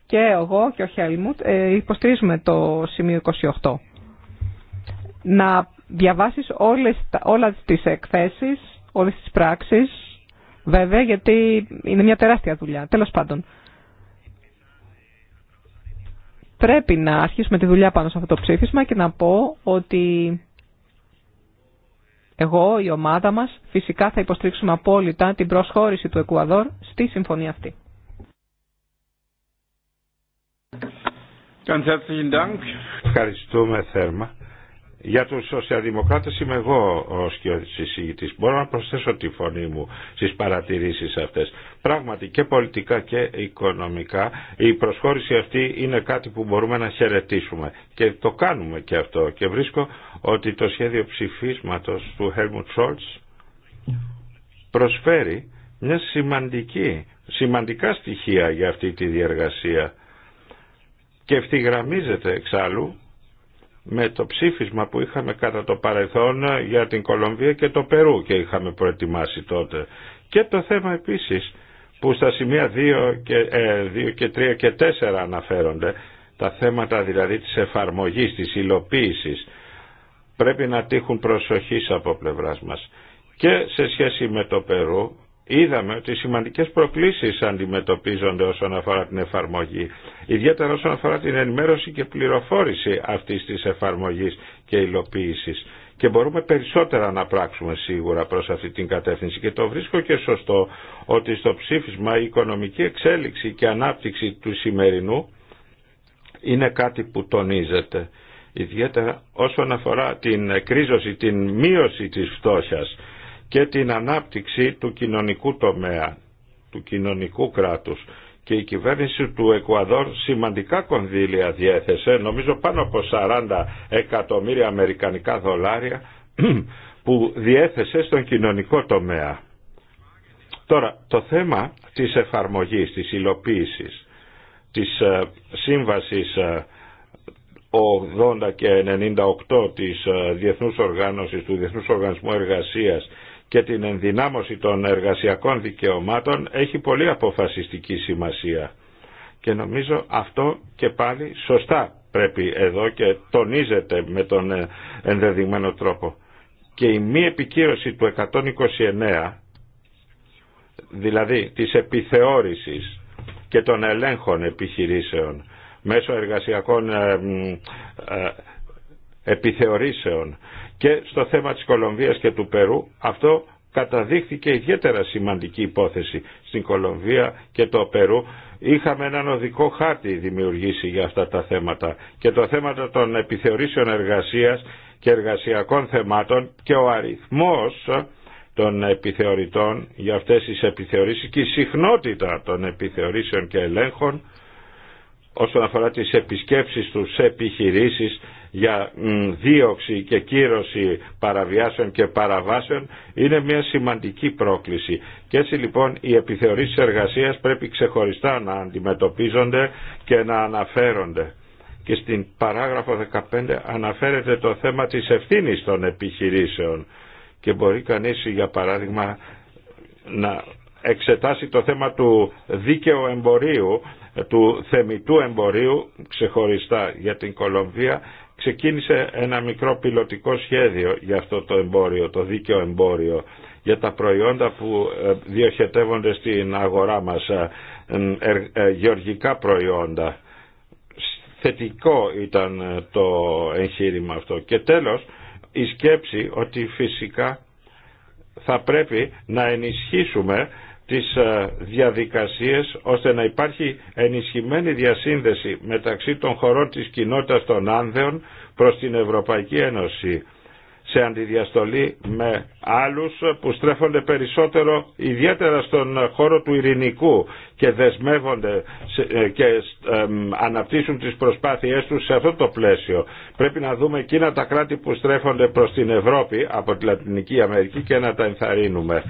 Και εγώ και ο Χέλμουτ ε, υποστηρίζουμε το σημείο 28. Να διαβάσεις όλες, όλα τις εκθέσεις, όλες τις πράξεις, βέβαια, γιατί είναι μια τεράστια δουλειά. Τέλος πάντων, πρέπει να αρχίσουμε τη δουλειά πάνω σε αυτό το ψήφισμα και να πω ότι εγώ, η ομάδα μας, φυσικά θα υποστρίξουμε απόλυτα την προσχώρηση του Εκουαδόρ στη συμφωνία αυτή. Ευχαριστούμε θέρμα για τους σοσιαλδημοκράτες είμαι εγώ ο συζητητής. Μπορώ να προσθέσω τη φωνή μου στις παρατηρήσεις αυτές. Πράγματι και πολιτικά και οικονομικά η προσχώρηση αυτή είναι κάτι που μπορούμε να χαιρετήσουμε. Και το κάνουμε και αυτό. Και βρίσκω ότι το σχέδιο ψηφίσματος του Helmut Scholz προσφέρει μια σημαντική, σημαντικά στοιχεία για αυτή τη διεργασία και ευθυγραμμίζεται εξάλλου με το ψήφισμα που είχαμε κατά το παρελθόν για την Κολομβία και το Περού και είχαμε προετοιμάσει τότε. Και το θέμα επίσης που στα σημεία 2 και, 2 ε, και 3 και 4 αναφέρονται, τα θέματα δηλαδή της εφαρμογής, της υλοποίησης, πρέπει να τύχουν προσοχής από πλευράς μας. Και σε σχέση με το Περού είδαμε ότι σημαντικές προκλήσεις αντιμετωπίζονται όσον αφορά την εφαρμογή, ιδιαίτερα όσον αφορά την ενημέρωση και πληροφόρηση αυτής της εφαρμογής και υλοποίησης. Και μπορούμε περισσότερα να πράξουμε σίγουρα προς αυτή την κατεύθυνση. Και το βρίσκω και σωστό ότι στο ψήφισμα η οικονομική εξέλιξη και ανάπτυξη του σημερινού είναι κάτι που τονίζεται. Ιδιαίτερα όσον αφορά την κρίζωση, την μείωση της φτώχειας και την ανάπτυξη του κοινωνικού τομέα, του κοινωνικού κράτους. Και η κυβέρνηση του Εκουαδόρ σημαντικά κονδύλια διέθεσε, νομίζω πάνω από 40 εκατομμύρια αμερικανικά δολάρια, που διέθεσε στον κοινωνικό τομέα. Τώρα, το θέμα της εφαρμογής, της υλοποίησης, της ε, σύμβασης 80 ε, και 98 της ε, Διεθνούς Οργάνωσης, του Διεθνούς Οργανισμού Εργασίας και την ενδυνάμωση των εργασιακών δικαιωμάτων έχει πολύ αποφασιστική σημασία. Και νομίζω αυτό και πάλι σωστά πρέπει εδώ και τονίζεται με τον ε, ενδεδειγμένο τρόπο. Και η μη επικύρωση του 129, δηλαδή της επιθεώρησης και των ελέγχων επιχειρήσεων μέσω εργασιακών ε, ε, επιθεωρήσεων και στο θέμα της Κολομβίας και του Περού αυτό καταδείχθηκε ιδιαίτερα σημαντική υπόθεση στην Κολομβία και το Περού. Είχαμε έναν οδικό χάρτη δημιουργήσει για αυτά τα θέματα και το θέμα των επιθεωρήσεων εργασίας και εργασιακών θεμάτων και ο αριθμός των επιθεωρητών για αυτές τις επιθεωρήσεις και η συχνότητα των επιθεωρήσεων και ελέγχων όσον αφορά τις επισκέψεις τους σε επιχειρήσεις για δίωξη και κύρωση παραβιάσεων και παραβάσεων είναι μια σημαντική πρόκληση. Και έτσι λοιπόν οι επιθεωρήσεις εργασίας πρέπει ξεχωριστά να αντιμετωπίζονται και να αναφέρονται. Και στην παράγραφο 15 αναφέρεται το θέμα της ευθύνης των επιχειρήσεων και μπορεί κανείς για παράδειγμα να εξετάσει το θέμα του δίκαιου εμπορίου, του θεμητού εμπορίου ξεχωριστά για την Κολομβία ξεκίνησε ένα μικρό πιλωτικό σχέδιο για αυτό το εμπόριο, το δίκαιο εμπόριο, για τα προϊόντα που ε, διοχετεύονται στην αγορά μας, ε, ε, γεωργικά προϊόντα. Θετικό ήταν το εγχείρημα αυτό. Και τέλος, η σκέψη ότι φυσικά θα πρέπει να ενισχύσουμε τις ε, διαδικασίες ώστε να υπάρχει ενισχυμένη διασύνδεση μεταξύ των χωρών της κοινότητας των άνδεων προς την Ευρωπαϊκή Ένωση σε αντιδιαστολή με άλλους που στρέφονται περισσότερο ιδιαίτερα στον χώρο του ειρηνικού και δεσμεύονται ε, και αναπτύσσουν τις προσπάθειές τους σε αυτό το πλαίσιο. Πρέπει να δούμε εκείνα τα κράτη που στρέφονται προς την Ευρώπη από τη Λατινική Αμερική και να τα ενθαρρύνουμε.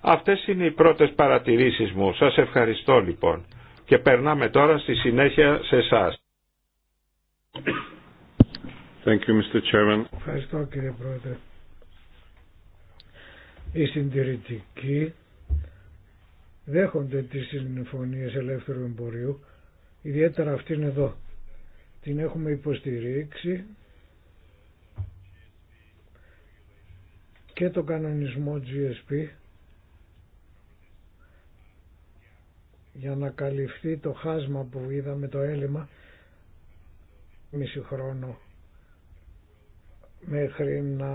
Αυτές είναι οι πρώτες παρατηρήσεις μου. Σας ευχαριστώ λοιπόν. Και περνάμε τώρα στη συνέχεια σε εσά. Ευχαριστώ κύριε Πρόεδρε. Οι συντηρητικοί δέχονται τις συμφωνίες ελεύθερου εμπορίου, ιδιαίτερα αυτήν εδώ. Την έχουμε υποστηρίξει και το κανονισμό GSP για να καλυφθεί το χάσμα που είδαμε το έλλειμμα μισή χρόνο μέχρι να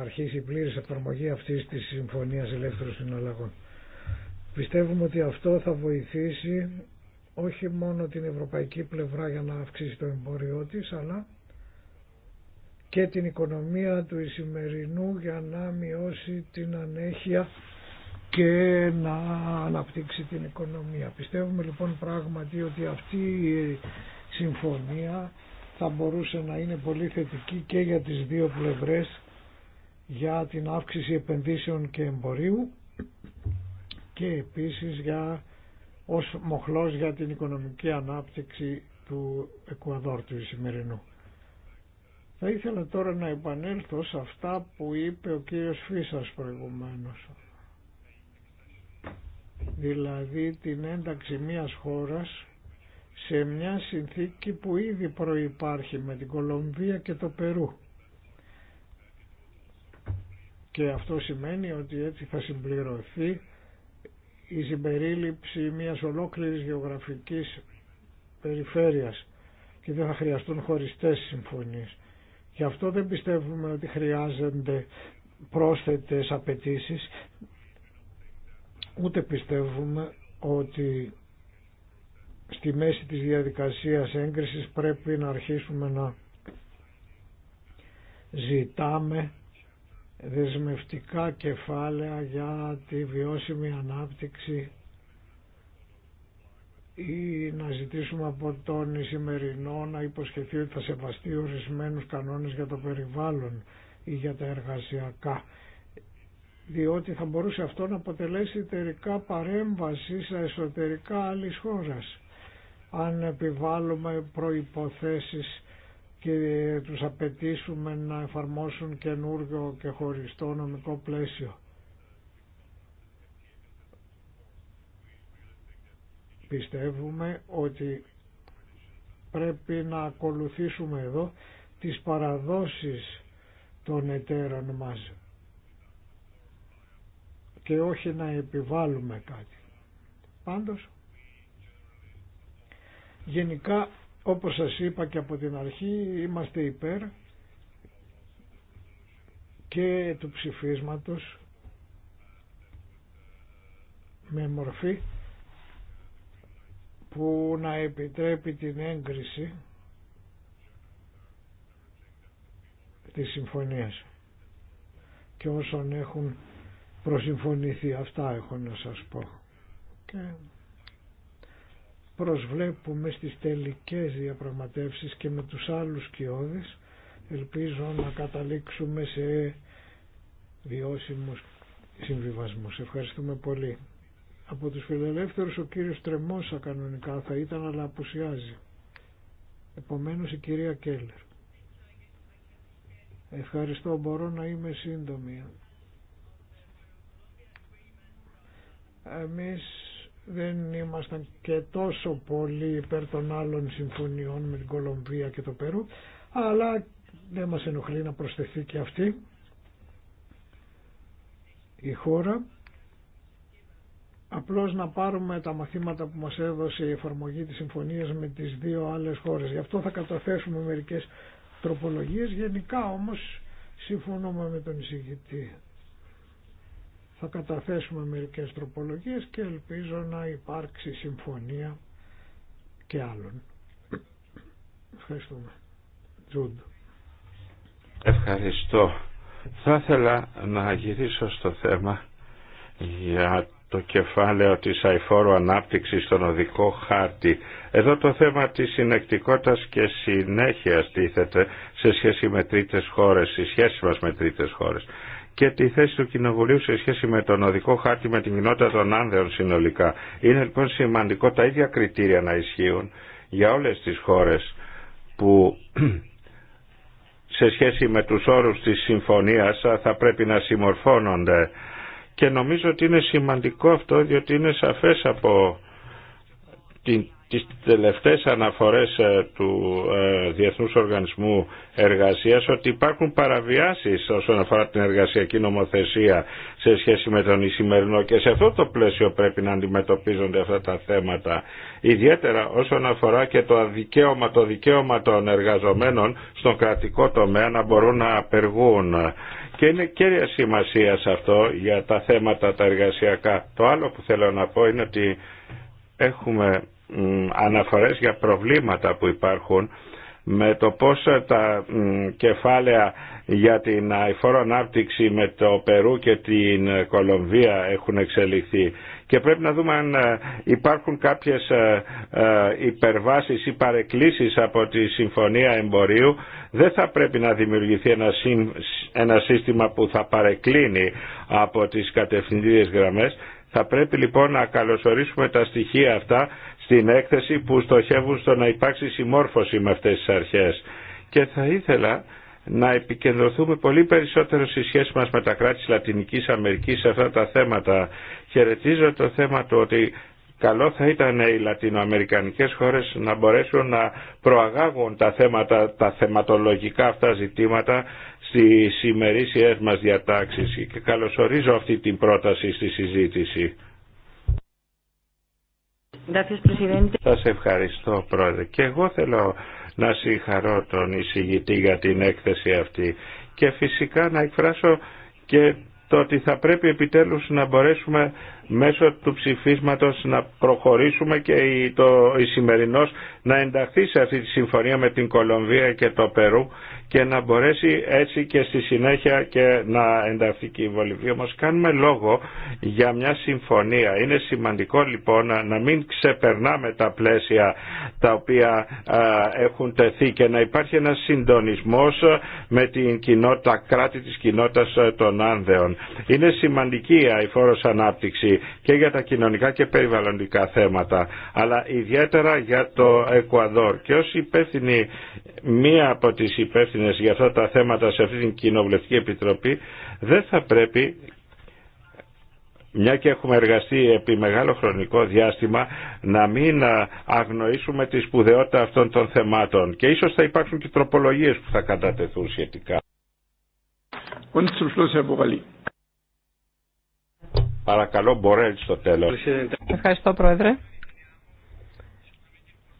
αρχίσει η πλήρης εφαρμογή αυτής της Συμφωνίας Ελεύθερων Συναλλαγών. Πιστεύουμε ότι αυτό θα βοηθήσει όχι μόνο την ευρωπαϊκή πλευρά για να αυξήσει το εμπόριό της, αλλά και την οικονομία του Ισημερινού για να μειώσει την ανέχεια και να αναπτύξει την οικονομία. Πιστεύουμε λοιπόν πράγματι ότι αυτή η συμφωνία θα μπορούσε να είναι πολύ θετική και για τις δύο πλευρές για την αύξηση επενδύσεων και εμπορίου και επίσης για, ως μοχλός για την οικονομική ανάπτυξη του Εκουαδόρ του σημερινού. Θα ήθελα τώρα να επανέλθω σε αυτά που είπε ο κύριος Φίσας προηγουμένως δηλαδή την ένταξη μιας χώρας σε μια συνθήκη που ήδη προϋπάρχει με την Κολομβία και το Περού. Και αυτό σημαίνει ότι έτσι θα συμπληρωθεί η συμπερίληψη μιας ολόκληρης γεωγραφικής περιφέρειας και δεν θα χρειαστούν χωριστές συμφωνίες. Γι' αυτό δεν πιστεύουμε ότι χρειάζονται πρόσθετες απαιτήσει ούτε πιστεύουμε ότι στη μέση της διαδικασίας έγκρισης πρέπει να αρχίσουμε να ζητάμε δεσμευτικά κεφάλαια για τη βιώσιμη ανάπτυξη ή να ζητήσουμε από τον Ισημερινό να υποσχεθεί ότι θα σεβαστεί ορισμένους κανόνες για το περιβάλλον ή για τα εργασιακά διότι θα μπορούσε αυτό να αποτελέσει εταιρικά παρέμβαση σε εσωτερικά άλλης χώρας αν επιβάλλουμε προϋποθέσεις και τους απαιτήσουμε να εφαρμόσουν καινούργιο και χωριστό νομικό πλαίσιο. Πιστεύουμε ότι πρέπει να ακολουθήσουμε εδώ τις παραδόσεις των εταίρων μας και όχι να επιβάλλουμε κάτι. Πάντως, γενικά όπως σας είπα και από την αρχή είμαστε υπέρ και του ψηφίσματος με μορφή που να επιτρέπει την έγκριση της συμφωνίας και όσων έχουν προσυμφωνηθεί. Αυτά έχω να σας πω. Και προσβλέπουμε στις τελικές διαπραγματεύσεις και με τους άλλους κοιόδες Ελπίζω να καταλήξουμε σε βιώσιμους συμβιβασμούς. Ευχαριστούμε πολύ. Από τους φιλελεύθερους ο κύριος Τρεμόσα κανονικά θα ήταν αλλά απουσιάζει. Επομένως η κυρία Κέλλερ. Ευχαριστώ, μπορώ να είμαι σύντομη. Εμείς δεν ήμασταν και τόσο πολύ υπέρ των άλλων συμφωνιών με την Κολομβία και το Περού, αλλά δεν μας ενοχλεί να προσθεθεί και αυτή η χώρα. Απλώς να πάρουμε τα μαθήματα που μας έδωσε η εφαρμογή της συμφωνίας με τις δύο άλλες χώρες. Γι' αυτό θα καταθέσουμε μερικές τροπολογίες. Γενικά όμως συμφωνούμε με τον εισηγητή. Θα καταθέσουμε μερικές τροπολογίες και ελπίζω να υπάρξει συμφωνία και άλλων. Ευχαριστούμε. Τζούντ. Ευχαριστώ. Θα ήθελα να γυρίσω στο θέμα για το κεφάλαιο της αηφόρου ανάπτυξης στον οδικό χάρτη. Εδώ το θέμα της συνεκτικότητας και συνέχεια τίθεται σε σχέση με τρίτες χώρες, σε σχέση μας με τρίτες χώρες και τη θέση του Κοινοβουλίου σε σχέση με τον οδικό χάρτη με την κοινότητα των άνδεων συνολικά. Είναι λοιπόν σημαντικό τα ίδια κριτήρια να ισχύουν για όλες τις χώρες που σε σχέση με τους όρους της συμφωνίας θα πρέπει να συμμορφώνονται και νομίζω ότι είναι σημαντικό αυτό διότι είναι σαφές από την Τις τελευταίες αναφορές ε, του ε, Διεθνούς Οργανισμού Εργασίας ότι υπάρχουν παραβιάσεις όσον αφορά την εργασιακή νομοθεσία σε σχέση με τον Ισημερινό και σε αυτό το πλαίσιο πρέπει να αντιμετωπίζονται αυτά τα θέματα. Ιδιαίτερα όσον αφορά και το δικαίωμα, το δικαίωμα των εργαζομένων στον κρατικό τομέα να μπορούν να απεργούν. Και είναι κέρια σημασία σε αυτό για τα θέματα τα εργασιακά. Το άλλο που θέλω να πω είναι ότι έχουμε αναφορές για προβλήματα που υπάρχουν με το πώς τα κεφάλαια για την αηφόρο ανάπτυξη με το Περού και την Κολομβία έχουν εξελιχθεί. Και πρέπει να δούμε αν ε, υπάρχουν κάποιες ε, ε, υπερβάσεις ή παρεκκλήσεις από τη Συμφωνία Εμπορίου. Δεν θα πρέπει να δημιουργηθεί ένα σύστημα που θα παρεκκλίνει από τις κατευθυντήριες γραμμές. Θα πρέπει λοιπόν να καλωσορίσουμε τα στοιχεία αυτά στην έκθεση που στοχεύουν στο να υπάρξει συμμόρφωση με αυτές τις αρχές. Και θα ήθελα να επικεντρωθούμε πολύ περισσότερο στη σχέση μας με τα κράτη της Λατινικής Αμερικής σε αυτά τα θέματα. Χαιρετίζω το θέμα του ότι καλό θα ήταν οι λατινοαμερικανικές χώρες να μπορέσουν να προαγάγουν τα θέματα, τα θεματολογικά αυτά ζητήματα στι σημερινή μας διατάξεις και καλωσορίζω αυτή την πρόταση στη συζήτηση. Σα ευχαριστώ πρόεδρε. Και εγώ θέλω να συγχαρώ τον εισηγητή για την έκθεση αυτή και φυσικά να εκφράσω και το ότι θα πρέπει επιτέλους να μπορέσουμε μέσω του ψηφίσματος να προχωρήσουμε και η, το, η σημερινός να ενταχθεί σε αυτή τη συμφωνία με την Κολομβία και το Περού και να μπορέσει έτσι και στη συνέχεια και να ενταχθεί και η Βολιβία. Όμως κάνουμε λόγο για μια συμφωνία. Είναι σημαντικό λοιπόν να μην ξεπερνάμε τα πλαίσια τα οποία έχουν τεθεί και να υπάρχει ένας συντονισμός με την κοινότητα, κράτη της κοινότητας ε, των Άνδεων. Είναι σημαντική η φόρος ανάπτυξη και για τα κοινωνικά και περιβαλλοντικά θέματα, αλλά ιδιαίτερα για το Εκουαδόρ. Και ως υπεύθυνη, μία από τις υπεύθυνες για αυτά τα θέματα σε αυτή την Κοινοβουλευτική Επιτροπή, δεν θα πρέπει μια και έχουμε εργαστεί επί μεγάλο χρονικό διάστημα να μην αγνοήσουμε τη σπουδαιότητα αυτών των θεμάτων και ίσως θα υπάρξουν και τροπολογίες που θα κατατεθούν σχετικά. Παρακαλώ Μπορέλ στο τέλος. Ευχαριστώ Πρόεδρε.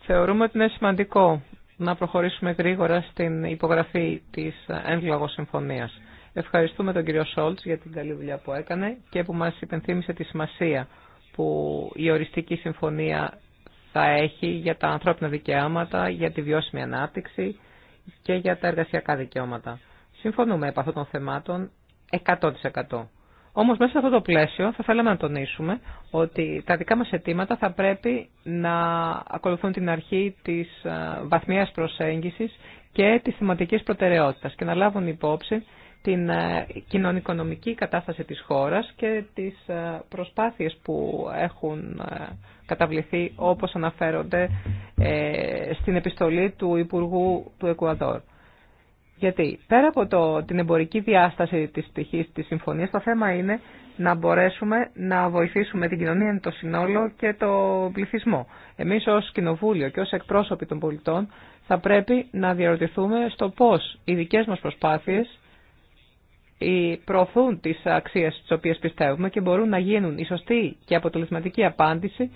Θεωρούμε ότι είναι σημαντικό να προχωρήσουμε γρήγορα στην υπογραφή της έμβλογος συμφωνίας. Ευχαριστούμε τον κύριο Σόλτς για την καλή δουλειά που έκανε και που μας υπενθύμησε τη σημασία που η οριστική συμφωνία θα έχει για τα ανθρώπινα δικαιώματα, για τη βιώσιμη ανάπτυξη και για τα εργασιακά δικαιώματα. Συμφωνούμε από αυτών των θεμάτων 100%. Όμως μέσα σε αυτό το πλαίσιο θα θέλαμε να τονίσουμε ότι τα δικά μας αιτήματα θα πρέπει να ακολουθούν την αρχή της ε, βαθμίας προσέγγισης και της θεματικής προτεραιότητας και να λάβουν υπόψη την ε, κοινωνικονομική κατάσταση της χώρας και τις ε, προσπάθειες που έχουν καταβληθεί όπως αναφέρονται στην επιστολή του Υπουργού του Εκουαδόρ. Γιατί πέρα από την εμπορική διάσταση της πτυχής της συμφωνίας, το θέμα είναι να μπορέσουμε να βοηθήσουμε την κοινωνία, το συνόλο και το πληθυσμό. Εμείς ως κοινοβούλιο και ως εκπρόσωποι των πολιτών θα πρέπει να διαρωτηθούμε στο πώς οι δικές μας προσπάθειες προωθούν τις αξίες τις οποίες πιστεύουμε και μπορούν να γίνουν η σωστή και αποτελεσματική απάντηση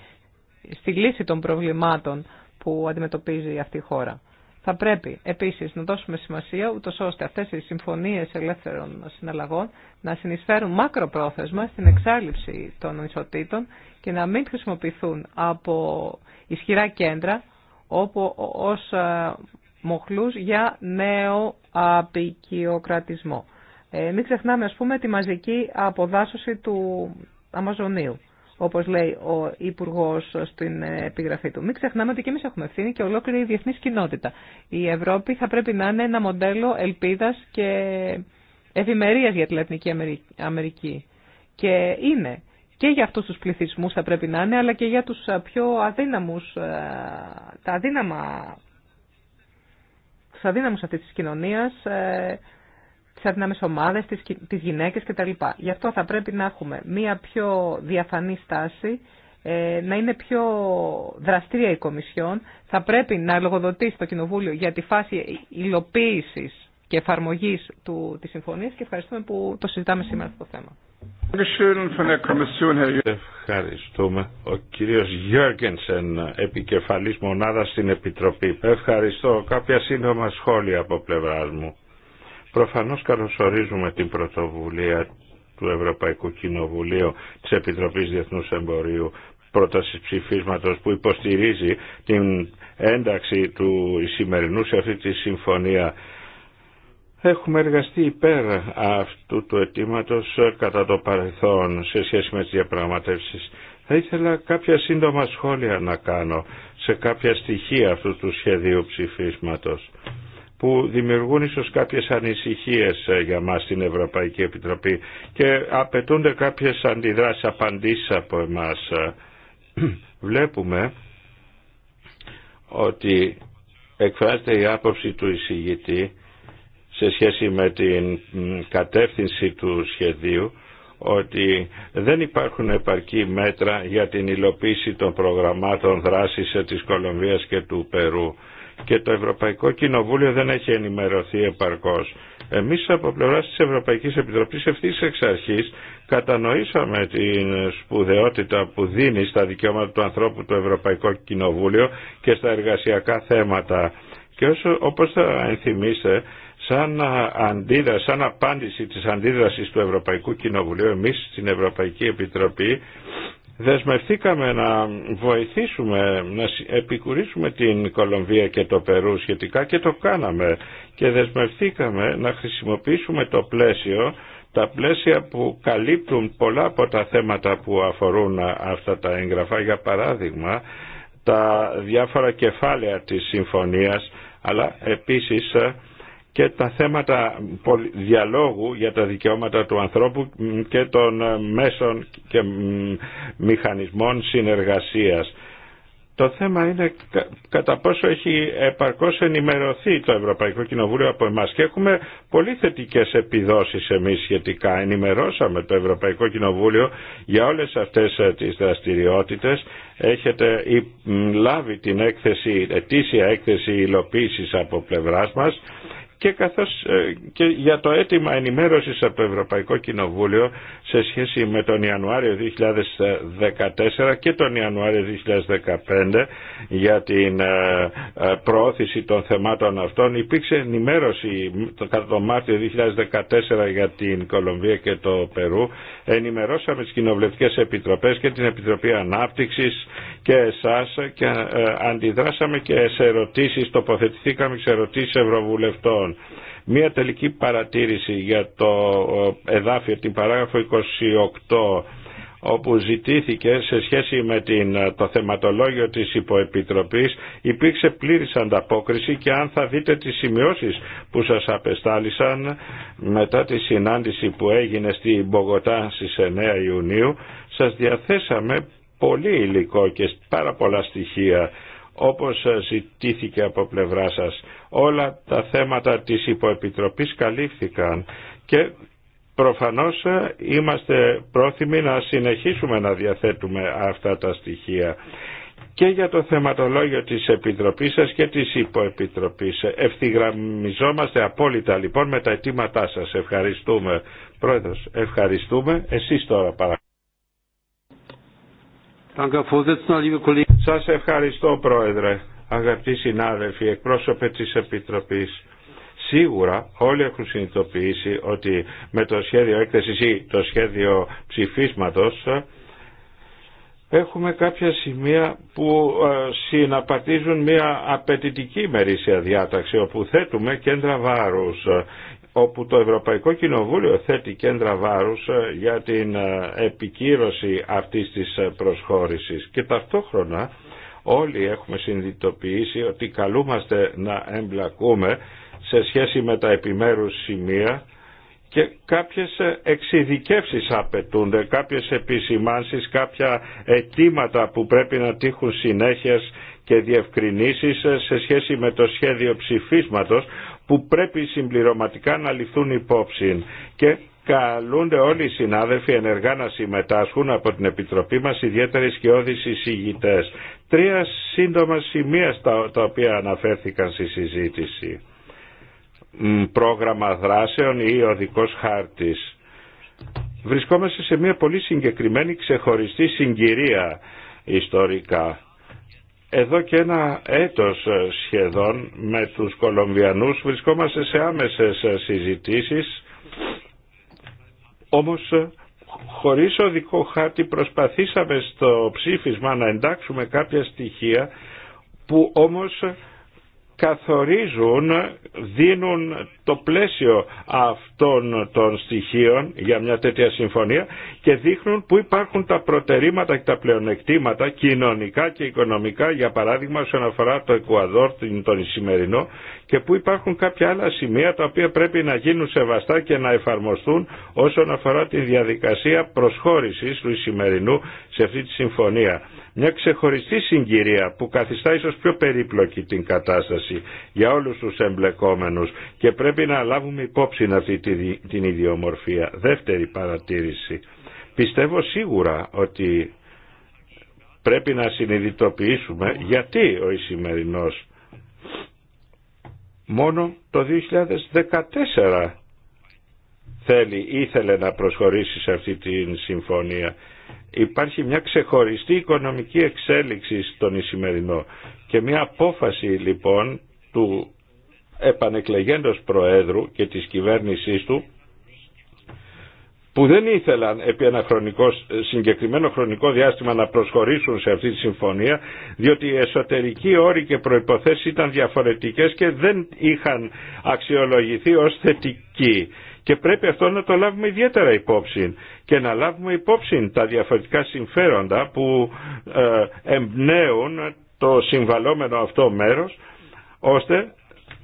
στη λύση των προβλημάτων που αντιμετωπίζει αυτή η χώρα. Θα πρέπει επίσης να δώσουμε σημασία ούτω ώστε αυτές οι συμφωνίες ελεύθερων συναλλαγών να συνεισφέρουν μακροπρόθεσμα στην εξάλληψη των ισοτήτων και να μην χρησιμοποιηθούν από ισχυρά κέντρα όπου ως ε, μοχλούς για νέο απεικιοκρατισμό. Ε, μην ξεχνάμε ας πούμε τη μαζική αποδάσωση του Αμαζονίου. Όπω λέει ο Υπουργό στην επιγραφή του. Μην ξεχνάμε ότι και εμεί έχουμε ευθύνη και ολόκληρη η διεθνή κοινότητα. Η Ευρώπη θα πρέπει να είναι ένα μοντέλο ελπίδα και ευημερία για τη Λατινική Αμερική. Και είναι και για αυτού του πληθυσμού θα πρέπει να είναι, αλλά και για του πιο αδύναμου τα αδύναμα, του αδύναμους αυτή τη κοινωνία. Ε, τις αδυνάμες ομάδες, τις, τις γυναίκες κτλ. Γι' αυτό θα πρέπει να έχουμε μία πιο διαφανή στάση, ε, να είναι πιο δραστήρια η Κομισιόν, θα πρέπει να λογοδοτήσει το Κοινοβούλιο για τη φάση υλοποίησης και εφαρμογή τη της συμφωνίας και ευχαριστούμε που το συζητάμε σήμερα αυτό το θέμα. Ευχαριστούμε. Ο κύριος Γιώργενσεν, επικεφαλής μονάδα στην Επιτροπή. Ευχαριστώ. Κάποια σύντομα σχόλια από πλευρά μου. Προφανώς καλωσορίζουμε την πρωτοβουλία του Ευρωπαϊκού Κοινοβουλίου της Επιτροπής Διεθνούς Εμπορίου πρότασης ψηφίσματος που υποστηρίζει την ένταξη του σημερινού σε αυτή τη συμφωνία. Έχουμε εργαστεί υπέρ αυτού του αιτήματο κατά το παρελθόν σε σχέση με τις διαπραγματεύσεις. Θα ήθελα κάποια σύντομα σχόλια να κάνω σε κάποια στοιχεία αυτού του σχεδίου ψηφίσματος που δημιουργούν ίσως κάποιες ανησυχίες ε, για μας στην Ευρωπαϊκή Επιτροπή και απαιτούνται κάποιες αντιδράσεις, απαντήσεις από εμάς. Ε, βλέπουμε ότι εκφράζεται η άποψη του εισηγητή σε σχέση με την κατεύθυνση του σχεδίου ότι δεν υπάρχουν επαρκή μέτρα για την υλοποίηση των προγραμμάτων δράσης ε, της Κολομβίας και του Περού και το Ευρωπαϊκό Κοινοβούλιο δεν έχει ενημερωθεί επαρκώς. Εμείς από πλευρά της Ευρωπαϊκής Επιτροπής ευθύς εξ αρχής κατανοήσαμε την σπουδαιότητα που δίνει στα δικαιώματα του ανθρώπου το Ευρωπαϊκό Κοινοβούλιο και στα εργασιακά θέματα. Και όσο, όπως θα ενθυμίσετε, σαν, αντίδραση, σαν απάντηση της αντίδρασης του Ευρωπαϊκού Κοινοβουλίου εμείς στην Ευρωπαϊκή Επιτροπή δεσμευθήκαμε να βοηθήσουμε, να επικουρήσουμε την Κολομβία και το Περού σχετικά και το κάναμε και δεσμευθήκαμε να χρησιμοποιήσουμε το πλαίσιο τα πλαίσια που καλύπτουν πολλά από τα θέματα που αφορούν αυτά τα έγγραφα, για παράδειγμα τα διάφορα κεφάλαια της συμφωνίας, αλλά επίσης και τα θέματα διαλόγου για τα δικαιώματα του ανθρώπου και των ε, μέσων και μηχανισμών συνεργασίας. Το θέμα είναι κατά πόσο έχει επαρκώς ενημερωθεί το Ευρωπαϊκό Κοινοβούλιο από εμάς και έχουμε πολύ θετικές επιδόσεις εμείς σχετικά. Ενημερώσαμε το Ευρωπαϊκό Κοινοβούλιο για όλες αυτές ε, τις δραστηριότητες. Έχετε λάβει την έκθεση, ετήσια έκθεση υλοποίησης από πλευράς μας και, καθώς, ε, και για το αίτημα ενημέρωσης από το Ευρωπαϊκό Κοινοβούλιο σε σχέση με τον Ιανουάριο 2014 και τον Ιανουάριο 2015 για την ε, ε, προώθηση των θεμάτων αυτών υπήρξε ενημέρωση κατά τον Μάρτιο 2014 για την Κολομβία και το Περού ενημερώσαμε τις κοινοβουλευτικές επιτροπές και την Επιτροπή Ανάπτυξης και εσάς και αντιδράσαμε και σε ερωτήσεις τοποθετηθήκαμε σε ερωτήσεις ευρωβουλευτών Μία τελική παρατήρηση για το ε, εδάφιο, την παράγραφο 28 όπου ζητήθηκε σε σχέση με την, ε, το θεματολόγιο της υποεπιτροπής υπήρξε πλήρης ανταπόκριση και αν θα δείτε τις σημειώσεις που σας απεστάλησαν μετά τη συνάντηση που έγινε στη Μπογοτά στις 9 Ιουνίου σας διαθέσαμε πολύ υλικό και πάρα πολλά στοιχεία όπως ε, ζητήθηκε από πλευρά σας όλα τα θέματα της υποεπιτροπής καλύφθηκαν και προφανώς ε, είμαστε πρόθυμοι να συνεχίσουμε να διαθέτουμε αυτά τα στοιχεία και για το θεματολόγιο της Επιτροπής σας και της Υποεπιτροπής. Ευθυγραμμιζόμαστε απόλυτα λοιπόν με τα αιτήματά σας. Ευχαριστούμε. Πρόεδρος, ευχαριστούμε. Εσείς τώρα παρακολουθείτε. Σας ευχαριστώ Πρόεδρε αγαπητοί συνάδελφοι, εκπρόσωπε της Επιτροπής, Σίγουρα όλοι έχουν συνειδητοποιήσει ότι με το σχέδιο έκθεσης ή το σχέδιο ψηφίσματος ε, έχουμε κάποια σημεία που ε, συναπατίζουν μια απαιτητική μερίσια διάταξη όπου θέτουμε κέντρα βάρους ε, όπου το Ευρωπαϊκό Κοινοβούλιο θέτει κέντρα βάρους για την επικύρωση αυτής της προσχώρησης και ταυτόχρονα Όλοι έχουμε συνειδητοποιήσει ότι καλούμαστε να εμπλακούμε σε σχέση με τα επιμέρους σημεία και κάποιες εξειδικεύσεις απαιτούνται, κάποιες επισημάνσεις, κάποια αιτήματα που πρέπει να τύχουν συνέχειας και διευκρινήσεις σε σχέση με το σχέδιο ψηφίσματος που πρέπει συμπληρωματικά να ληφθούν υπόψη και καλούνται όλοι οι συνάδελφοι ενεργά να συμμετάσχουν από την Επιτροπή μας ιδιαίτερες και όδης εισηγητές. Τρία σύντομα σημεία στα, τα οποία αναφέρθηκαν στη συζήτηση. Πρόγραμμα δράσεων ή οδικός χάρτης. Βρισκόμαστε σε μια πολύ συγκεκριμένη ξεχωριστή συγκυρία ιστορικά. Εδώ και ένα έτος σχεδόν με τους Κολομβιανούς βρισκόμαστε σε άμεσες συζητήσεις, όμως Χωρίς οδικό χάρτη προσπαθήσαμε στο ψήφισμα να εντάξουμε κάποια στοιχεία που όμως καθορίζουν, δίνουν το πλαίσιο αυτών των στοιχείων για μια τέτοια συμφωνία και δείχνουν που υπάρχουν τα προτερήματα και τα πλεονεκτήματα κοινωνικά και οικονομικά για παράδειγμα όσον αφορά το Εκουαδόρ, τον Ισημερινό και που υπάρχουν κάποια άλλα σημεία τα οποία πρέπει να γίνουν σεβαστά και να εφαρμοστούν όσον αφορά τη διαδικασία προσχώρησης του Ισημερινού σε αυτή τη συμφωνία μια ξεχωριστή συγκυρία που καθιστά ίσως πιο περίπλοκη την κατάσταση για όλους τους εμπλεκόμενους και πρέπει να λάβουμε υπόψη αυτή την ιδιομορφία. Δεύτερη παρατήρηση. Πιστεύω σίγουρα ότι πρέπει να συνειδητοποιήσουμε γιατί ο Ισημερινός μόνο το 2014 θέλει, ήθελε να προσχωρήσει σε αυτή τη συμφωνία υπάρχει μια ξεχωριστή οικονομική εξέλιξη στον Ισημερινό και μια απόφαση λοιπόν του επανεκλεγέντος Προέδρου και της κυβέρνησής του που δεν ήθελαν επί ένα χρονικό, συγκεκριμένο χρονικό διάστημα να προσχωρήσουν σε αυτή τη συμφωνία, διότι οι εσωτερικοί όροι και προϋποθέσεις ήταν διαφορετικές και δεν είχαν αξιολογηθεί ως θετικοί και πρέπει αυτό να το λάβουμε ιδιαίτερα υπόψη και να λάβουμε υπόψη τα διαφορετικά συμφέροντα που ε, εμπνέουν το συμβαλόμενο αυτό μέρος ώστε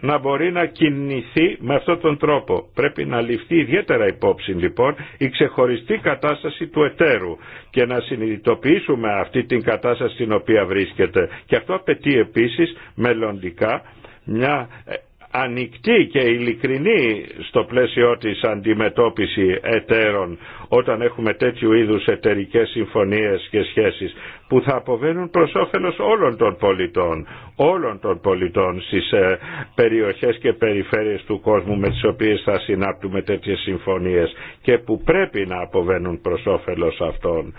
να μπορεί να κινηθεί με αυτόν τον τρόπο. Πρέπει να ληφθεί ιδιαίτερα υπόψη λοιπόν η ξεχωριστή κατάσταση του εταίρου και να συνειδητοποιήσουμε αυτή την κατάσταση στην οποία βρίσκεται. Και αυτό απαιτεί επίσης μελλοντικά μια ε, ανοιχτή και ειλικρινή στο πλαίσιο της αντιμετώπιση εταίρων όταν έχουμε τέτοιου είδους εταιρικές συμφωνίες και σχέσεις που θα αποβαίνουν προς όφελος όλων των πολιτών, όλων των πολιτών στις ε, περιοχές και περιφέρειες του κόσμου με τις οποίες θα συνάπτουμε τέτοιες συμφωνίες και που πρέπει να αποβαίνουν προς όφελος αυτών.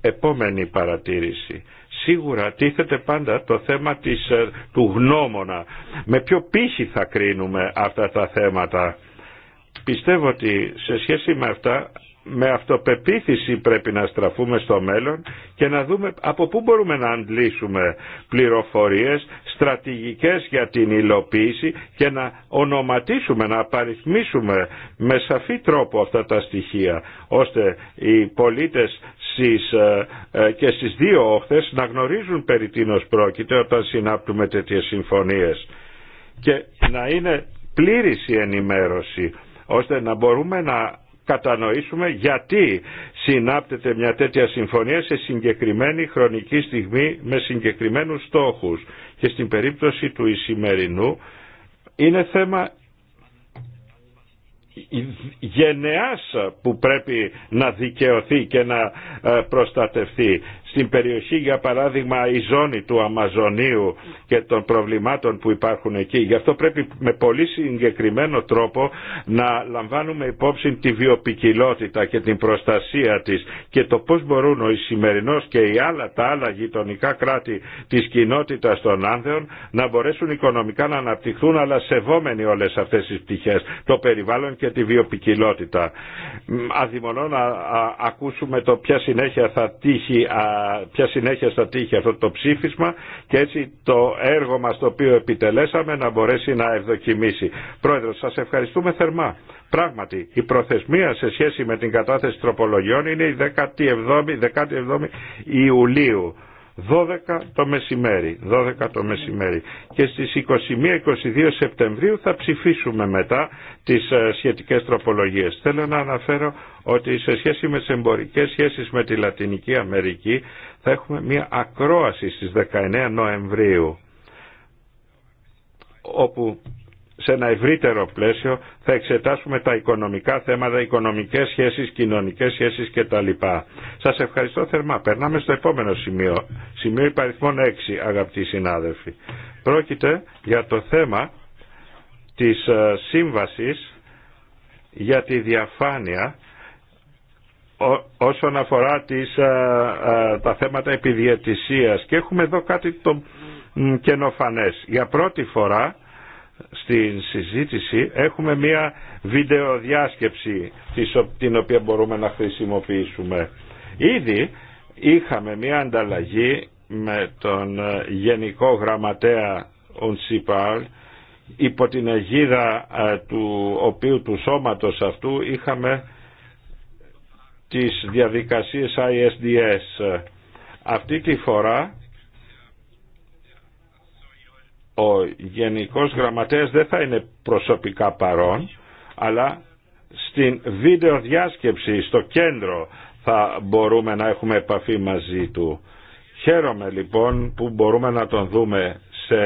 Επόμενη παρατήρηση. Σίγουρα τίθεται πάντα το θέμα ε, του γνώμονα. Με ποιο πύχη θα κρίνουμε αυτά τα θέματα. Πιστεύω ότι σε σχέση με αυτά με αυτοπεποίθηση πρέπει να στραφούμε στο μέλλον και να δούμε από πού μπορούμε να αντλήσουμε πληροφορίες στρατηγικές για την υλοποίηση και να ονοματίσουμε, να απαριθμίσουμε με σαφή τρόπο αυτά τα στοιχεία ώστε οι πολίτες ε, ε, και στις δύο όχθες να γνωρίζουν περί τίνος πρόκειται όταν συνάπτουμε τέτοιες συμφωνίες και να είναι πλήρης η ενημέρωση ώστε να μπορούμε να κατανοήσουμε γιατί συνάπτεται μια τέτοια συμφωνία σε συγκεκριμένη χρονική στιγμή με συγκεκριμένους στόχους. Και στην περίπτωση του Ισημερινού είναι θέμα γενεάς που πρέπει να δικαιωθεί και να ε, προστατευτεί στην περιοχή για παράδειγμα η ζώνη του Αμαζονίου και των προβλημάτων που υπάρχουν εκεί. Γι' αυτό πρέπει με πολύ συγκεκριμένο τρόπο να λαμβάνουμε υπόψη τη βιοπικιλότητα και την προστασία της και το πώς μπορούν ο Ισημερινός και οι άλλα, τα άλλα γειτονικά κράτη της κοινότητας των άνδεων να μπορέσουν οικονομικά να αναπτυχθούν αλλά σεβόμενοι όλες αυτές τις πτυχές, το περιβάλλον και τη βιοπικιλότητα. Αδειμονώ να ακούσουμε το ποια συνέχεια θα τύχει πια συνέχεια στα τύχει αυτό το ψήφισμα και έτσι το έργο μας το οποίο επιτελέσαμε να μπορέσει να ευδοκιμήσει. Πρόεδρο, σας ευχαριστούμε θερμά. Πράγματι, η προθεσμία σε σχέση με την κατάθεση τροπολογιών είναι η 17η, 17η Ιουλίου. 12 το μεσημέρι. 12 το μεσημέρι. Και στις 21-22 Σεπτεμβρίου θα ψηφίσουμε μετά τις ε, σχετικές τροπολογίες. Θέλω να αναφέρω ότι σε σχέση με τις εμπορικές σχέσεις με τη Λατινική Αμερική θα έχουμε μια ακρόαση στις 19 Νοεμβρίου όπου σε ένα ευρύτερο πλαίσιο θα εξετάσουμε τα οικονομικά θέματα, οικονομικές σχέσεις, κοινωνικές σχέσεις κτλ. Σας ευχαριστώ θερμά. Περνάμε στο επόμενο σημείο, σημείο υπαριθμών 6 αγαπητοί συνάδελφοι. Πρόκειται για το θέμα της ε, σύμβασης για τη διαφάνεια όσον αφορά τις, ε, ε, τα θέματα επιδιαιτησίας και έχουμε εδώ κάτι το καινοφανές. Για πρώτη φορά στην συζήτηση έχουμε μία βιντεοδιάσκεψη την οποία μπορούμε να χρησιμοποιήσουμε. Ήδη είχαμε μία ανταλλαγή με τον ε, Γενικό Γραμματέα Ουντσίπαλ υπό την αιγίδα ε, του οποίου του σώματος αυτού είχαμε τις διαδικασίες ISDS. Αυτή τη φορά ο Γενικός Γραμματέας δεν θα είναι προσωπικά παρόν, αλλά στην βίντεο διάσκεψη στο κέντρο θα μπορούμε να έχουμε επαφή μαζί του. Χαίρομαι λοιπόν που μπορούμε να τον δούμε σε,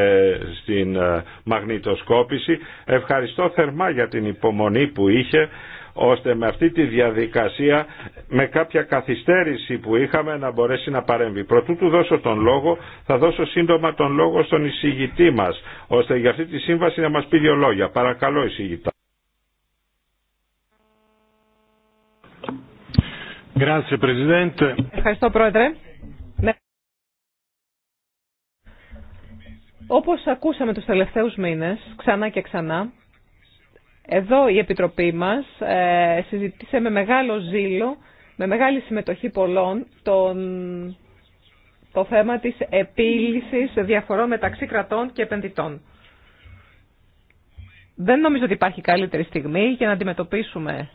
στην ε, μαγνητοσκόπηση. Ευχαριστώ θερμά για την υπομονή που είχε ώστε με αυτή τη διαδικασία με κάποια καθυστέρηση που είχαμε να μπορέσει να παρέμβει. Προτού του δώσω τον λόγο, θα δώσω σύντομα τον λόγο στον εισηγητή μας, ώστε για αυτή τη σύμβαση να μας πει δύο λόγια. Παρακαλώ εισηγητά. Ευχαριστώ Πρόεδρε. Όπως ακούσαμε τους τελευταίους μήνες, ξανά και ξανά, εδώ η Επιτροπή μας ε, συζητήσε με μεγάλο ζήλο, με μεγάλη συμμετοχή πολλών, τον, το θέμα της επίλυσης διαφορών μεταξύ κρατών και επενδυτών. Δεν νομίζω ότι υπάρχει καλύτερη στιγμή για να αντιμετωπίσουμε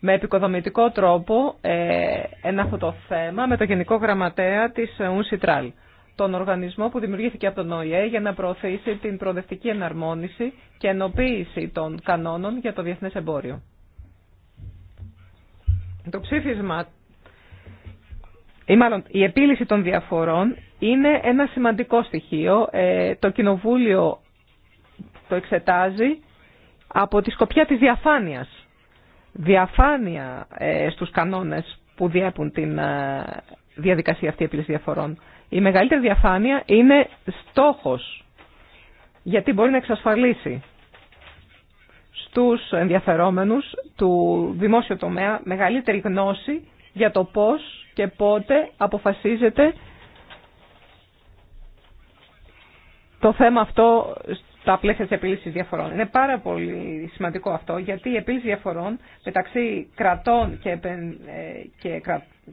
με επικοδομητικό τρόπο ε, ένα αυτό το θέμα με το Γενικό Γραμματέα της Ουσιτράλ τον οργανισμό που δημιουργήθηκε από τον ΟΗΕ για να προωθήσει την προοδευτική εναρμόνιση και ενοποίηση των κανόνων για το διεθνές εμπόριο. Το ψήφισμα ή μάλλον η επίλυση των διαφορών είναι ένα σημαντικό στοιχείο. Ε, το Κοινοβούλιο το εξετάζει από τη σκοπιά της διαφάνειας. Διαφάνεια ε, στους κανόνες που διέπουν την ε, διαδικασία αυτή επίλυση διαφορών. Η μεγαλύτερη διαφάνεια είναι στόχος, γιατί μπορεί να εξασφαλίσει στους ενδιαφερόμενους του δημόσιου τομέα μεγαλύτερη γνώση για το πώς και πότε αποφασίζεται το θέμα αυτό στα πλαίσια της επίλυσης διαφορών. Είναι πάρα πολύ σημαντικό αυτό, γιατί η επίλυση διαφορών μεταξύ κρατών και, ε, και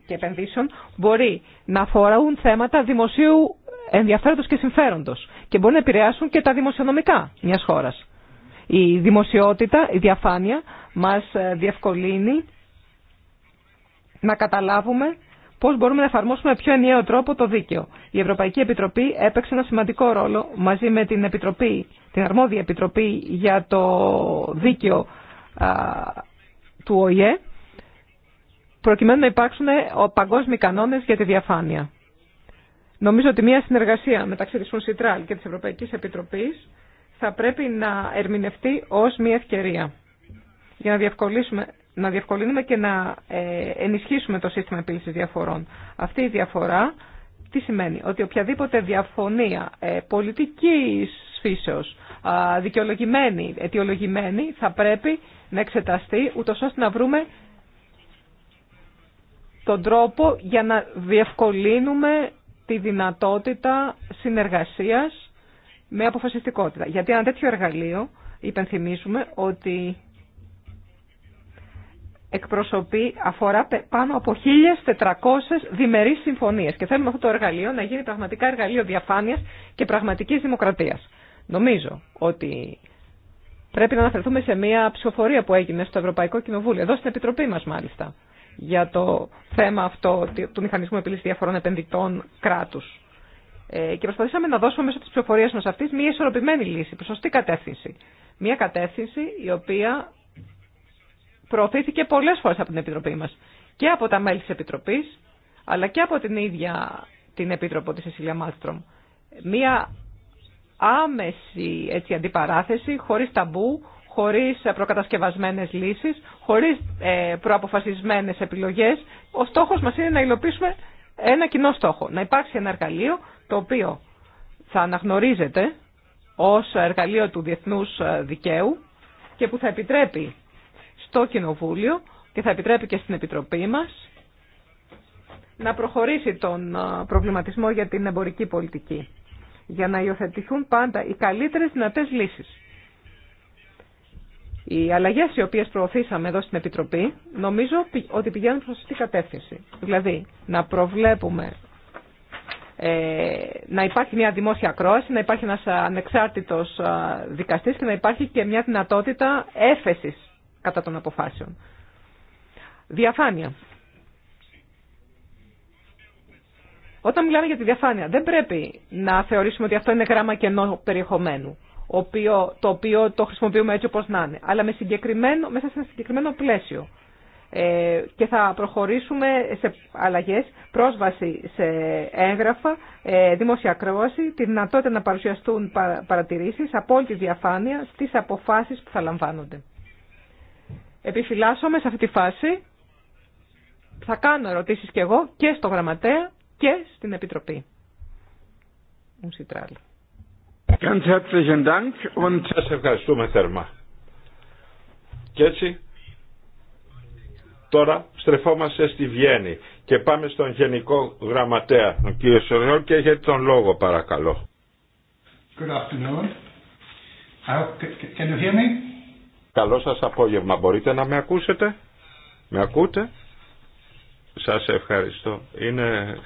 και επενδύσεων μπορεί να αφορούν θέματα δημοσίου ενδιαφέροντος και συμφέροντος και μπορεί να επηρεάσουν και τα δημοσιονομικά μιας χώρας. Η δημοσιότητα, η διαφάνεια μας ε, διευκολύνει να καταλάβουμε πώς μπορούμε να εφαρμόσουμε πιο ενιαίο τρόπο το δίκαιο. Η Ευρωπαϊκή Επιτροπή έπαιξε ένα σημαντικό ρόλο μαζί με την, Επιτροπή, την αρμόδια Επιτροπή για το δίκαιο του ΟΗΕ προκειμένου να υπάρξουν ε, παγκόσμιοι κανόνε για τη διαφάνεια. Νομίζω ότι μια συνεργασία μεταξύ τη Φουνσιτράλ και τη Ευρωπαϊκή Επιτροπή θα πρέπει να ερμηνευτεί ω μια ευκαιρία για να διευκολύνουμε, να διευκολύνουμε και να ε, ενισχύσουμε το σύστημα επίλυσης διαφορών. Αυτή η διαφορά τι σημαίνει, ότι οποιαδήποτε διαφωνία ε, πολιτικής φύσεως, δικαιολογημένη, αιτιολογημένη, θα πρέπει να εξεταστεί, ούτως ώστε να βρούμε τον τρόπο για να διευκολύνουμε τη δυνατότητα συνεργασίας με αποφασιστικότητα. Γιατί ένα τέτοιο εργαλείο, υπενθυμίζουμε, ότι εκπροσωπεί, αφορά πάνω από 1.400 διμερείς συμφωνίες και θέλουμε αυτό το εργαλείο να γίνει πραγματικά εργαλείο διαφάνειας και πραγματικής δημοκρατίας. Νομίζω ότι πρέπει να αναφερθούμε σε μια ψηφοφορία που έγινε στο Ευρωπαϊκό Κοινοβούλιο, εδώ στην Επιτροπή μας μάλιστα για το θέμα αυτό του μηχανισμού επίλυσης διαφορών επενδυτών κράτους. Ε, και προσπαθήσαμε να δώσουμε μέσω της πληροφορία μας αυτής μια ισορροπημένη λύση, προς σωστή κατεύθυνση. Μια κατεύθυνση η οποία προωθήθηκε πολλές φορές από την Επιτροπή μας και από τα μέλη της Επιτροπής, αλλά και από την ίδια την Επίτροπο της Εσίλια Μάλστρομ. Μία άμεση έτσι, αντιπαράθεση, χωρίς ταμπού, χωρίς προκατασκευασμένες λύσεις, χωρίς ε, προαποφασισμένες επιλογές. Ο στόχος μας είναι να υλοποιήσουμε ένα κοινό στόχο. Να υπάρξει ένα εργαλείο το οποίο θα αναγνωρίζεται ως εργαλείο του διεθνούς ε, δικαίου και που θα επιτρέπει στο Κοινοβούλιο και θα επιτρέπει και στην Επιτροπή μας να προχωρήσει τον ε, προβληματισμό για την εμπορική πολιτική για να υιοθετηθούν πάντα οι καλύτερες δυνατές λύσεις. Οι αλλαγέ οι οποίε προωθήσαμε εδώ στην Επιτροπή νομίζω ότι πηγαίνουν προ αυτή κατεύθυνση. Δηλαδή, να προβλέπουμε ε, να υπάρχει μια δημόσια ακρόαση, να υπάρχει ένα ανεξάρτητος δικαστής και να υπάρχει και μια δυνατότητα έφεσης κατά των αποφάσεων. Διαφάνεια. Όταν μιλάμε για τη διαφάνεια, δεν πρέπει να θεωρήσουμε ότι αυτό είναι γράμμα κενό περιεχομένου το οποίο το χρησιμοποιούμε έτσι όπως να είναι, αλλά με συγκεκριμένο, μέσα σε ένα συγκεκριμένο πλαίσιο. Ε, και θα προχωρήσουμε σε αλλαγές, πρόσβαση σε έγγραφα, ε, δημόσια ακρόαση, τη δυνατότητα να παρουσιαστούν παρατηρήσεις, απόλυτη διαφάνεια στις αποφάσεις που θα λαμβάνονται. Επιφυλάσσομαι σε αυτή τη φάση. Θα κάνω ερωτήσεις και εγώ και στο γραμματέα και στην Επιτροπή. Ganz herzlichen Dank und... Σας ευχαριστούμε θερμά. Και έτσι τώρα στρεφόμαστε στη Βιέννη και πάμε στον Γενικό Γραμματέα, τον κύριο Σοριόλ, και έχετε τον λόγο παρακαλώ. Good afternoon. Can you hear me? Καλό σας απόγευμα. Μπορείτε να με ακούσετε? Με ακούτε? Σας ευχαριστώ. Είναι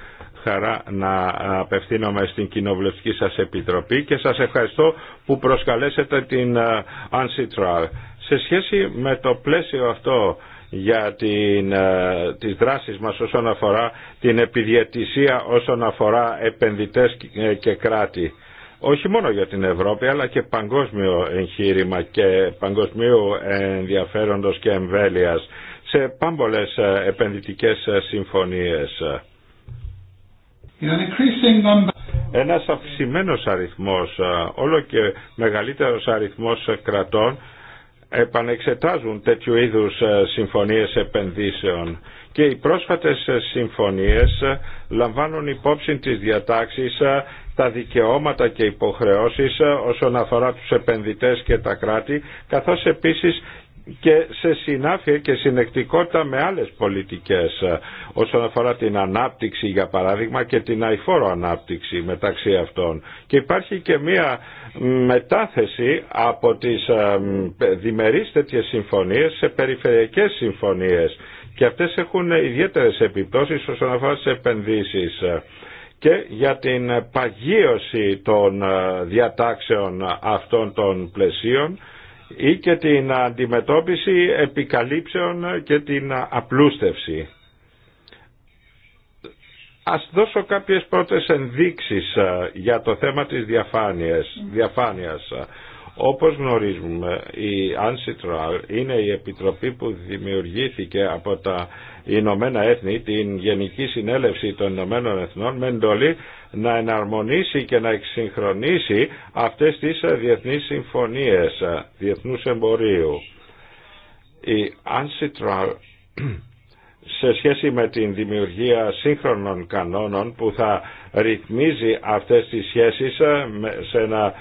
χαρά να απευθύνομαι στην Κοινοβουλευτική σας Επιτροπή και σας ευχαριστώ που προσκαλέσετε την ε, Ansitral. Σε σχέση με το πλαίσιο αυτό για την, ε, τις δράσεις μας όσον αφορά την επιδιαιτησία όσον αφορά επενδυτές ε, και κράτη όχι μόνο για την Ευρώπη αλλά και παγκόσμιο εγχείρημα και παγκοσμίου ενδιαφέροντος και εμβέλειας σε πάμπολες επενδυτικές συμφωνίες. Ένας αυξημένος αριθμός, όλο και μεγαλύτερος αριθμός κρατών επανεξετάζουν τέτοιου είδους συμφωνίες επενδύσεων και οι πρόσφατες συμφωνίες λαμβάνουν υπόψη τις διατάξεις, τα δικαιώματα και υποχρεώσεις όσον αφορά τους επενδυτές και τα κράτη, καθώς επίσης και σε συνάφεια και συνεκτικότητα με άλλες πολιτικές ε, όσον αφορά την ανάπτυξη για παράδειγμα και την αηφόρο ανάπτυξη μεταξύ αυτών. Και υπάρχει και μία μετάθεση από τις ε, διμερείς τέτοιες συμφωνίες σε περιφερειακές συμφωνίες και αυτές έχουν ιδιαίτερες επιπτώσεις όσον αφορά τι επενδύσεις ε, και για την παγίωση των διατάξεων αυτών των πλαισίων ή και την αντιμετώπιση επικαλύψεων και την απλούστευση. Ας δώσω κάποιες πρώτες ενδείξεις ε, για το θέμα της διαφάνειας. Όπως γνωρίζουμε, η ANSITRAL είναι η επιτροπή που δημιουργήθηκε από τα Ηνωμένα Έθνη, την Γενική Συνέλευση των Ηνωμένων Εθνών, με εντολή να εναρμονίσει και να εξυγχρονίσει αυτές τις διεθνείς συμφωνίες διεθνούς εμπορίου. Η σε σχέση με την δημιουργία σύγχρονων κανόνων που θα ρυθμίζει αυτές τις σχέσεις ε, σε ένα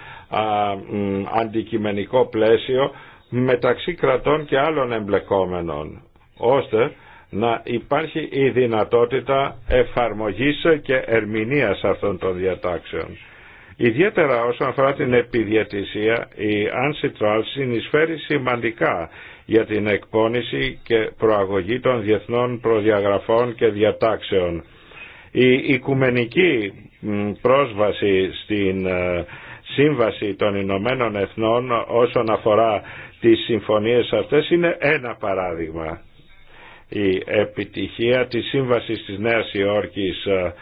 αντικειμενικό πλαίσιο μεταξύ κρατών και άλλων εμπλεκόμενων ώστε να υπάρχει η δυνατότητα εφαρμογής και ερμηνείας αυτών των διατάξεων. Ιδιαίτερα όσον αφορά την επιδιατησία, η Ansitral συνεισφέρει σημαντικά για την εκπόνηση και προαγωγή των διεθνών προδιαγραφών και διατάξεων. Η οικουμενική πρόσβαση στην ε, Σύμβαση των Ηνωμένων Εθνών όσον αφορά τις συμφωνίες αυτές είναι ένα παράδειγμα. Η επιτυχία της Σύμβασης της Νέας Υόρκης ε,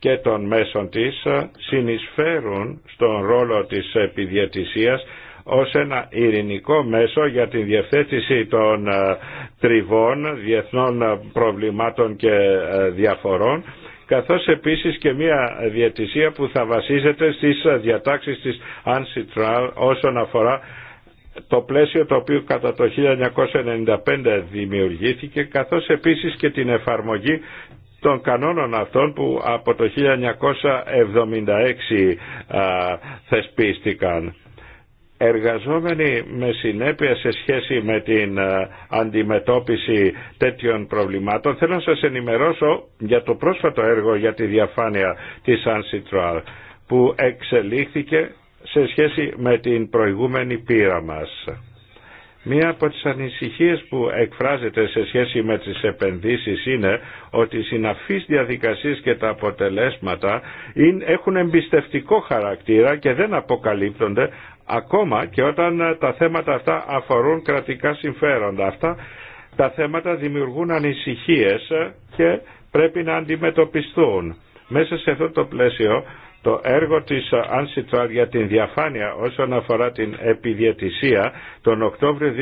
και των μέσων της ε, συνεισφέρουν στον ρόλο της επιδιαιτησίας ως ένα ειρηνικό μέσο για τη διευθέτηση των ε, τριβών, διεθνών προβλημάτων και ε, διαφορών καθώς επίσης και μια διαιτησία που θα βασίζεται στις διατάξεις της Ανσιτράλ όσον αφορά το πλαίσιο το οποίο κατά το 1995 δημιουργήθηκε καθώς επίσης και την εφαρμογή των κανόνων αυτών που από το 1976 θεσπίστηκαν. Εργαζόμενοι με συνέπεια σε σχέση με την αντιμετώπιση τέτοιων προβλημάτων θέλω να σας ενημερώσω για το πρόσφατο έργο για τη διαφάνεια της Ancitral που εξελίχθηκε σε σχέση με την προηγούμενη πείρα μας. Μία από τις ανησυχίες που εκφράζεται σε σχέση με τις επενδύσεις είναι ότι οι συναφείς διαδικασίες και τα αποτελέσματα έχουν εμπιστευτικό χαρακτήρα και δεν αποκαλύπτονται ακόμα και όταν ε, τα θέματα αυτά αφορούν κρατικά συμφέροντα. Αυτά τα θέματα δημιουργούν ανησυχίες ε, και πρέπει να αντιμετωπιστούν. Μέσα σε αυτό το πλαίσιο το έργο της Άνσιτρά, για την διαφάνεια όσον αφορά την επιδιαιτησία τον Οκτώβριο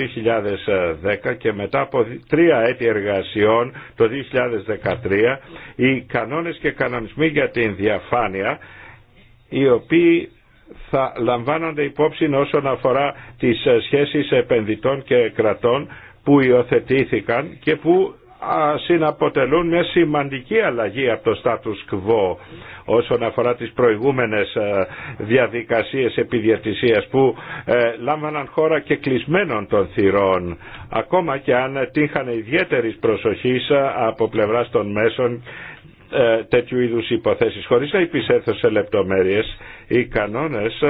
2010 και μετά από τρία έτη εργασιών το 2013 οι κανόνες και κανονισμοί για την διαφάνεια οι οποίοι θα λαμβάνονται υπόψη όσον αφορά τις σχέσεις επενδυτών και κρατών που υιοθετήθηκαν και που συναποτελούν μια σημαντική αλλαγή από το status quo όσον αφορά τις προηγούμενες ε, διαδικασίες επιδιατησίας που ε, λάμβαναν χώρα και κλεισμένων των θυρών ακόμα και αν τύχανε ιδιαίτερης προσοχής ε, από πλευράς των μέσων τέτοιου είδους υποθέσεις χωρίς να υπησέλθω σε λεπτομέρειες οι κανόνες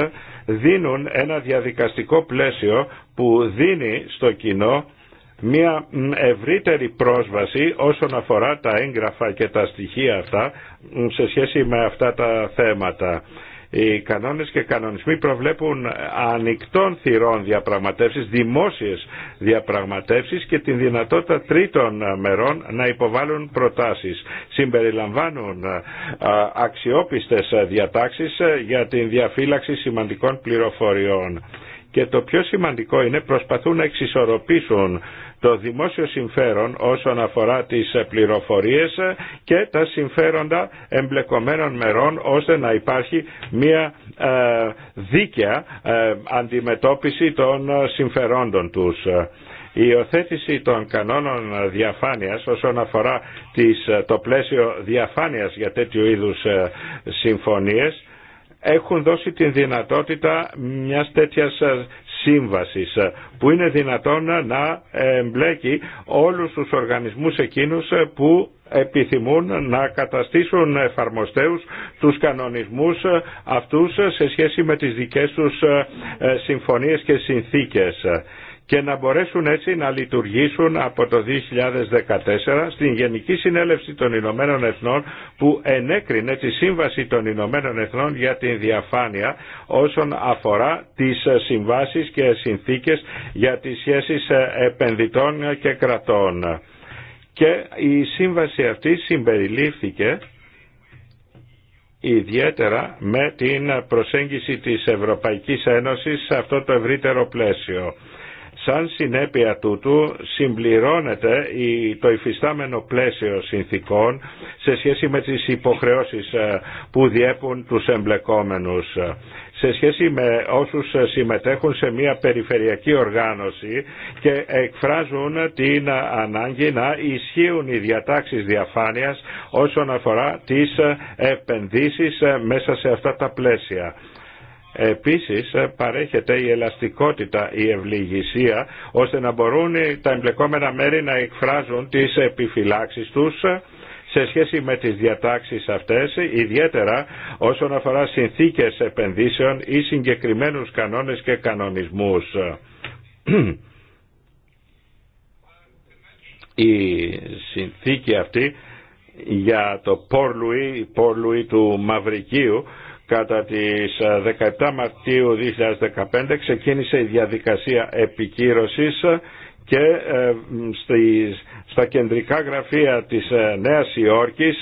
δίνουν ένα διαδικαστικό πλαίσιο που δίνει στο κοινό μια ευρύτερη πρόσβαση όσον αφορά τα έγγραφα και τα στοιχεία αυτά σε σχέση με αυτά τα θέματα. Οι κανόνες και κανονισμοί προβλέπουν ανοιχτών θυρών διαπραγματεύσεις, δημόσιες διαπραγματεύσεις και την δυνατότητα τρίτων μερών να υποβάλουν προτάσεις. Συμπεριλαμβάνουν αξιόπιστες διατάξεις ε, για την διαφύλαξη σημαντικών πληροφοριών. Και το πιο σημαντικό είναι προσπαθούν να εξισορροπήσουν το δημόσιο συμφέρον όσον αφορά τις πληροφορίες και τα συμφέροντα εμπλεκομένων μερών ώστε να υπάρχει μια ε, δίκαια ε, αντιμετώπιση των συμφερόντων τους. Η υιοθέτηση των κανόνων διαφάνειας όσον αφορά ε, το πλαίσιο διαφάνειας για τέτοιου είδους συμφωνίες έχουν δώσει την δυνατότητα μιας τέτοιας σύμβασης ε, που είναι δυνατόν να εμπλέκει όλους τους οργανισμούς εκείνους ε, που επιθυμούν να καταστήσουν εφαρμοστέους τους κανονισμούς ε, αυτούς σε σχέση με τις δικές τους συμφωνίες και συνθήκες και να μπορέσουν έτσι να λειτουργήσουν από το 2014 στην Γενική Συνέλευση των Ηνωμένων Εθνών που ενέκρινε τη Σύμβαση των Ηνωμένων Εθνών για την διαφάνεια όσον αφορά τις συμβάσεις και συνθήκες για τις σχέσεις επενδυτών και κρατών. Και η σύμβαση αυτή συμπεριλήφθηκε ιδιαίτερα με την προσέγγιση της Ευρωπαϊκής Ένωσης σε αυτό το ευρύτερο πλαίσιο. Σαν συνέπεια τούτου συμπληρώνεται το υφιστάμενο πλαίσιο συνθήκων σε σχέση με τις υποχρεώσεις ε, που διέπουν τους εμπλεκόμενους. Σε σχέση με όσους ε, συμμετέχουν σε μια περιφερειακή οργάνωση και εκφράζουν την ε, ανάγκη να ισχύουν οι διατάξεις διαφάνειας όσον αφορά τις επενδύσεις μέσα σε αυτά τα πλαίσια. Επίσης ε, παρέχεται η ελαστικότητα, η ευληγησία, ώστε να μπορούν τα εμπλεκόμενα μέρη να εκφράζουν τις επιφυλάξεις τους ε, σε σχέση με τις διατάξεις αυτές, ιδιαίτερα όσον αφορά συνθήκες επενδύσεων ή συγκεκριμένους κανόνες και κανονισμούς. Η συνθήκη αυτή για το Πορλουί, Πορλουί του Μαυρικίου Κατά τις 17 ε, Μαρτίου 2015 ξεκίνησε η διαδικασία επικύρωσης και ε, στα κεντρικά γραφεία της ε, Νέας Υόρκης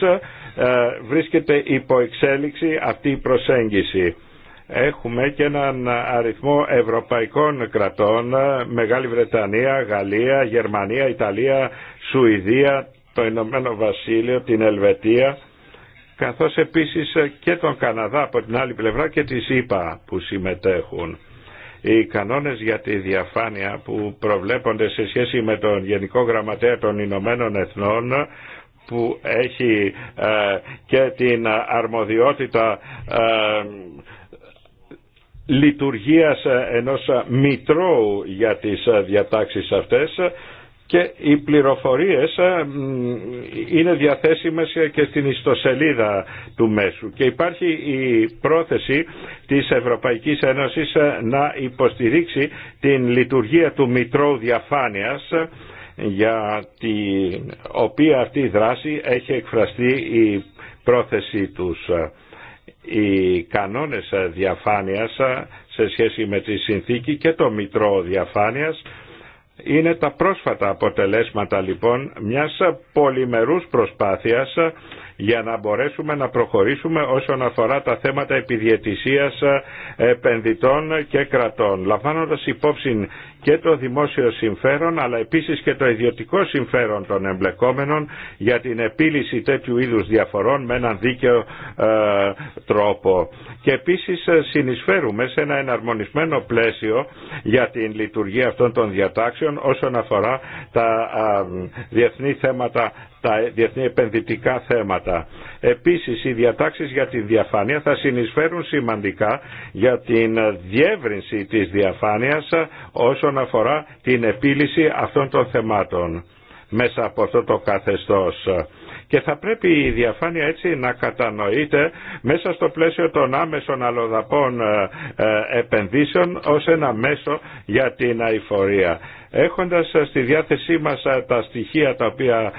βρίσκεται υπό εξέλιξη αυτή η προσέγγιση. Έχουμε και έναν αριθμό ευρωπαϊκών κρατών, Μεγάλη Βρετανία, Γαλλία, Γερμανία, Ιταλία, Σουηδία, το Ηνωμένο Βασίλειο, την Ελβετία καθώς επίσης και τον Καναδά από την άλλη πλευρά και τη ΣΥΠΑ που συμμετέχουν. Οι κανόνες για τη διαφάνεια που προβλέπονται σε σχέση με τον Γενικό Γραμματέα των Ηνωμένων Εθνών που έχει ε, και την αρμοδιότητα ε, λειτουργίας ενός μητρώου για τις διατάξεις αυτές και οι πληροφορίες ε, είναι διαθέσιμες και στην ιστοσελίδα του μέσου και υπάρχει η πρόθεση της Ευρωπαϊκής Ένωσης ε, να υποστηρίξει την λειτουργία του Μητρώου Διαφάνειας για την οποία αυτή η δράση έχει εκφραστεί η πρόθεσή τους. Οι κανόνες ε, διαφάνειας σε σχέση με τη συνθήκη και το Μητρώο Διαφάνειας είναι τα πρόσφατα αποτελέσματα λοιπόν μιας πολυμερούς προσπάθειας για να μπορέσουμε να προχωρήσουμε όσον αφορά τα θέματα επιδιαιτησίας ε, επενδυτών και κρατών, λαμβάνοντας υπόψη και το δημόσιο συμφέρον αλλά επίσης και το ιδιωτικό συμφέρον των εμπλεκόμενων για την επίλυση τέτοιου είδους διαφορών με έναν δίκαιο ε, τρόπο. Και επίσης ε, συνεισφέρουμε σε ένα εναρμονισμένο πλαίσιο για την λειτουργία αυτών των διατάξεων όσον αφορά τα διεθνή θέματα τα διεθνή επενδυτικά θέματα. Επίσης, οι διατάξεις για τη διαφάνεια θα συνεισφέρουν σημαντικά για την διεύρυνση της διαφάνειας όσον αφορά την επίλυση αυτών των θεμάτων μέσα από αυτό το καθεστώς και θα πρέπει η διαφάνεια έτσι να κατανοείται μέσα στο πλαίσιο των άμεσων αλλοδαπών ε, ε, επενδύσεων ως ένα μέσο για την αηφορία. Έχοντας στη διάθεσή μας ε, τα στοιχεία τα οποία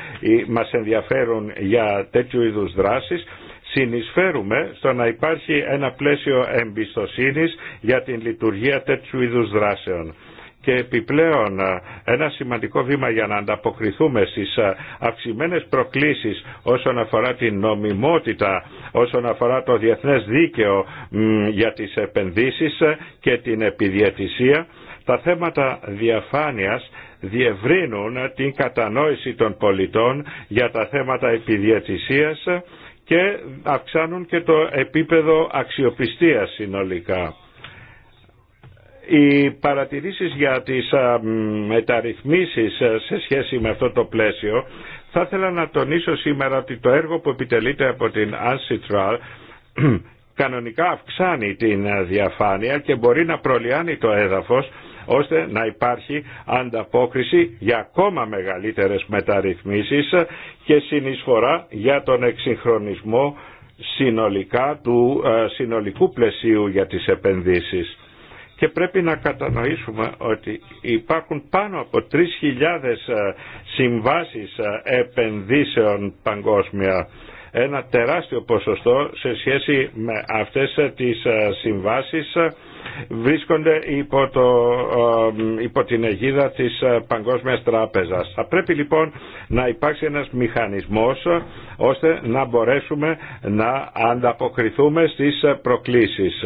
μας ενδιαφέρουν για τέτοιου είδους δράσεις, συνεισφέρουμε στο να υπάρχει ένα πλαίσιο εμπιστοσύνης για την λειτουργία τέτοιου είδους δράσεων και επιπλέον ε, ένα σημαντικό βήμα για να ανταποκριθούμε στις ε, αυξημένες προκλήσεις όσον αφορά την νομιμότητα, όσον αφορά το διεθνές δίκαιο για τις επενδύσεις ε, και την επιδιαιτησία. Τα θέματα διαφάνειας διευρύνουν την κατανόηση των πολιτών για τα θέματα επιδιαιτησίας και αυξάνουν και το επίπεδο αξιοπιστίας συνολικά. Οι παρατηρήσεις για τις μεταρρυθμίσεις σε σχέση με αυτό το πλαίσιο θα ήθελα να τονίσω σήμερα ότι το έργο που επιτελείται από την Ancitral κανονικά αυξάνει την διαφάνεια και μπορεί να προλιάνει το έδαφος ώστε να υπάρχει ανταπόκριση για ακόμα μεγαλύτερες μεταρρυθμίσεις και συνεισφορά για τον εξυγχρονισμό συνολικά του συνολικού πλαισίου για τις επενδύσεις και πρέπει να κατανοήσουμε ότι υπάρχουν πάνω από 3.000 ε, συμβάσεις ε, επενδύσεων παγκόσμια ένα τεράστιο ποσοστό σε σχέση με αυτές ε, τις συμβάσεις βρίσκονται υπό, υπό την αιγίδα της Παγκόσμιας Τράπεζας. Θα πρέπει λοιπόν να υπάρξει ένας μηχανισμός ώστε να μπορέσουμε να ανταποκριθούμε στις προκλήσεις.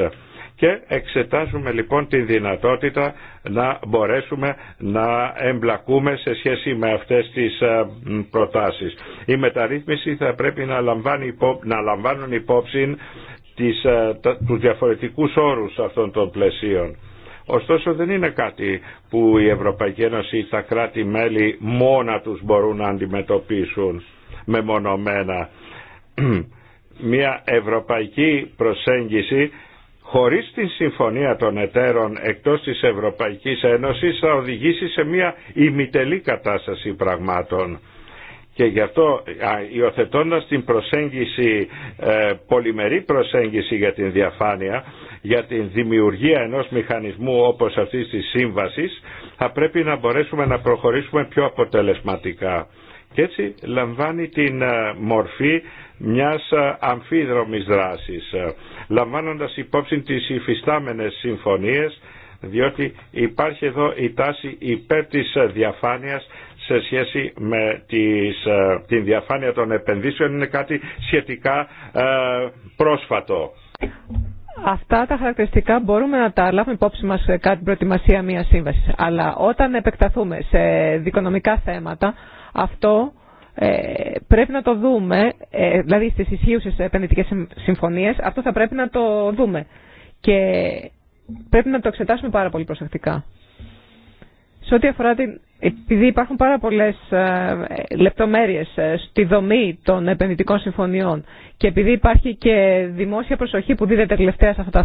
Και εξετάζουμε λοιπόν τη δυνατότητα να μπορέσουμε να εμπλακούμε σε σχέση με αυτές τις ε, προτάσεις. Η μεταρρύθμιση θα πρέπει να, λαμβάνει, να λαμβάνουν υπόψη τις, ε, τους διαφορετικούς όρους αυτών των πλαισίων. Ωστόσο δεν είναι κάτι που η Ευρωπαϊκή Ένωση ή τα κράτη-μέλη μόνα τους μπορούν να αντιμετωπίσουν μεμονωμένα. Μια ευρωπαϊκή προσέγγιση χωρίς την συμφωνία των εταίρων εκτός της Ευρωπαϊκής Ένωσης θα οδηγήσει σε μια ημιτελή κατάσταση πραγμάτων. Και γι' αυτό υιοθετώντα την προσέγγιση, ε, πολυμερή προσέγγιση για την διαφάνεια, για την δημιουργία ενός μηχανισμού όπως αυτής της σύμβασης, θα πρέπει να μπορέσουμε να προχωρήσουμε πιο αποτελεσματικά. Και έτσι λαμβάνει την ε, μορφή μιας ε, αμφίδρομης δράσης λαμβάνοντας υπόψη τις υφιστάμενες συμφωνίες διότι υπάρχει εδώ η τάση υπέρ της διαφάνειας σε σχέση με ε, την διαφάνεια των επενδύσεων είναι κάτι σχετικά ε, πρόσφατο. Αυτά τα χαρακτηριστικά μπορούμε να τα λάβουμε υπόψη μας κατά την προετοιμασία μιας σύμβασης. Αλλά όταν επεκταθούμε σε δικονομικά θέματα, αυτό ε, πρέπει να το δούμε, ε, δηλαδή στις ισχύουσες επενδυτικές συμφωνίες, αυτό θα πρέπει να το δούμε. Και πρέπει να το εξετάσουμε πάρα πολύ προσεκτικά. Σε ό,τι αφορά την... Επειδή υπάρχουν πάρα πολλές ε, λεπτομέρειες ε, στη δομή των επενδυτικών συμφωνιών και επειδή υπάρχει και δημόσια προσοχή που δίδεται τελευταία σε αυτά τα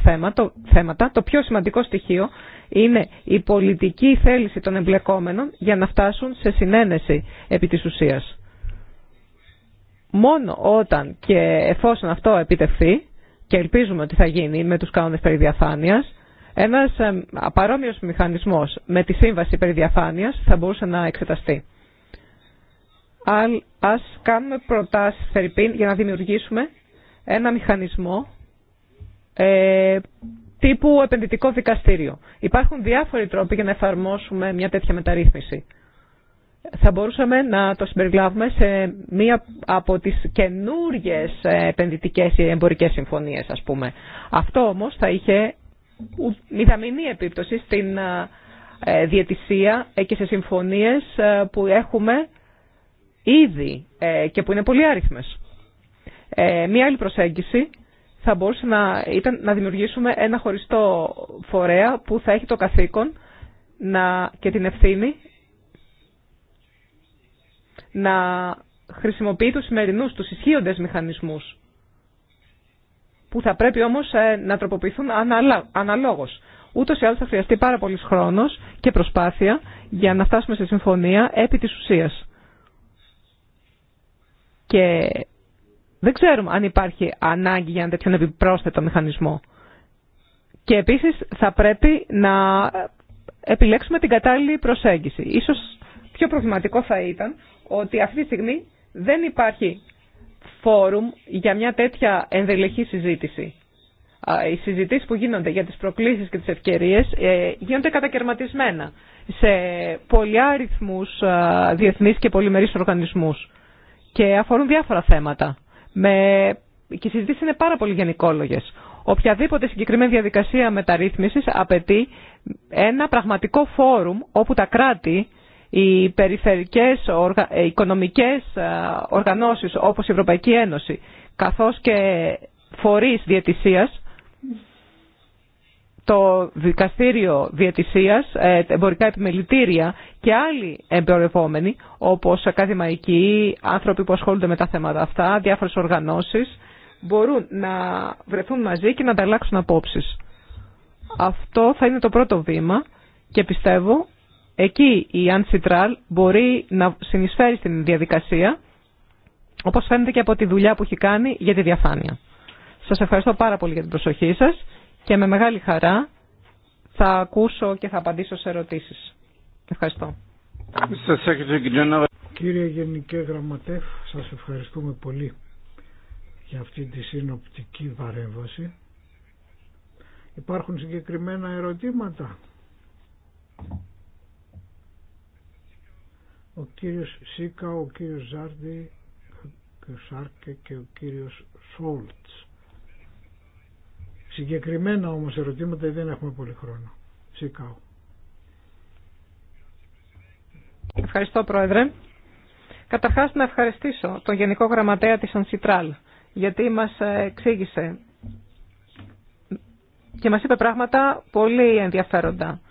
θέματα, το πιο σημαντικό στοιχείο είναι η πολιτική θέληση των εμπλεκόμενων για να φτάσουν σε συνένεση επί της ουσίας μόνο όταν και εφόσον αυτό επιτευχθεί, και ελπίζουμε ότι θα γίνει με τους κανόνες περί διαφάνειας, ένας παρόμοιος μηχανισμός με τη σύμβαση περί θα μπορούσε να εξεταστεί. Ας κάνουμε προτάσεις, Φερρυπίν, για να δημιουργήσουμε ένα μηχανισμό ε, τύπου επενδυτικό δικαστήριο. Υπάρχουν διάφοροι τρόποι για να εφαρμόσουμε μια τέτοια μεταρρύθμιση θα μπορούσαμε να το συμπεριλάβουμε σε μία από τις καινούργιες επενδυτικές ή εμπορικές συμφωνίες, ας πούμε. Αυτό όμως θα είχε μηδαμινή επίπτωση στην ε, διαιτησία ε, και σε συμφωνίες ε, που έχουμε ήδη και που είναι πολύ άριθμες. Μία άλλη προσέγγιση θα μπορούσε να ήταν να δημιουργήσουμε ένα χωριστό φορέα που θα έχει το καθήκον να, και την ευθύνη να χρησιμοποιεί τους σημερινούς, τους ισχύοντες μηχανισμούς, που θα πρέπει όμως ε, να τροποποιηθούν αναλα... αναλόγως. Ούτως ή άλλως θα χρειαστεί πάρα πολύς χρόνος και προσπάθεια για να φτάσουμε σε συμφωνία επί της ουσίας. Και δεν ξέρουμε αν υπάρχει ανάγκη για ένα τέτοιον επιπρόσθετο μηχανισμό. Και επίσης θα πρέπει να επιλέξουμε την κατάλληλη προσέγγιση. Ίσως πιο προβληματικό θα ήταν ότι αυτή τη στιγμή δεν υπάρχει φόρουμ για μια τέτοια ενδελεχή συζήτηση. Οι συζητήσεις που γίνονται για τις προκλήσεις και τις ευκαιρίες ε, γίνονται κατακαιρματισμένα σε πολλιά αριθμούς διεθνείς και πολυμερείς οργανισμούς και αφορούν διάφορα θέματα. Με... Και οι συζητήσεις είναι πάρα πολύ γενικόλογες. Οποιαδήποτε συγκεκριμένη διαδικασία μεταρρύθμισης απαιτεί ένα πραγματικό φόρουμ όπου τα κράτη οι περιφερικές ε, οικονομικές ε, οργανώσεις όπως η Ευρωπαϊκή Ένωση καθώς και φορείς διαιτησίας το δικαστήριο διαιτησίας, ε, εμπορικά επιμελητήρια και άλλοι εμπορευόμενοι όπως ακαδημαϊκοί, άνθρωποι που ασχολούνται με τα θέματα αυτά, διάφορες οργανώσεις μπορούν να βρεθούν μαζί και να ανταλλάξουν απόψεις. Αυτό θα είναι το πρώτο βήμα και πιστεύω Εκεί η Αντσιτράλ μπορεί να συνεισφέρει στην διαδικασία, όπως φαίνεται και από τη δουλειά που έχει κάνει για τη διαφάνεια. Σας ευχαριστώ πάρα πολύ για την προσοχή σας και με μεγάλη χαρά θα ακούσω και θα απαντήσω σε ερωτήσεις. Ευχαριστώ. Κύριε Γενικέ Γραμματεύ, σας ευχαριστούμε πολύ για αυτή τη συνοπτική παρέμβαση. Υπάρχουν συγκεκριμένα ερωτήματα ο κύριος Σίκα, ο κύριος Ζάρντι, ο Σάρκε και ο κύριος Σόλτς. Συγκεκριμένα όμως ερωτήματα δεν έχουμε πολύ χρόνο. Σίκαου. Ευχαριστώ Πρόεδρε. Καταρχάς να ευχαριστήσω τον Γενικό Γραμματέα της Ανσιτράλ γιατί μας εξήγησε και μας είπε πράγματα πολύ ενδιαφέροντα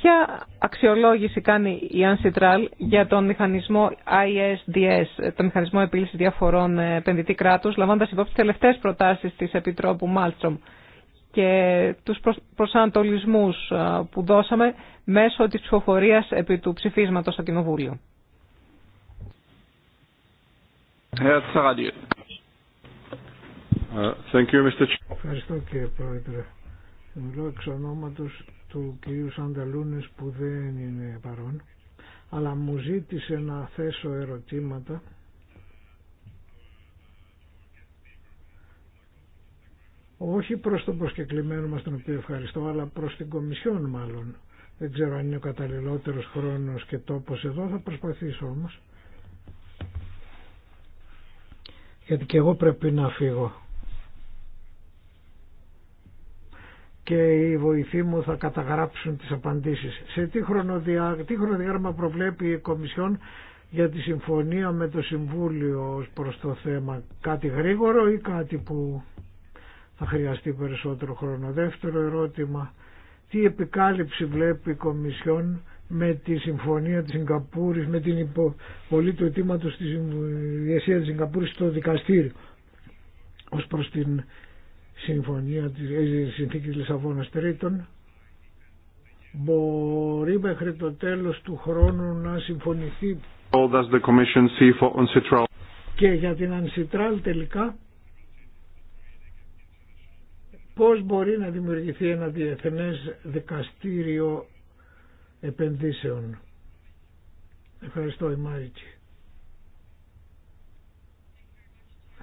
Ποια αξιολόγηση κάνει η Ανσιτράλ για τον μηχανισμό ISDS, τον μηχανισμό επίλυση διαφορών ε, επενδυτή κράτου, λαμβάνοντα υπόψη τι τελευταίε προτάσει τη Επιτρόπου Μάλτσομ και του προσανατολισμού ε, που δώσαμε μέσω τη ψηφοφορία επί του ψηφίσματο στο Κοινοβούλιο του κυρίου Σανταλούνες που δεν είναι παρόν αλλά μου ζήτησε να θέσω ερωτήματα όχι προς τον προσκεκλημένο μας τον οποίο ευχαριστώ αλλά προς την Κομισιόν μάλλον δεν ξέρω αν είναι ο καταλληλότερος χρόνος και τόπος εδώ θα προσπαθήσω όμως γιατί και εγώ πρέπει να φύγω και οι βοηθοί μου θα καταγράψουν τις απαντήσεις. Σε τι, χρονοδιά, χρονοδιάγραμμα προβλέπει η Κομισιόν για τη συμφωνία με το Συμβούλιο ως προς το θέμα. Κάτι γρήγορο ή κάτι που θα χρειαστεί περισσότερο χρόνο. Δεύτερο ερώτημα. Τι επικάλυψη βλέπει η Κομισιόν με τη συμφωνία της Συγκαπούρης, με την υποβολή του αιτήματος της διασία της Συγκαπούρης στο δικαστήριο ως προς την συμφωνία ε, της συνθήκης Λισαβόνας Τρίτων μπορεί μέχρι το τέλος του χρόνου να συμφωνηθεί και για την Ανσιτράλ τελικά πώς μπορεί να δημιουργηθεί ένα διεθνές δικαστήριο επενδύσεων. Ευχαριστώ η Μάρικη.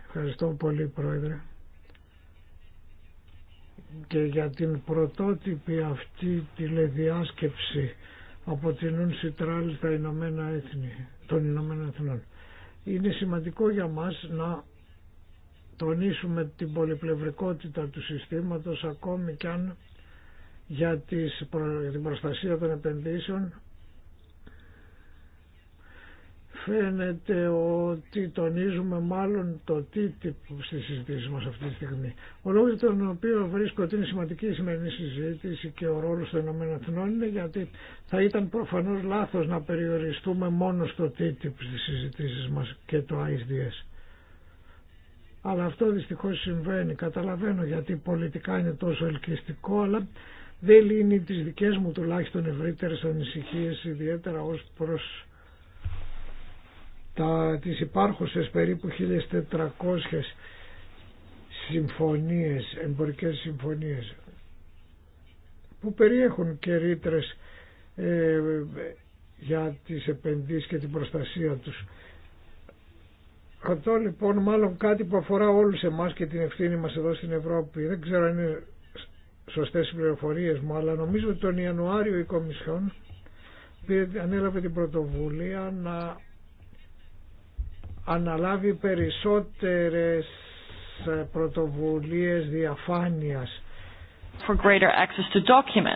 Ευχαριστώ πολύ Πρόεδρε και για την πρωτότυπη αυτή τηλεδιάσκεψη από την UNCTRAL στα Έθνη, των Ηνωμένων Εθνών. Είναι σημαντικό για μας να τονίσουμε την πολυπλευρικότητα του συστήματος ακόμη κι αν για την προστασία των επενδύσεων φαίνεται ότι τονίζουμε μάλλον το TTIP στη συζήτηση μας αυτή τη στιγμή. Ο λόγος για τον οποίο βρίσκω ότι είναι σημαντική η σημερινή συζήτηση και ο ρόλος των ΗΠΑ είναι γιατί θα ήταν προφανώς λάθος να περιοριστούμε μόνο στο TTIP στις συζήτηση μας και το ISDS. Αλλά αυτό δυστυχώς συμβαίνει. Καταλαβαίνω γιατί πολιτικά είναι τόσο ελκυστικό, αλλά δεν λύνει τις δικές μου τουλάχιστον ευρύτερες ανησυχίες, ιδιαίτερα ως προς τα, τις υπάρχουσες περίπου 1400 συμφωνίες, εμπορικές συμφωνίες που περιέχουν και ρήτρες ε, για τις επενδύσεις και την προστασία τους. Αυτό λοιπόν μάλλον κάτι που αφορά όλους εμάς και την ευθύνη μας εδώ στην Ευρώπη. Δεν ξέρω αν είναι σωστές οι πληροφορίες μου, αλλά νομίζω ότι τον Ιανουάριο η Κομισιόν ανέλαβε την πρωτοβουλία να αναλάβει περισσότερες ε, πρωτοβουλίες διαφάνειας for greater access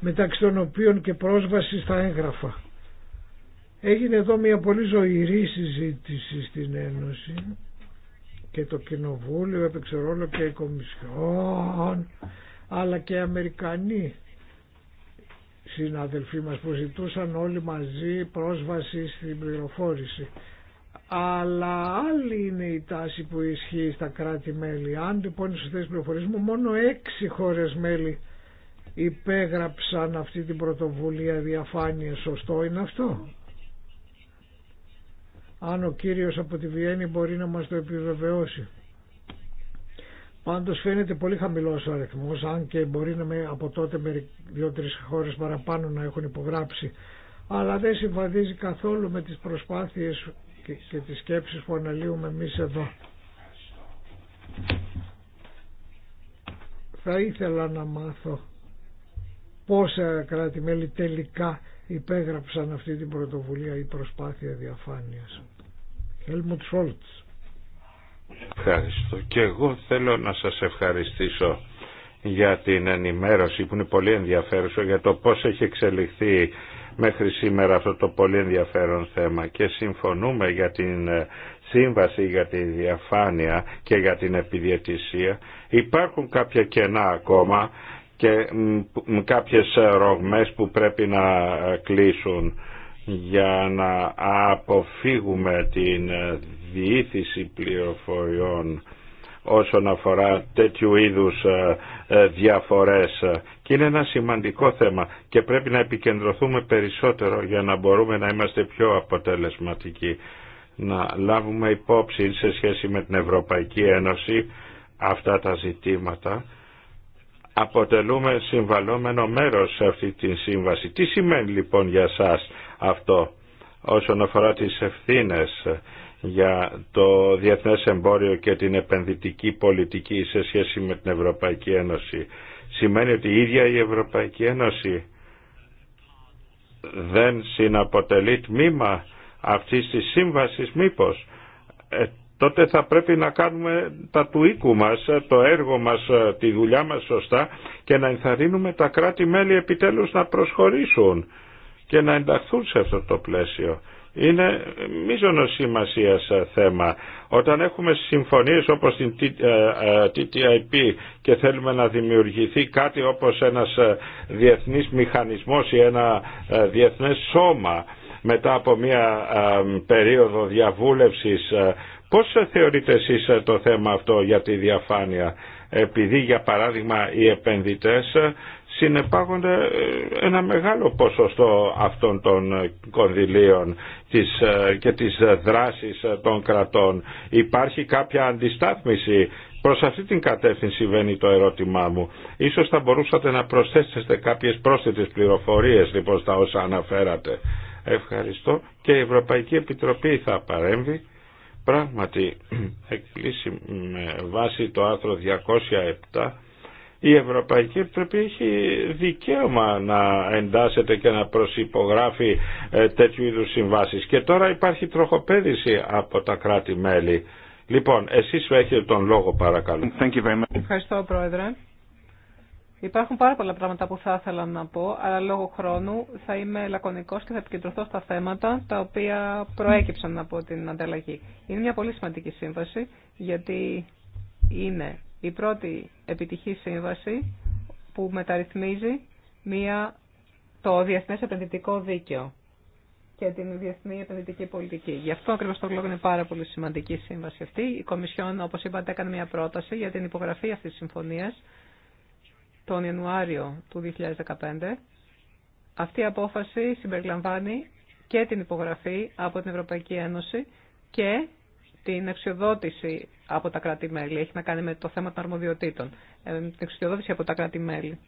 μεταξύ των οποίων και πρόσβαση στα έγγραφα. Έγινε εδώ μια πολύ ζωηρή συζήτηση στην Ένωση και το Κοινοβούλιο έπαιξε ρόλο και η Κομισιόν αλλά και οι Αμερικανοί συναδελφοί μας που ζητούσαν όλοι μαζί πρόσβαση στην πληροφόρηση. Αλλά άλλη είναι η τάση που ισχύει στα κράτη-μέλη. Αν λοιπόν οι σωστές πληροφορίες μόνο έξι χώρες μέλη υπέγραψαν αυτή την πρωτοβουλία διαφάνεια. Σωστό είναι αυτό. Αν ο κύριος από τη Βιέννη μπορεί να μας το επιβεβαιώσει. Πάντως φαίνεται πολύ χαμηλός ο αριθμός, αν και μπορεί να με, από τότε με δύο-τρεις χώρες παραπάνω να έχουν υπογράψει. Αλλά δεν συμβαδίζει καθόλου με τις προσπάθειες και τις σκέψεις που αναλύουμε εμείς εδώ. Θα ήθελα να μάθω πόσα κράτη-μέλη τελικά υπέγραψαν αυτή την πρωτοβουλία ή προσπάθεια διαφάνειας. Χέλμουτ Σόλτς. Ευχαριστώ και εγώ θέλω να σας ευχαριστήσω για την ενημέρωση που είναι πολύ ενδιαφέρουσα για το πώς έχει εξελιχθεί μέχρι σήμερα αυτό το πολύ ενδιαφέρον θέμα και συμφωνούμε για την ε, σύμβαση για τη διαφάνεια και για την επιδιαιτησία. Υπάρχουν κάποια κενά ακόμα και κάποιες ε, ρογμές που πρέπει να ε, κλείσουν για να αποφύγουμε την διήθηση πληροφοριών όσον αφορά τέτοιου είδους ε, ε, διαφορές και είναι ένα σημαντικό θέμα και πρέπει να επικεντρωθούμε περισσότερο για να μπορούμε να είμαστε πιο αποτελεσματικοί να λάβουμε υπόψη σε σχέση με την Ευρωπαϊκή Ένωση αυτά τα ζητήματα αποτελούμε συμβαλόμενο μέρος σε αυτή τη σύμβαση. Τι σημαίνει λοιπόν για σας αυτό όσον αφορά τις ευθύνες για το διεθνές εμπόριο και την επενδυτική πολιτική σε σχέση με την Ευρωπαϊκή Ένωση. Σημαίνει ότι η ίδια η Ευρωπαϊκή Ένωση δεν συναποτελεί τμήμα αυτής της σύμβασης μήπως. Ε, τότε θα πρέπει να κάνουμε τα του οίκου μας, το έργο μας, τη δουλειά μας σωστά και να ενθαρρύνουμε τα κράτη-μέλη επιτέλους να προσχωρήσουν και να ενταχθούν σε αυτό το πλαίσιο είναι μίζωνο σημασία ε, θέμα. Όταν έχουμε συμφωνίες όπως την TTIP ε, ε, και θέλουμε να δημιουργηθεί κάτι όπως ένας διεθνής μηχανισμός ή ένα διεθνές σώμα μετά από μια περίοδο διαβούλευσης, πώς θεωρείτε εσείς το θέμα αυτό για τη διαφάνεια. Επειδή για παράδειγμα οι επενδυτές συνεπάγονται ε, ένα μεγάλο ποσοστό αυτών των ε, κονδυλίων ε, και της δράσης των κρατών. Υπάρχει κάποια αντιστάθμιση Προς αυτή την κατεύθυνση βαίνει το ερώτημά μου. Ίσως θα μπορούσατε να προσθέσετε κάποιες πρόσθετες πληροφορίες λοιπόν στα όσα αναφέρατε. Ευχαριστώ και η Ευρωπαϊκή Επιτροπή θα παρέμβει. Πράγματι εκκλείσει βάση το άρθρο 207 η Ευρωπαϊκή Επιτροπή έχει δικαίωμα να εντάσσεται και να προσυπογράφει ε, τέτοιου είδους συμβάσεις. Και τώρα υπάρχει τροχοπέδηση από τα κράτη-μέλη. Λοιπόν, εσείς σου έχετε τον λόγο παρακαλώ. Ευχαριστώ Πρόεδρε. Υπάρχουν πάρα πολλά πράγματα που θα ήθελα να πω, αλλά λόγω χρόνου θα είμαι λακωνικός και θα επικεντρωθώ στα θέματα τα οποία προέκυψαν από την ανταλλαγή. Είναι μια πολύ σημαντική σύμβαση, γιατί είναι η πρώτη επιτυχή σύμβαση που μεταρρυθμίζει μία, το διεθνές επενδυτικό δίκαιο και την διεθνή επενδυτική πολιτική. Γι' αυτό ακριβώ το λόγο είναι πάρα πολύ σημαντική σύμβαση αυτή. Η Κομισιόν, όπω είπατε, έκανε μια πρόταση για την υπογραφή αυτή τη συμφωνία τον Ιανουάριο του 2015. Αυτή η απόφαση συμπεριλαμβάνει και την υπογραφή από την Ευρωπαϊκή Ένωση και την εξοδότηση από τα κράτη-μέλη. Έχει να κάνει με το θέμα των αρμοδιοτήτων. Ε, την εξοδότηση από τα κράτη-μέλη.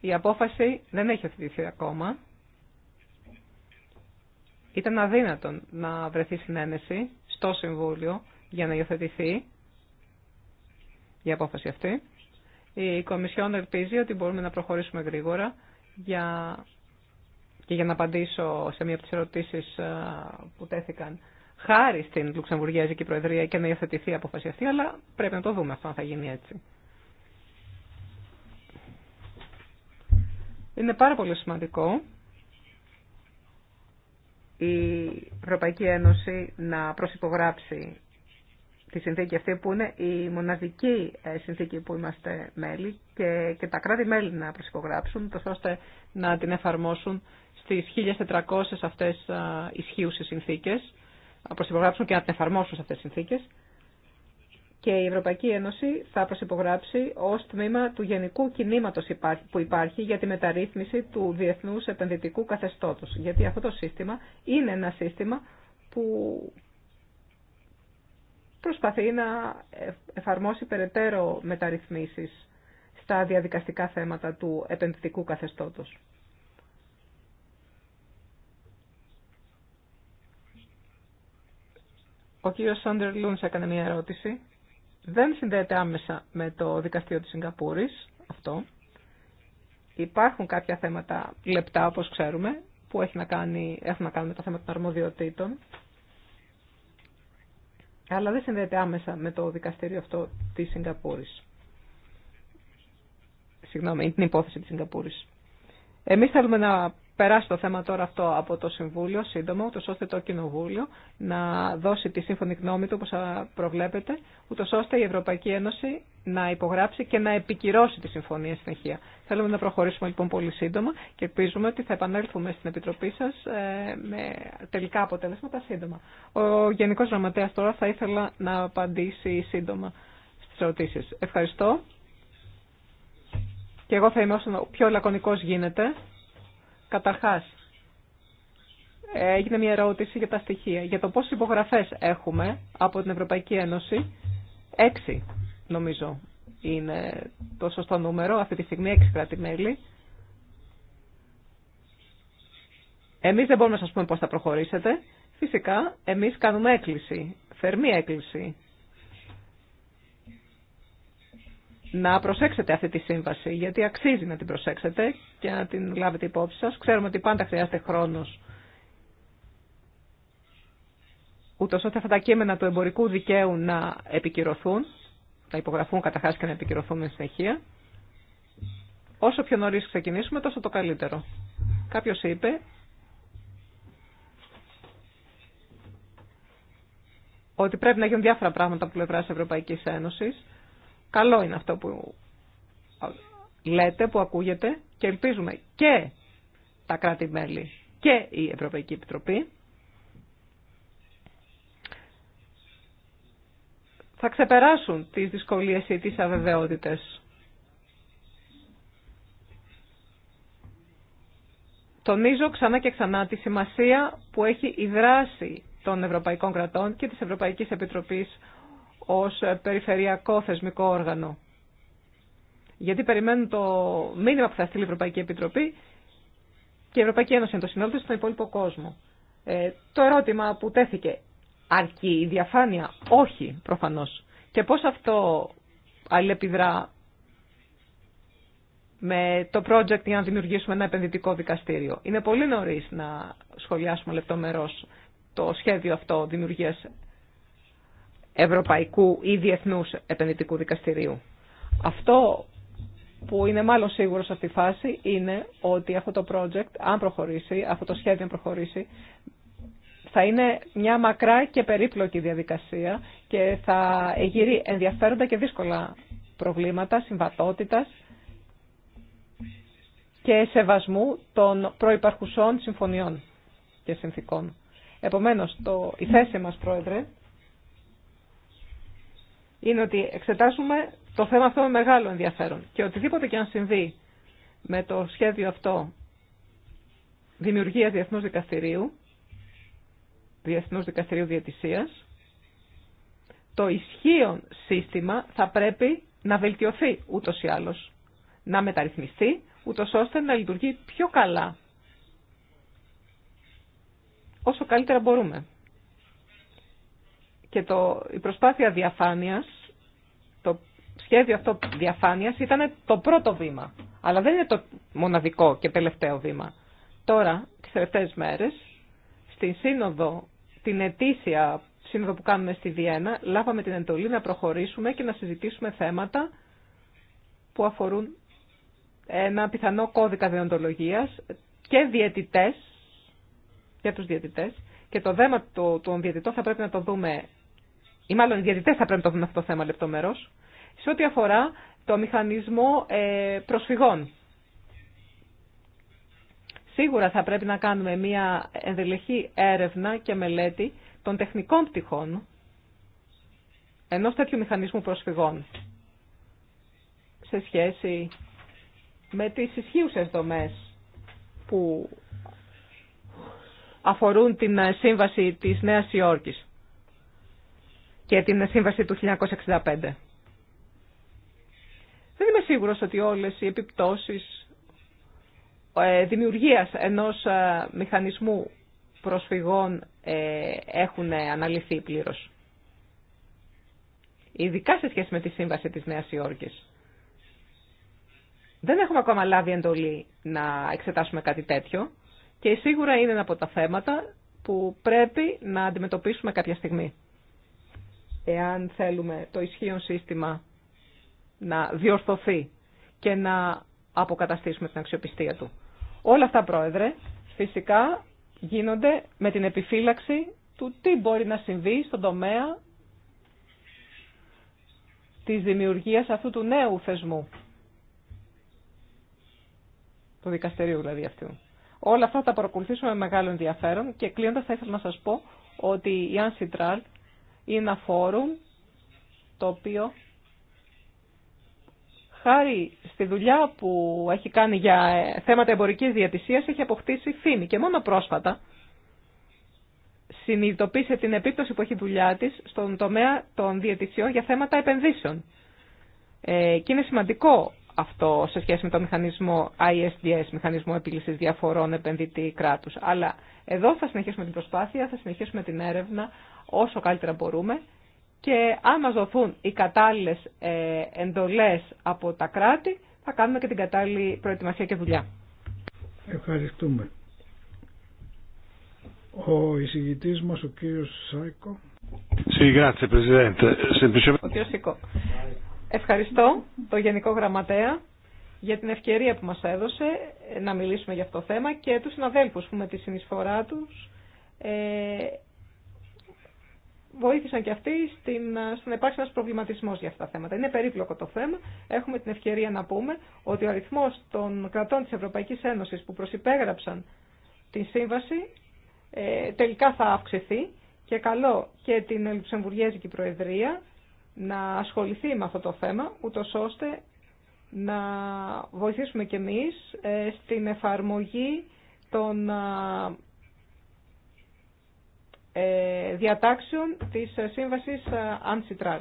Η απόφαση δεν έχει αυτηθεί ακόμα. Ήταν αδύνατο να βρεθεί συνένεση στο Συμβούλιο για να υιοθετηθεί η απόφαση αυτή. Η Κομισιόν ελπίζει ότι μπορούμε να προχωρήσουμε γρήγορα για... και για να απαντήσω σε μία από τις ερωτήσεις ε, που τέθηκαν χάρη στην Λουξεμβουργιαζική Προεδρία και να υιοθετηθεί η αλλά πρέπει να το δούμε αυτό αν θα γίνει έτσι. Είναι πάρα πολύ σημαντικό η Ευρωπαϊκή Ένωση να προσυπογράψει τη συνθήκη αυτή που είναι η μοναδική ε, συνθήκη που είμαστε μέλη και, τα κράτη-μέλη να προσυπογράψουν, ώστε να την εφαρμόσουν στις 1.400 αυτές ε, ισχύουσες συνθήκες προσυπογράψουν και να την εφαρμόσουν σε αυτές τις συνθήκες. Και η Ευρωπαϊκή Ένωση θα προσυπογράψει ως τμήμα του γενικού κινήματος που υπάρχει για τη μεταρρύθμιση του διεθνούς επενδυτικού καθεστώτος. Γιατί αυτό το σύστημα είναι ένα σύστημα που προσπαθεί να εφαρμόσει περαιτέρω μεταρρυθμίσεις στα διαδικαστικά θέματα του επενδυτικού καθεστώτος. Ο κύριος Σόντερ Λούνς έκανε μια ερώτηση. Δεν συνδέεται άμεσα με το δικαστήριο της Σιγκαπούρης αυτό. Υπάρχουν κάποια θέματα λεπτά, όπως ξέρουμε, που έχει να κάνει, έχουν να κάνουν με τα θέματα των αρμοδιοτήτων. Αλλά δεν συνδέεται άμεσα με το δικαστήριο αυτό της Σιγκαπούρης. Συγγνώμη, είναι την υπόθεση της Σιγκαπούρης. Εμείς θέλουμε να περάσει το θέμα τώρα αυτό από το Συμβούλιο σύντομα, ούτως ώστε το Κοινοβούλιο να δώσει τη σύμφωνη γνώμη του όπως προβλέπετε, ούτως ώστε η Ευρωπαϊκή Ένωση να υπογράψει και να επικυρώσει τη συμφωνία συνεχεία. Θέλουμε να προχωρήσουμε λοιπόν πολύ σύντομα και ελπίζουμε ότι θα επανέλθουμε στην Επιτροπή σας ε, με τελικά αποτελέσματα σύντομα. Ο Γενικός Γραμματέας τώρα θα ήθελα να απαντήσει σύντομα στις ερωτήσεις. Ευχαριστώ. Και εγώ θα είμαι όσο πιο λακωνικός γίνεται. Καταρχάς, έγινε μια ερώτηση για τα στοιχεία. Για το πόσες υπογραφές έχουμε από την Ευρωπαϊκή Ένωση. Έξι, νομίζω, είναι το σωστό νούμερο. Αυτή τη στιγμή έξι κράτη-μέλη. Εμείς δεν μπορούμε να σας πούμε πώς θα προχωρήσετε. Φυσικά, εμείς κάνουμε έκκληση, θερμή έκκληση να προσέξετε αυτή τη σύμβαση, γιατί αξίζει να την προσέξετε και να την λάβετε υπόψη σας. Ξέρουμε ότι πάντα χρειάζεται χρόνος, ούτως ώστε αυτά τα κείμενα του εμπορικού δικαίου να επικυρωθούν, να υπογραφούν καταρχά και να επικυρωθούν με συνεχεία. Όσο πιο νωρίς ξεκινήσουμε, τόσο το καλύτερο. Κάποιος είπε ότι πρέπει να γίνουν διάφορα πράγματα από πλευρά Ευρωπαϊκή Ένωση. Καλό είναι αυτό που λέτε, που ακούγεται και ελπίζουμε και τα κράτη-μέλη και η Ευρωπαϊκή Επιτροπή θα ξεπεράσουν τις δυσκολίες ή τις αβεβαιότητες. Τονίζω ξανά και ξανά τη σημασία που έχει η δράση των Ευρωπαϊκών κρατών και της Ευρωπαϊκής Επιτροπής ως περιφερειακό θεσμικό όργανο. Γιατί περιμένουν το μήνυμα που θα στείλει η Ευρωπαϊκή Επιτροπή και η Ευρωπαϊκή Ένωση είναι το συνόλου στον υπόλοιπο κόσμο. Ε, το ερώτημα που τέθηκε, αρκεί η διαφάνεια, όχι προφανώς. Και πώς αυτό αλληλεπιδρά με το project για να δημιουργήσουμε ένα επενδυτικό δικαστήριο. Είναι πολύ νωρί να σχολιάσουμε λεπτομερώς το σχέδιο αυτό δημιουργίας Ευρωπαϊκού ή Διεθνούς Επενδυτικού Δικαστηρίου. Αυτό που είναι μάλλον σίγουρο σε αυτή τη φάση είναι ότι αυτό το project, αν προχωρήσει, αυτό το σχέδιο προχωρήσει, θα είναι μια μακρά και περίπλοκη διαδικασία και θα εγείρει ενδιαφέροντα και δύσκολα προβλήματα συμβατότητας και σεβασμού των προϋπαρχουσών συμφωνιών και συνθήκων. Επομένως, το, η θέση μας, Πρόεδρε, είναι ότι εξετάζουμε το θέμα αυτό με μεγάλο ενδιαφέρον και οτιδήποτε και αν συμβεί με το σχέδιο αυτό δημιουργία διεθνούς δικαστηρίου, διεθνούς δικαστηρίου διατησίας το ισχύον σύστημα θα πρέπει να βελτιωθεί ούτως ή άλλως, να μεταρρυθμιστεί ούτως ώστε να λειτουργεί πιο καλά, όσο καλύτερα μπορούμε και το, η προσπάθεια διαφάνειας, το σχέδιο αυτό διαφάνειας ήταν το πρώτο βήμα. Αλλά δεν είναι το μοναδικό και τελευταίο βήμα. Τώρα, τις τελευταίες μέρες, στην σύνοδο, την ετήσια σύνοδο που κάνουμε στη Βιέννα, λάβαμε την εντολή να προχωρήσουμε και να συζητήσουμε θέματα που αφορούν ένα πιθανό κώδικα διοντολογίας και διαιτητές, για τους διαιτητές, και το δέμα του, διαιτητών θα πρέπει να το δούμε ή μάλλον οι διαιτητές θα πρέπει να το δουν αυτό το θέμα λεπτομερώς, σε ό,τι αφορά το μηχανισμό ε, προσφυγών. Σίγουρα θα πρέπει να κάνουμε μια ενδελεχή έρευνα και μελέτη των τεχνικών πτυχών ενός τέτοιου μηχανισμού προσφυγών σε σχέση με τις ισχύουσες δομές που αφορούν την ε, σύμβαση της Νέας Υόρκης και την σύμβαση του 1965. Δεν είμαι σίγουρος ότι όλες οι επιπτώσεις ε, δημιουργίας ενός ε, μηχανισμού προσφυγών ε, έχουν αναλυθεί πλήρως. Ειδικά σε σχέση με τη σύμβαση της Νέας Υόρκης. Δεν έχουμε ακόμα λάβει εντολή να εξετάσουμε κάτι τέτοιο και σίγουρα είναι ένα από τα θέματα που πρέπει να αντιμετωπίσουμε κάποια στιγμή εάν θέλουμε το ισχύον σύστημα να διορθωθεί και να αποκαταστήσουμε την αξιοπιστία του. Όλα αυτά, Πρόεδρε, φυσικά γίνονται με την επιφύλαξη του τι μπορεί να συμβεί στον τομέα της δημιουργίας αυτού του νέου θεσμού. Του δικαστηρίου δηλαδή αυτού. Όλα αυτά τα παρακολουθήσουμε με μεγάλο ενδιαφέρον και κλείνοντας θα ήθελα να σας πω ότι η Άνση είναι ένα φόρουμ το οποίο χάρη στη δουλειά που έχει κάνει για ε, θέματα εμπορικής διατησίας έχει αποκτήσει φήμη και μόνο πρόσφατα συνειδητοποίησε την επίπτωση που έχει δουλειά της στον τομέα των διατησιών για θέματα επενδύσεων. Ε, και είναι σημαντικό αυτό σε σχέση με το μηχανισμό ISDS, Μηχανισμό Επίλυσης Διαφορών Επενδυτή Κράτους. Αλλά εδώ θα συνεχίσουμε την προσπάθεια, θα συνεχίσουμε την έρευνα όσο καλύτερα μπορούμε και αν μας δοθούν οι κατάλληλες ε, εντολές από τα κράτη, θα κάνουμε και την κατάλληλη προετοιμασία και δουλειά. Ευχαριστούμε. Ο εισηγητής μας, ο κύριος Σάικο. Ο κύριος Σάικο. Ευχαριστώ το Γενικό Γραμματέα για την ευκαιρία που μας έδωσε να μιλήσουμε για αυτό το θέμα και τους συναδέλφους που με τη συνεισφορά τους ε, βοήθησαν και αυτοί στην, στην υπάρξει προβληματισμός για αυτά τα θέματα. Είναι περίπλοκο το θέμα. Έχουμε την ευκαιρία να πούμε ότι ο αριθμός των κρατών της Ευρωπαϊκής Ένωσης που προσυπέγραψαν τη σύμβαση ε, τελικά θα αυξηθεί και καλό και την Λουξεμβουργέζικη Προεδρία να ασχοληθεί με αυτό το θέμα, ούτω ώστε να βοηθήσουμε και εμείς ε, στην εφαρμογή των ε, διατάξεων της Σύμβασης Αντσιτράλ.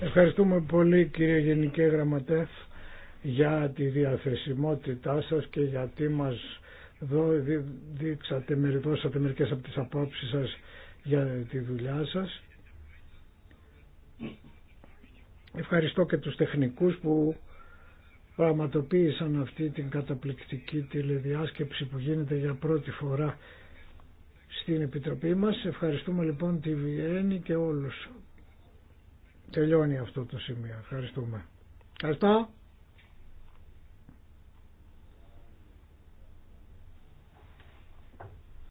Ευχαριστούμε πολύ κύριε Γενική Γραμματεύ για τη διαθεσιμότητά σας και γιατί μας δείξατε, δώσατε μερικές από τις απόψεις σας για τη δουλειά σας. Ευχαριστώ και τους τεχνικούς που πραγματοποίησαν αυτή την καταπληκτική τηλεδιάσκεψη που γίνεται για πρώτη φορά στην Επιτροπή μας. Ευχαριστούμε λοιπόν τη Βιέννη και όλους. Τελειώνει αυτό το σημείο. Ευχαριστούμε. Ευχαριστώ.